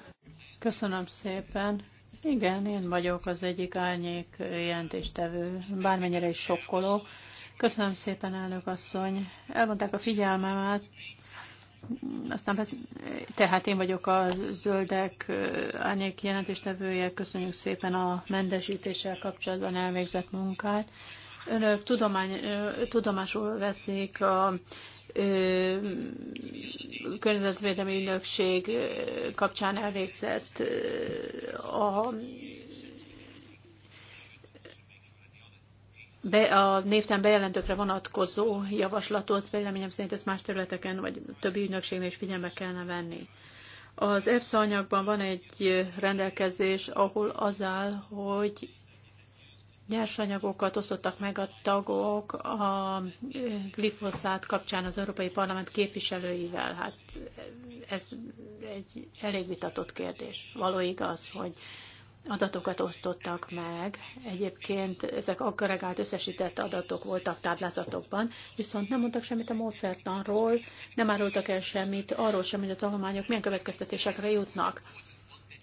Köszönöm szépen. Igen, én vagyok az egyik árnyék jelentéstevő, bármennyire is sokkoló. Köszönöm szépen, elnök asszony. Elmondták a figyelmemet, aztán persze, tehát én vagyok a zöldek árnyék jelentéstevője. Köszönjük szépen a mendesítéssel kapcsolatban elvégzett munkát önök tudomány, tudomásul veszik a környezetvédelmi ügynökség kapcsán elvégzett a, be, a névtelen bejelentőkre vonatkozó javaslatot, véleményem szerint ezt más területeken vagy többi ügynökségnél is figyelme kellene venni. Az EFSA anyagban van egy rendelkezés, ahol az áll, hogy nyersanyagokat osztottak meg a tagok a glifoszát kapcsán az Európai Parlament képviselőivel. Hát ez egy elég vitatott kérdés. Való igaz, hogy adatokat osztottak meg. Egyébként ezek agregált összesített adatok voltak táblázatokban, viszont nem mondtak semmit a módszertanról, nem árultak el semmit arról sem, hogy a tanulmányok milyen következtetésekre jutnak.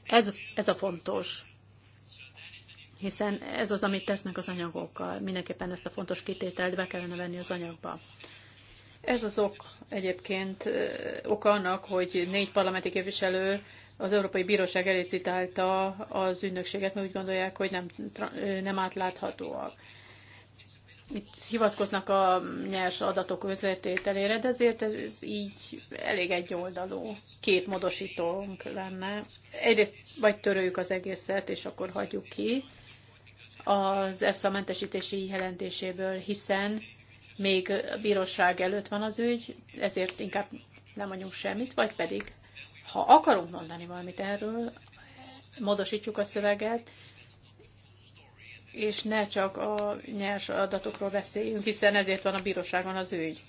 Ez, ez a fontos hiszen ez az, amit tesznek az anyagokkal. Mindenképpen ezt a fontos kitételt be kellene venni az anyagba. Ez az ok egyébként oka annak, hogy négy parlamenti képviselő az Európai Bíróság elé citálta az ügynökséget, mert úgy gondolják, hogy nem, nem átláthatóak. Itt hivatkoznak a nyers adatok özletételére, de ezért ez, ez így elég egyoldalú. Két módosítónk lenne. Egyrészt vagy töröljük az egészet, és akkor hagyjuk ki, az EFSA mentesítési jelentéséből, hiszen még a bíróság előtt van az ügy, ezért inkább nem mondjunk semmit, vagy pedig, ha akarunk mondani valamit erről, módosítsuk a szöveget, és ne csak a nyers adatokról beszéljünk, hiszen ezért van a bíróságon az ügy.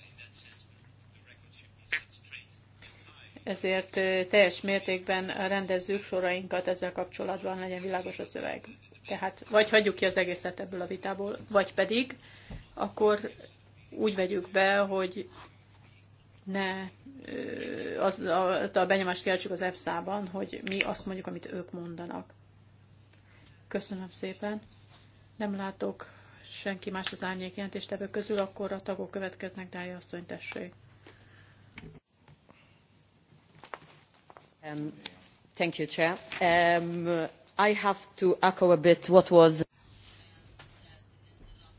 Ezért eh, teljes mértékben rendezzük sorainkat ezzel kapcsolatban, legyen világos a szöveg. Tehát vagy hagyjuk ki az egészet ebből a vitából, vagy pedig akkor úgy vegyük be, hogy ne az, a, a benyomást keltsük az EFSA-ban, hogy mi azt mondjuk, amit ők mondanak. Köszönöm szépen. Nem látok senki más az árnyék jelentéstevő közül, akkor a tagok következnek, Dália asszony, tessék. Um, thank you, Chair. Um, I have to echo a bit what was...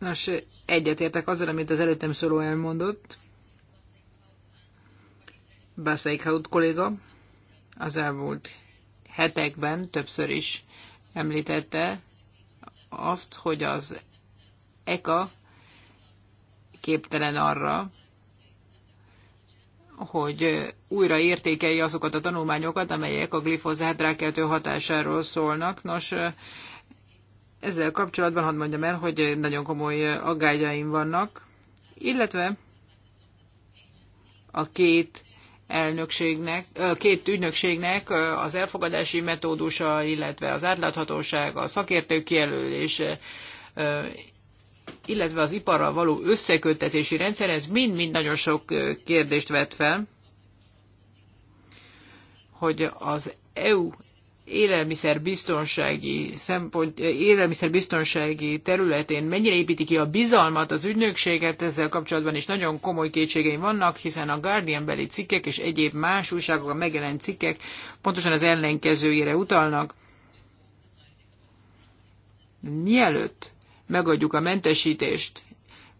Nos, egyetértek azzal, amit az előttem szóló elmondott. Basseikhaut kolléga az elmúlt hetekben többször is említette azt, hogy az ECA képtelen arra, hogy újra értékelje azokat a tanulmányokat, amelyek a glifozát rákeltő hatásáról szólnak. Nos, ezzel kapcsolatban hadd mondjam el, hogy nagyon komoly aggályaim vannak, illetve a két elnökségnek, két ügynökségnek az elfogadási metódusa, illetve az átláthatóság, a szakértők kijelölése illetve az iparral való összeköttetési rendszer, ez mind-mind nagyon sok kérdést vet fel, hogy az EU élelmiszerbiztonsági szempont, élelmiszerbiztonsági területén mennyire építi ki a bizalmat az ügynökséget, ezzel kapcsolatban is nagyon komoly kétségeim vannak, hiszen a Guardian beli cikkek és egyéb más újságok a megjelent cikkek pontosan az ellenkezőjére utalnak. Mielőtt megadjuk a mentesítést.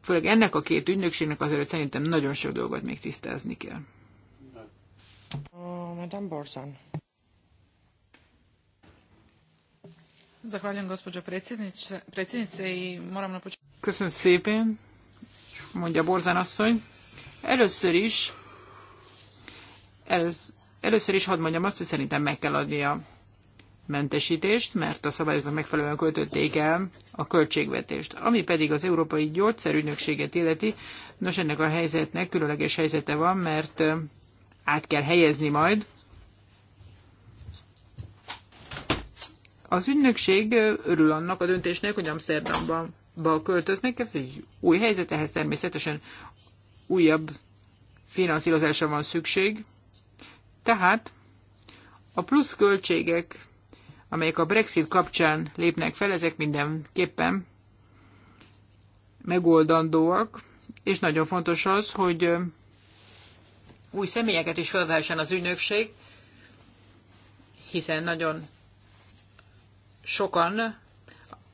Főleg ennek a két ügynökségnek azért szerintem nagyon sok dolgot még tisztázni kell.
Madame Borzan.
Zahvaljujem, gospođo predsjednice, i
moram na početku...
Köszönöm szépen, mondja Borzán asszony. Először is, először, először is hadd mondjam azt, hogy szerintem meg kell adnia mentesítést, mert a szabályoknak megfelelően költötték el a költségvetést. Ami pedig az Európai Gyógyszerügynökséget illeti, nos ennek a helyzetnek különleges helyzete van, mert át kell helyezni majd. Az ügynökség örül annak a döntésnek, hogy Amsterdamban ba költöznek, ez egy új helyzet, ehhez természetesen újabb finanszírozásra van szükség. Tehát a plusz költségek amelyek a Brexit kapcsán lépnek fel, ezek mindenképpen megoldandóak, és nagyon fontos az, hogy új személyeket is felvehessen az ügynökség, hiszen nagyon sokan,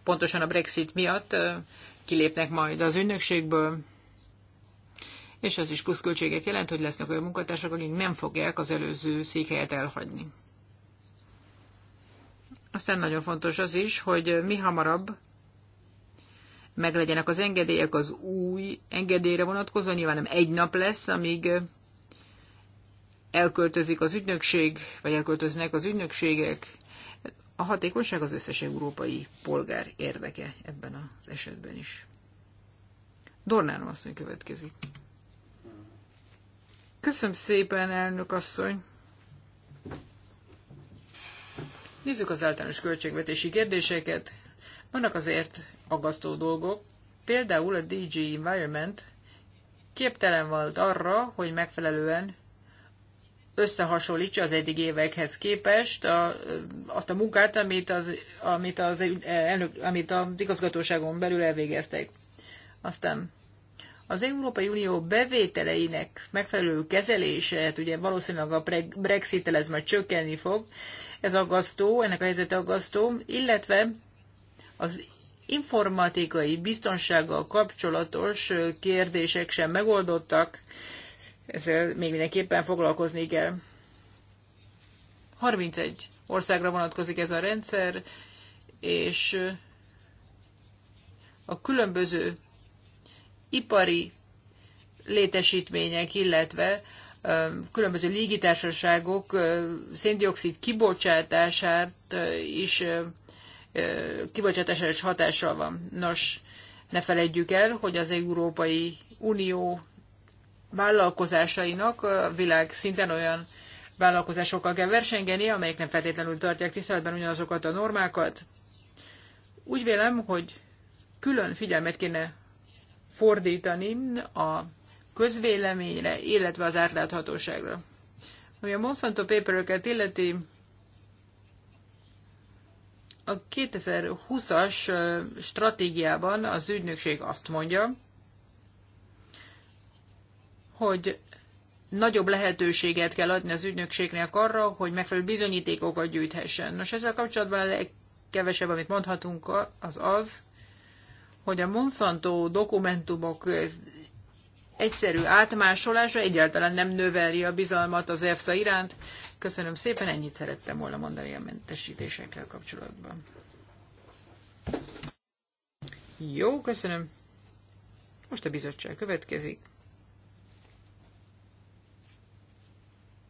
pontosan a Brexit miatt kilépnek majd az ügynökségből, és az is pluszköltséget jelent, hogy lesznek olyan munkatársak, akik nem fogják az előző székhelyet elhagyni. Aztán nagyon fontos az is, hogy mi hamarabb meglegyenek az engedélyek az új engedélyre vonatkozó, nyilván nem egy nap lesz, amíg elköltözik az ügynökség, vagy elköltöznek az ügynökségek. A hatékonyság az összes európai polgár érdeke ebben az esetben is. Dornán asszony következik. Köszönöm szépen, elnök asszony! Nézzük az általános költségvetési kérdéseket. Vannak azért aggasztó dolgok. Például a DG Environment képtelen volt arra, hogy megfelelően összehasonlítsa az eddig évekhez képest a, azt a munkát, amit az, amit az, elnök, amit az igazgatóságon belül elvégeztek. Aztán az Európai Unió bevételeinek megfelelő kezelése, hát ugye valószínűleg a brexit ez majd csökkenni fog, ez aggasztó, ennek a helyzete aggasztó, illetve az informatikai biztonsággal kapcsolatos kérdések sem megoldottak, ezzel még mindenképpen foglalkozni kell. 31 országra vonatkozik ez a rendszer, és a különböző ipari létesítmények, illetve különböző légitársaságok széndiokszid kibocsátását is kibocsátására is hatással van. Nos, ne felejtjük el, hogy az Európai Unió vállalkozásainak a világ szinten olyan vállalkozásokkal kell versengeni, amelyek nem feltétlenül tartják tiszteletben ugyanazokat a normákat. Úgy vélem, hogy külön figyelmet kéne fordítani a közvéleményre, illetve az átláthatóságra. Ami a Monsanto paperöket illeti, a 2020-as stratégiában az ügynökség azt mondja, hogy nagyobb lehetőséget kell adni az ügynökségnek arra, hogy megfelelő bizonyítékokat gyűjthessen. Nos, ezzel kapcsolatban a legkevesebb, amit mondhatunk, az az, hogy a Monsanto dokumentumok egyszerű átmásolása egyáltalán nem növeli a bizalmat az EFSA iránt. Köszönöm szépen, ennyit szerettem volna mondani a mentesítésekkel kapcsolatban. Jó, köszönöm. Most a bizottság következik.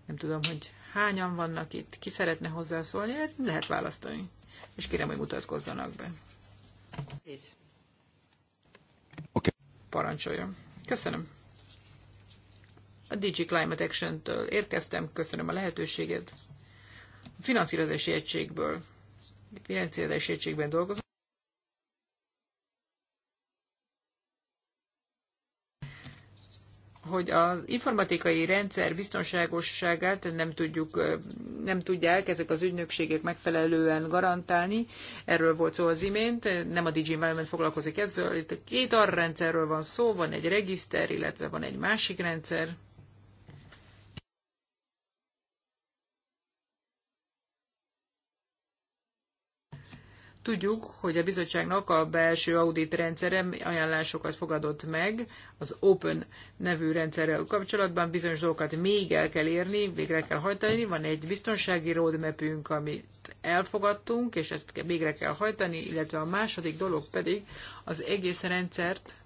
Nem tudom, hogy hányan vannak itt, ki szeretne hozzászólni, hát lehet választani. És kérem, hogy mutatkozzanak be. Please parancsolja. Köszönöm. A Digi Climate Action-től érkeztem, köszönöm a lehetőséget. A finanszírozási egységből, finanszírozási egységben dolgozom. hogy az informatikai rendszer biztonságosságát nem, tudjuk, nem tudják ezek az ügynökségek megfelelően garantálni. Erről volt szó az imént, nem a DG Environment foglalkozik ezzel, itt a két arrendszerről van szó, van egy regiszter, illetve van egy másik rendszer. Tudjuk, hogy a bizottságnak a belső audit rendszere ajánlásokat fogadott meg az Open nevű rendszerrel kapcsolatban. Bizonyos dolgokat még el kell érni, végre kell hajtani. Van egy biztonsági roadmapünk, amit elfogadtunk, és ezt végre kell hajtani, illetve a második dolog pedig az egész rendszert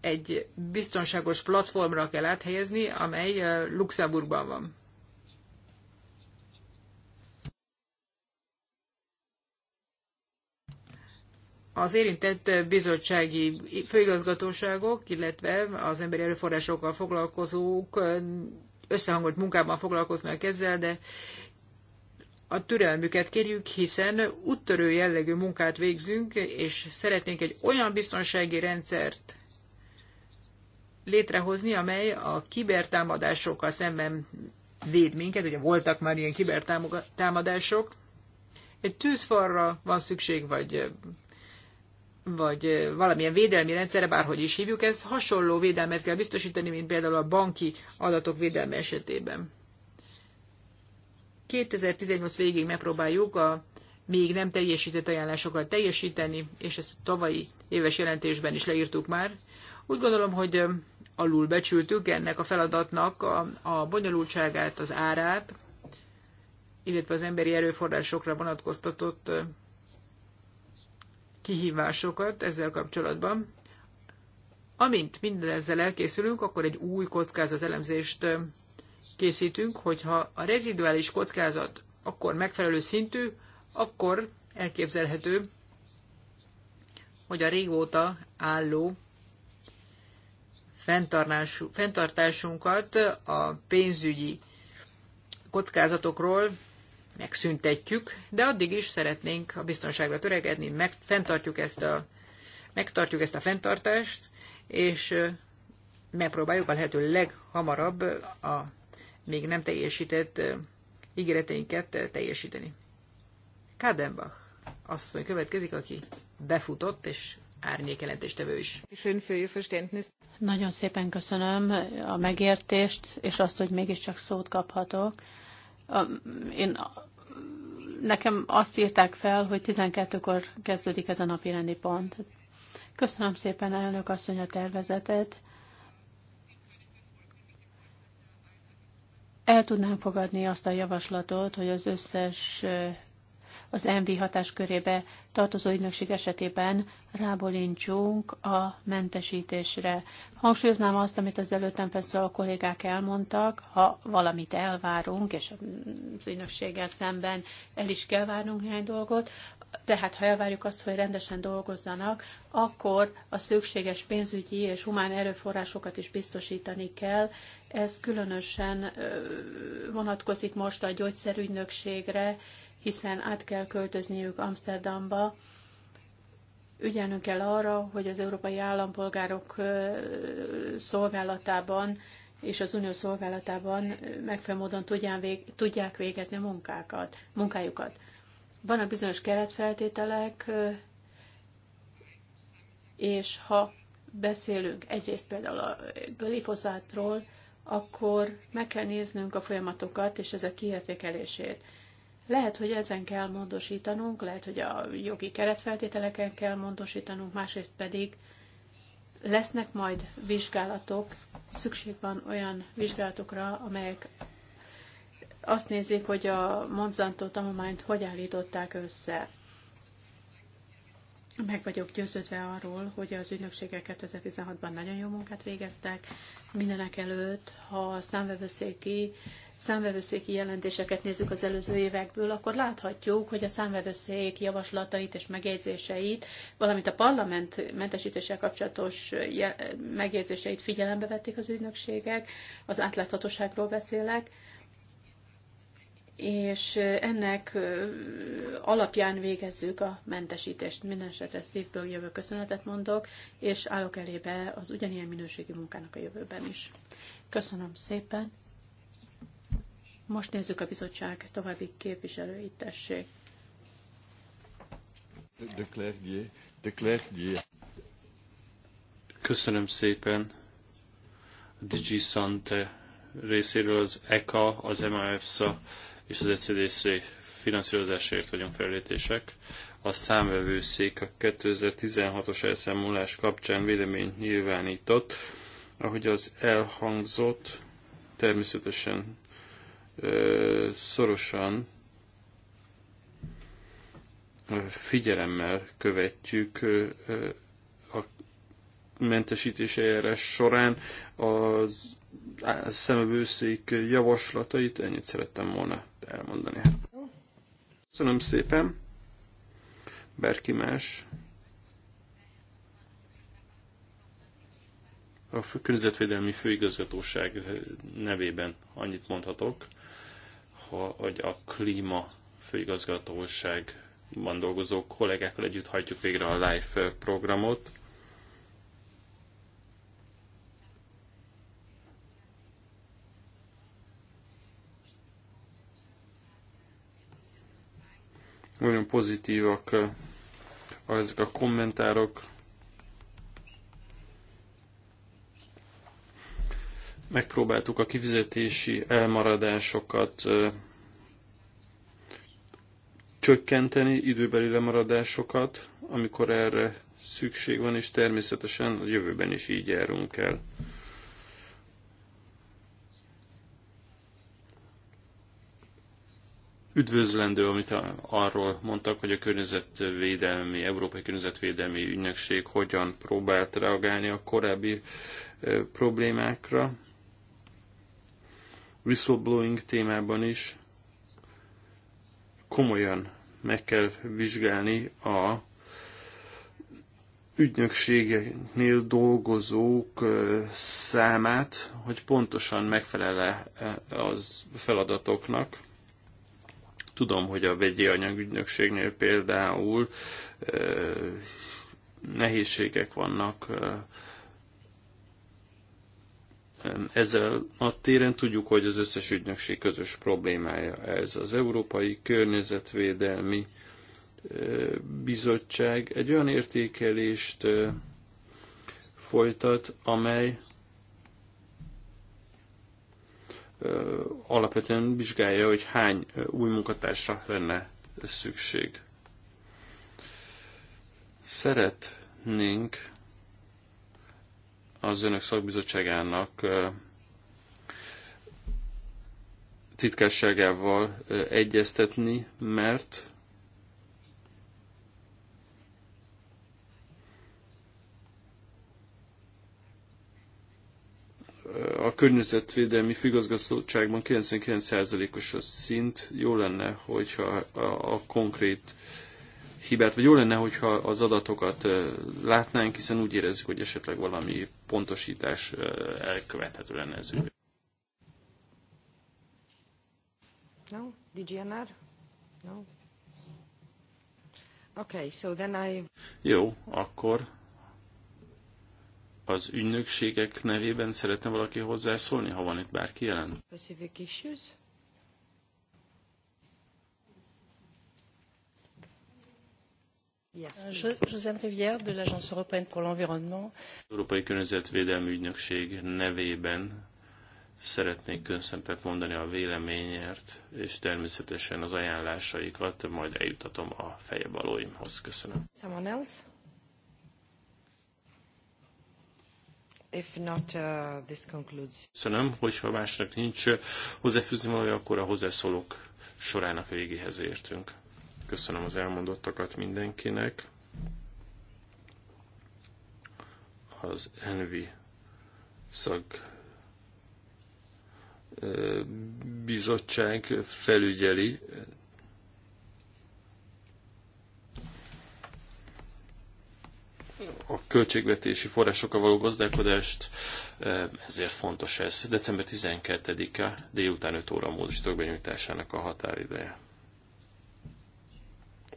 egy biztonságos platformra kell áthelyezni, amely eh, Luxemburgban van. az érintett bizottsági főigazgatóságok, illetve az emberi erőforrásokkal foglalkozók összehangolt munkában foglalkoznak ezzel, de a türelmüket kérjük, hiszen úttörő jellegű munkát végzünk, és szeretnénk egy olyan biztonsági rendszert létrehozni, amely a kibertámadásokkal szemben véd minket. Ugye voltak már ilyen kibertámadások. Egy tűzfalra van szükség, vagy vagy valamilyen védelmi rendszerre, bárhogy is hívjuk, ez hasonló védelmet kell biztosítani, mint például a banki adatok védelme esetében. 2018 végig megpróbáljuk a még nem teljesített ajánlásokat teljesíteni, és ezt a tavalyi éves jelentésben is leírtuk már. Úgy gondolom, hogy alulbecsültük ennek a feladatnak a, a bonyolultságát, az árát, illetve az emberi erőforrásokra vonatkoztatott kihívásokat ezzel kapcsolatban. Amint minden ezzel elkészülünk, akkor egy új kockázatelemzést készítünk, hogyha a reziduális kockázat akkor megfelelő szintű, akkor elképzelhető, hogy a régóta álló fenntartásunkat a pénzügyi kockázatokról megszüntetjük, de addig is szeretnénk a biztonságra töregedni, meg, fenntartjuk ezt a, megtartjuk ezt a fenntartást, és megpróbáljuk a lehető leghamarabb a még nem teljesített ígéreteinket teljesíteni. Kadenbach asszony következik, aki befutott, és árnyékjelentéstevő is.
Nagyon szépen köszönöm a megértést, és azt, hogy mégiscsak szót kaphatok én, nekem azt írták fel, hogy 12-kor kezdődik ez a napi rendi pont. Köszönöm szépen, elnök asszony, a tervezetet. El tudnám fogadni azt a javaslatot, hogy az összes az MV hatáskörébe tartozó ügynökség esetében rábolincsunk a mentesítésre. Hangsúlyoznám azt, amit az előttem a kollégák elmondtak, ha valamit elvárunk, és az ügynökséggel szemben el is kell várnunk néhány dolgot, tehát ha elvárjuk azt, hogy rendesen dolgozzanak, akkor a szükséges pénzügyi és humán erőforrásokat is biztosítani kell. Ez különösen vonatkozik most a gyógyszerügynökségre, hiszen át kell költözniük Amsterdamba. Ügyelnünk kell arra, hogy az európai állampolgárok szolgálatában és az unió szolgálatában megfelelő módon tudják végezni a munkákat, munkájukat. a bizonyos keretfeltételek, és ha beszélünk egyrészt például a glifozátról, akkor meg kell néznünk a folyamatokat és ezek kiértékelését. Lehet, hogy ezen kell módosítanunk, lehet, hogy a jogi keretfeltételeken kell módosítanunk, másrészt pedig lesznek majd vizsgálatok, szükség van olyan vizsgálatokra, amelyek azt nézik, hogy a Monsanto tanulmányt hogy állították össze. Meg vagyok győződve arról, hogy az ügynökségek 2016-ban nagyon jó munkát végeztek. Mindenek előtt, ha a számvevőszéki számvevőszéki jelentéseket nézzük az előző évekből, akkor láthatjuk, hogy a számvevőszék javaslatait és megjegyzéseit, valamint a parlament mentesítéssel kapcsolatos megjegyzéseit figyelembe vették az ügynökségek, az átláthatóságról beszélek, és ennek alapján végezzük a mentesítést. esetre szívből jövő köszönetet mondok, és állok elébe az ugyanilyen minőségi munkának a jövőben is. Köszönöm szépen! Most nézzük a bizottság további képviselőit, tessék.
De Clergier, de Clergier. Köszönöm szépen. A DG Sante részéről az ECA, az MAFSA és az ECDC finanszírozásért vagyon fellétések. A számvevőszék a 2016-os elszámolás kapcsán véleményt nyilvánított. Ahogy az elhangzott, természetesen szorosan figyelemmel követjük a mentesítés eljárás során az szemövőszék javaslatait. Ennyit szerettem volna elmondani. Köszönöm szépen. Berki más. A Környezetvédelmi Főigazgatóság nevében annyit mondhatok, hogy a klíma főigazgatóságban dolgozó kollégákkal együtt hajtjuk végre a LIFE programot. Nagyon pozitívak eh, ezek a kommentárok, megpróbáltuk a kifizetési elmaradásokat csökkenteni, időbeli lemaradásokat, amikor erre szükség van, és természetesen a jövőben is így járunk el. Üdvözlendő, amit arról mondtak, hogy a környezetvédelmi, Európai Környezetvédelmi Ügynökség hogyan próbált reagálni a korábbi problémákra whistleblowing témában is komolyan meg kell vizsgálni a ügynökségeknél dolgozók számát, hogy pontosan megfelel-e az feladatoknak. Tudom, hogy a vegyi anyagügynökségnél például nehézségek vannak ezzel a téren tudjuk, hogy az összes ügynökség közös problémája ez. Az Európai Környezetvédelmi Bizottság egy olyan értékelést folytat, amely alapvetően vizsgálja, hogy hány új munkatársra lenne szükség. Szeretnénk az önök szakbizottságának titkárságával egyeztetni, mert a környezetvédelmi főigazgatóságban 99%-os a szint, jó lenne, hogyha a, a konkrét hibát, vagy jó lenne, hogyha az adatokat látnánk, hiszen úgy érezzük, hogy esetleg valami pontosítás elkövethető lenne ez ügyben.
No? DGNR? No? Okay, so then I...
Jó, akkor az ügynökségek nevében szeretne valaki hozzászólni, ha van itt bárki jelen?
Specific issues?
Euh, José
Európai Környezetvédelmi Ügynökség nevében szeretnék köszöntet mondani a véleményért, és természetesen az ajánlásaikat majd eljutatom a fejebalóimhoz. Köszönöm.
Someone else? If not, uh, this concludes.
Köszönöm, hogyha másnak nincs hozzáfűzni valami, akkor a hozzászólók sorának végéhez értünk. Köszönöm az elmondottakat mindenkinek. Az Envi szag bizottság felügyeli a költségvetési forrásokkal való gazdálkodást, ezért fontos ez. December 12-e délután 5 óra a módosítók benyújtásának a határideje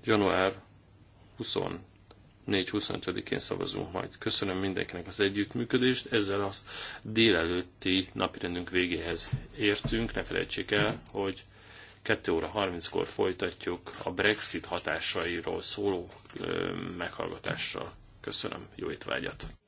január 24-25-én szavazunk majd. Köszönöm mindenkinek az együttműködést, ezzel az délelőtti napirendünk végéhez értünk. Ne felejtsék el, hogy 2 óra 30-kor folytatjuk a Brexit hatásairól szóló meghallgatással. Köszönöm, jó étvágyat!